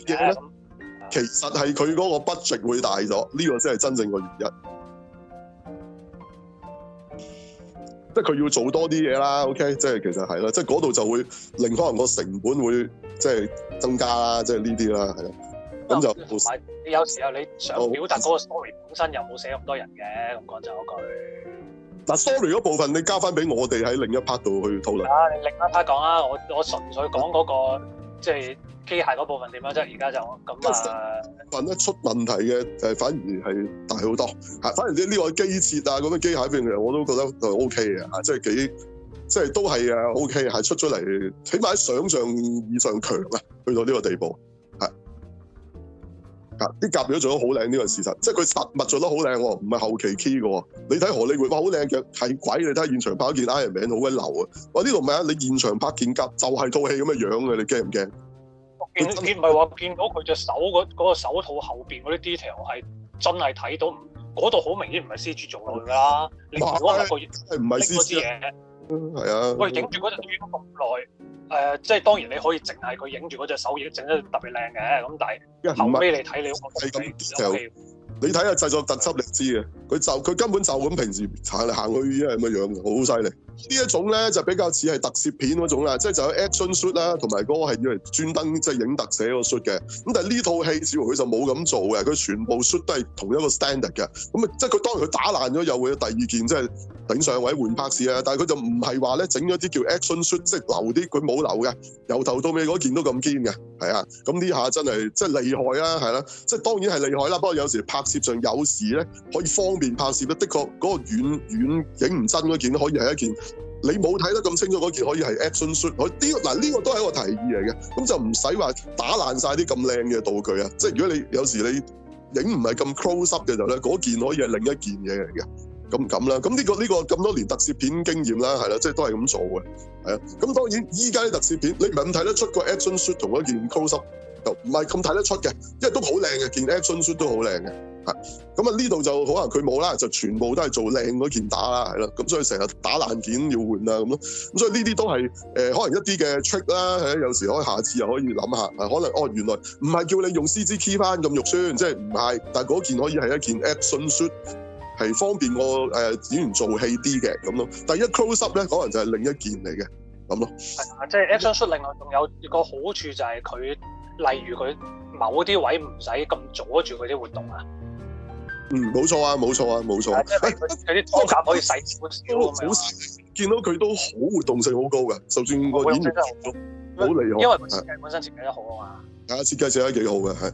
嘢咧，其實係佢嗰個 budget 會大咗，呢、這個先係真正嘅原因，即係佢要做多啲嘢啦，OK，即係其實係、就、啦、是，即係嗰度就會令可能個成本會即係增加啦，即係呢啲啦，係啦。咁就同埋，你有，有時候你想表達嗰個 story 本身又冇寫咁多人嘅，咁講就嗰句。嗱，story 嗰部分你交翻俾我哋喺另一 part 度去討論。啊，另一 part 講啊，我我純粹講嗰、嗰個、嗯、即係機械嗰部分點樣啫。而家就咁啊，問得出問題嘅誒，反而係大好多嚇。反而即係呢個機設啊，咁、那、樣、個、機械方、啊、面、那個啊那個啊、我都覺得就 O K 嘅嚇，即係幾即係都係啊 O K，係出咗嚟，起碼喺想像以上強啊，去到呢個地步。啲甲料做得好靚，呢個事實，即係佢實物做得好靚喎，唔係後期 key 嘅喎。你睇荷里活，哇，好靚嘅，係鬼你睇下現場拍一件 Iron Man 好鬼流啊！哇，呢度唔係啊，你現場拍件甲就係套戲咁嘅樣嘅，你驚唔驚？見見唔係話見到佢隻手嗰個手套後邊嗰啲 detail 係真係睇到，嗰度好明顯唔係 CG 做落去㗎啦。唔係。唔係。嗯，係啊。喂，影住嗰隻片咁耐，誒、呃，即係當然你可以淨係佢影住嗰隻手影整得特別靚嘅，咁但係後尾你睇你、OK 啊，你咁就你睇下製作特輯你知啊，佢就佢根本就咁平時行嚟行去依家咁樣樣，好犀利。呢一種咧就比較似係特攝片嗰種啦，即係就有、是、action shoot 啦，同埋嗰個係要嚟專登即係影特寫個 shoot 嘅。咁但係呢套戲，似乎佢就冇咁做嘅，佢全部 shoot 都係同一個 standard 嘅。咁、嗯、啊，即係佢當然佢打爛咗又會有第二件，即係頂上位換拍攝啊。但係佢就唔係話咧整咗啲叫 action shoot，即係留啲佢冇留嘅，由頭到尾嗰件都咁堅嘅，係啊。咁呢下真係即係厲害啊，係啦，即係當然係厲害啦。不過有時拍攝上有時咧可以方便拍攝咧，的確嗰個遠遠影唔真嗰件可以係一件。你冇睇得咁清楚嗰件可以係 action shoot，我呢嗱呢個都係一個提議嚟嘅，咁就唔使話打爛晒啲咁靚嘅道具啊，即係如果你有時你影唔係咁 close up 嘅就咧，嗰件可以係另一件嘢嚟嘅，咁咁啦，咁呢個呢個咁多年特攝片經驗啦，係啦，即係都係咁做嘅，係啊，咁當然依家啲特攝片你唔係咁睇得出個 action shoot 同嗰件 close up 就唔係咁睇得出嘅，因為都好靚嘅，件 action shoot 都好靚嘅。咁、嗯、啊，呢度就可能佢冇啦，就全部都係做靚嗰件打啦，係咯。咁所以成日打爛件要換啦，咁咯。咁所以呢啲都係誒、呃，可能一啲嘅 trick 啦。誒，有時可以下次又可以諗下，可能哦，原來唔係叫你用 CG key 翻咁肉酸，即係唔係。但係嗰件可以係一件 action shoot，係方便我誒、呃、演員做戲啲嘅咁咯。但係一 close up 咧，可能就係另一件嚟嘅咁咯。係啊，即係、就是、action shoot，另外仲有一個好處就係佢，例如佢某啲位唔使咁阻住佢啲活動啊。嗯，冇錯啊，冇錯啊，冇錯、啊。佢啲拖架可以細少少，見到佢都好活動性好高噶，就算個演員好厲害，因為設計本身設計得好啊嘛。啊，設計設計得幾好嘅，係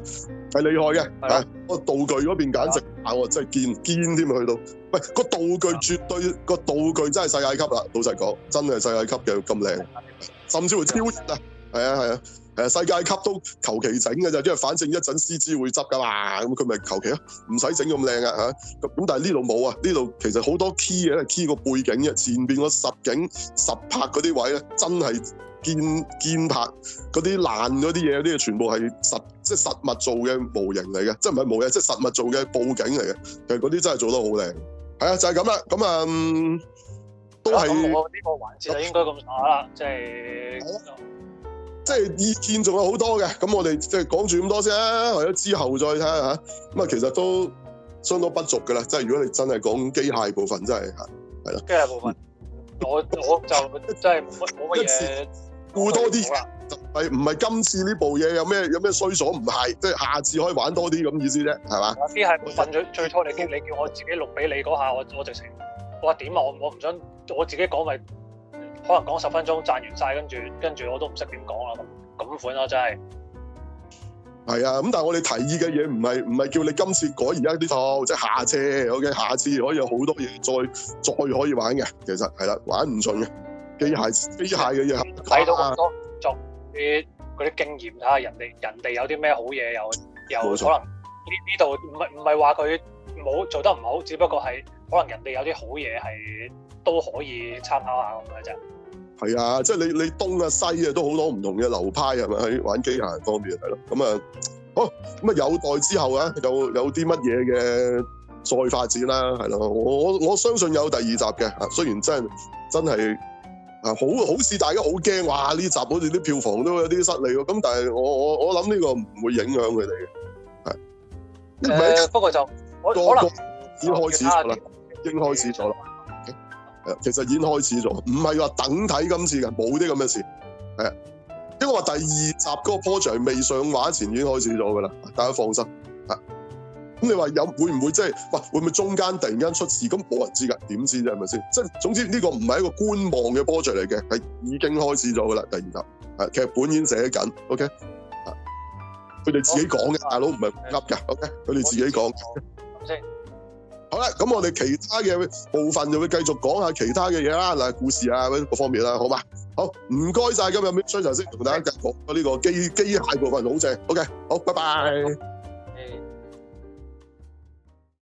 係厲害嘅。係個道具嗰邊簡直啊，真係堅堅添啊，去到喂個道具絕對個道具真係世界級啦。老實講，真係世界級嘅咁靚，甚至會超越啊。係啊，係啊。誒世界級都求其整嘅啫，因為反正一陣 CG 會執噶嘛，咁佢咪求其咯，唔使整咁靚啊嚇。咁咁，但係呢度冇啊，呢度、啊、其實好多 key 嘢咧，key 個背景嘅前邊個實景、實拍嗰啲位咧，真係見見拍嗰啲爛嗰啲嘢，呢啲全部係實即係實物做嘅模型嚟嘅，即係唔係模型，即係實物做嘅布景嚟嘅。其實嗰啲真係做得好靚。係啊，就係咁啦。咁啊、嗯，都係。呢個環節就應該咁打啦，即係。就係即係意見仲有好多嘅，咁我哋即係講住咁多先啦，或者之後再睇下。咁啊，其實都相當不俗嘅啦。即係如果你真係講機械部分，真係係啦。機械部分， 我我就真係冇乜嘢顧多啲。係唔係今次呢部嘢有咩有咩衰所不？唔係，即係下次可以玩多啲咁意思啫，係嘛？機械部分 最初你叫你，你叫我自己錄俾你嗰下，我我直情。我話點啊？我我唔想我自己講咪。可能講十分鐘贊完晒，跟住跟住我都唔識點講啦咁咁款咯，真係。係啊，咁但係我哋提議嘅嘢唔係唔係叫你今次改而家呢套，即係下次 OK，下次可以有好多嘢再再可以玩嘅。其實係啦，玩唔盡嘅機械機械嘅嘢。睇到咁多作啲啲經驗，睇下人哋人哋有啲咩好嘢，又又可能呢呢度唔係唔係話佢冇做得唔好，只不過係可能人哋有啲好嘢係都可以參考下咁嘅啫。就是係啊，即係你你東啊西啊都好多唔同嘅流派係咪？喺玩機械人方面係咯，咁啊好咁啊有待之後啊，有有啲乜嘢嘅再發展啦，係咯、啊，我我相信有第二集嘅，雖然真係真係啊好好似大家好驚，話呢集好似啲票房都有啲失利喎，咁但係我我我諗呢個唔會影響佢哋嘅，係、呃啊。不過就我我，我，我，我，我已經開始咗啦，已經開始咗啦。其實已經開始咗，唔係話等睇今次嘅，冇啲咁嘅事，係啊，即係我話第二集嗰個 project 未上畫前已經開始咗噶啦，大家放心，咁你話有會唔會即係，喂，會唔會中間突然間出事？咁冇人知噶，點知啫？係咪先？即係總之呢個唔係一個觀望嘅 project 嚟嘅，係已經開始咗噶啦，第二集，係劇本已經寫緊，OK，係，佢哋自己講嘅，大佬唔係噏噶，OK，佢哋自己講， 好啦，咁我哋其他嘅部分就會繼續講下其他嘅嘢啦，嗱，故事啊各方面啦，啊，好嘛？好，唔該曬今日，有咩需求先同大家講下呢個機機械部分好正，OK，好，拜拜。拜拜。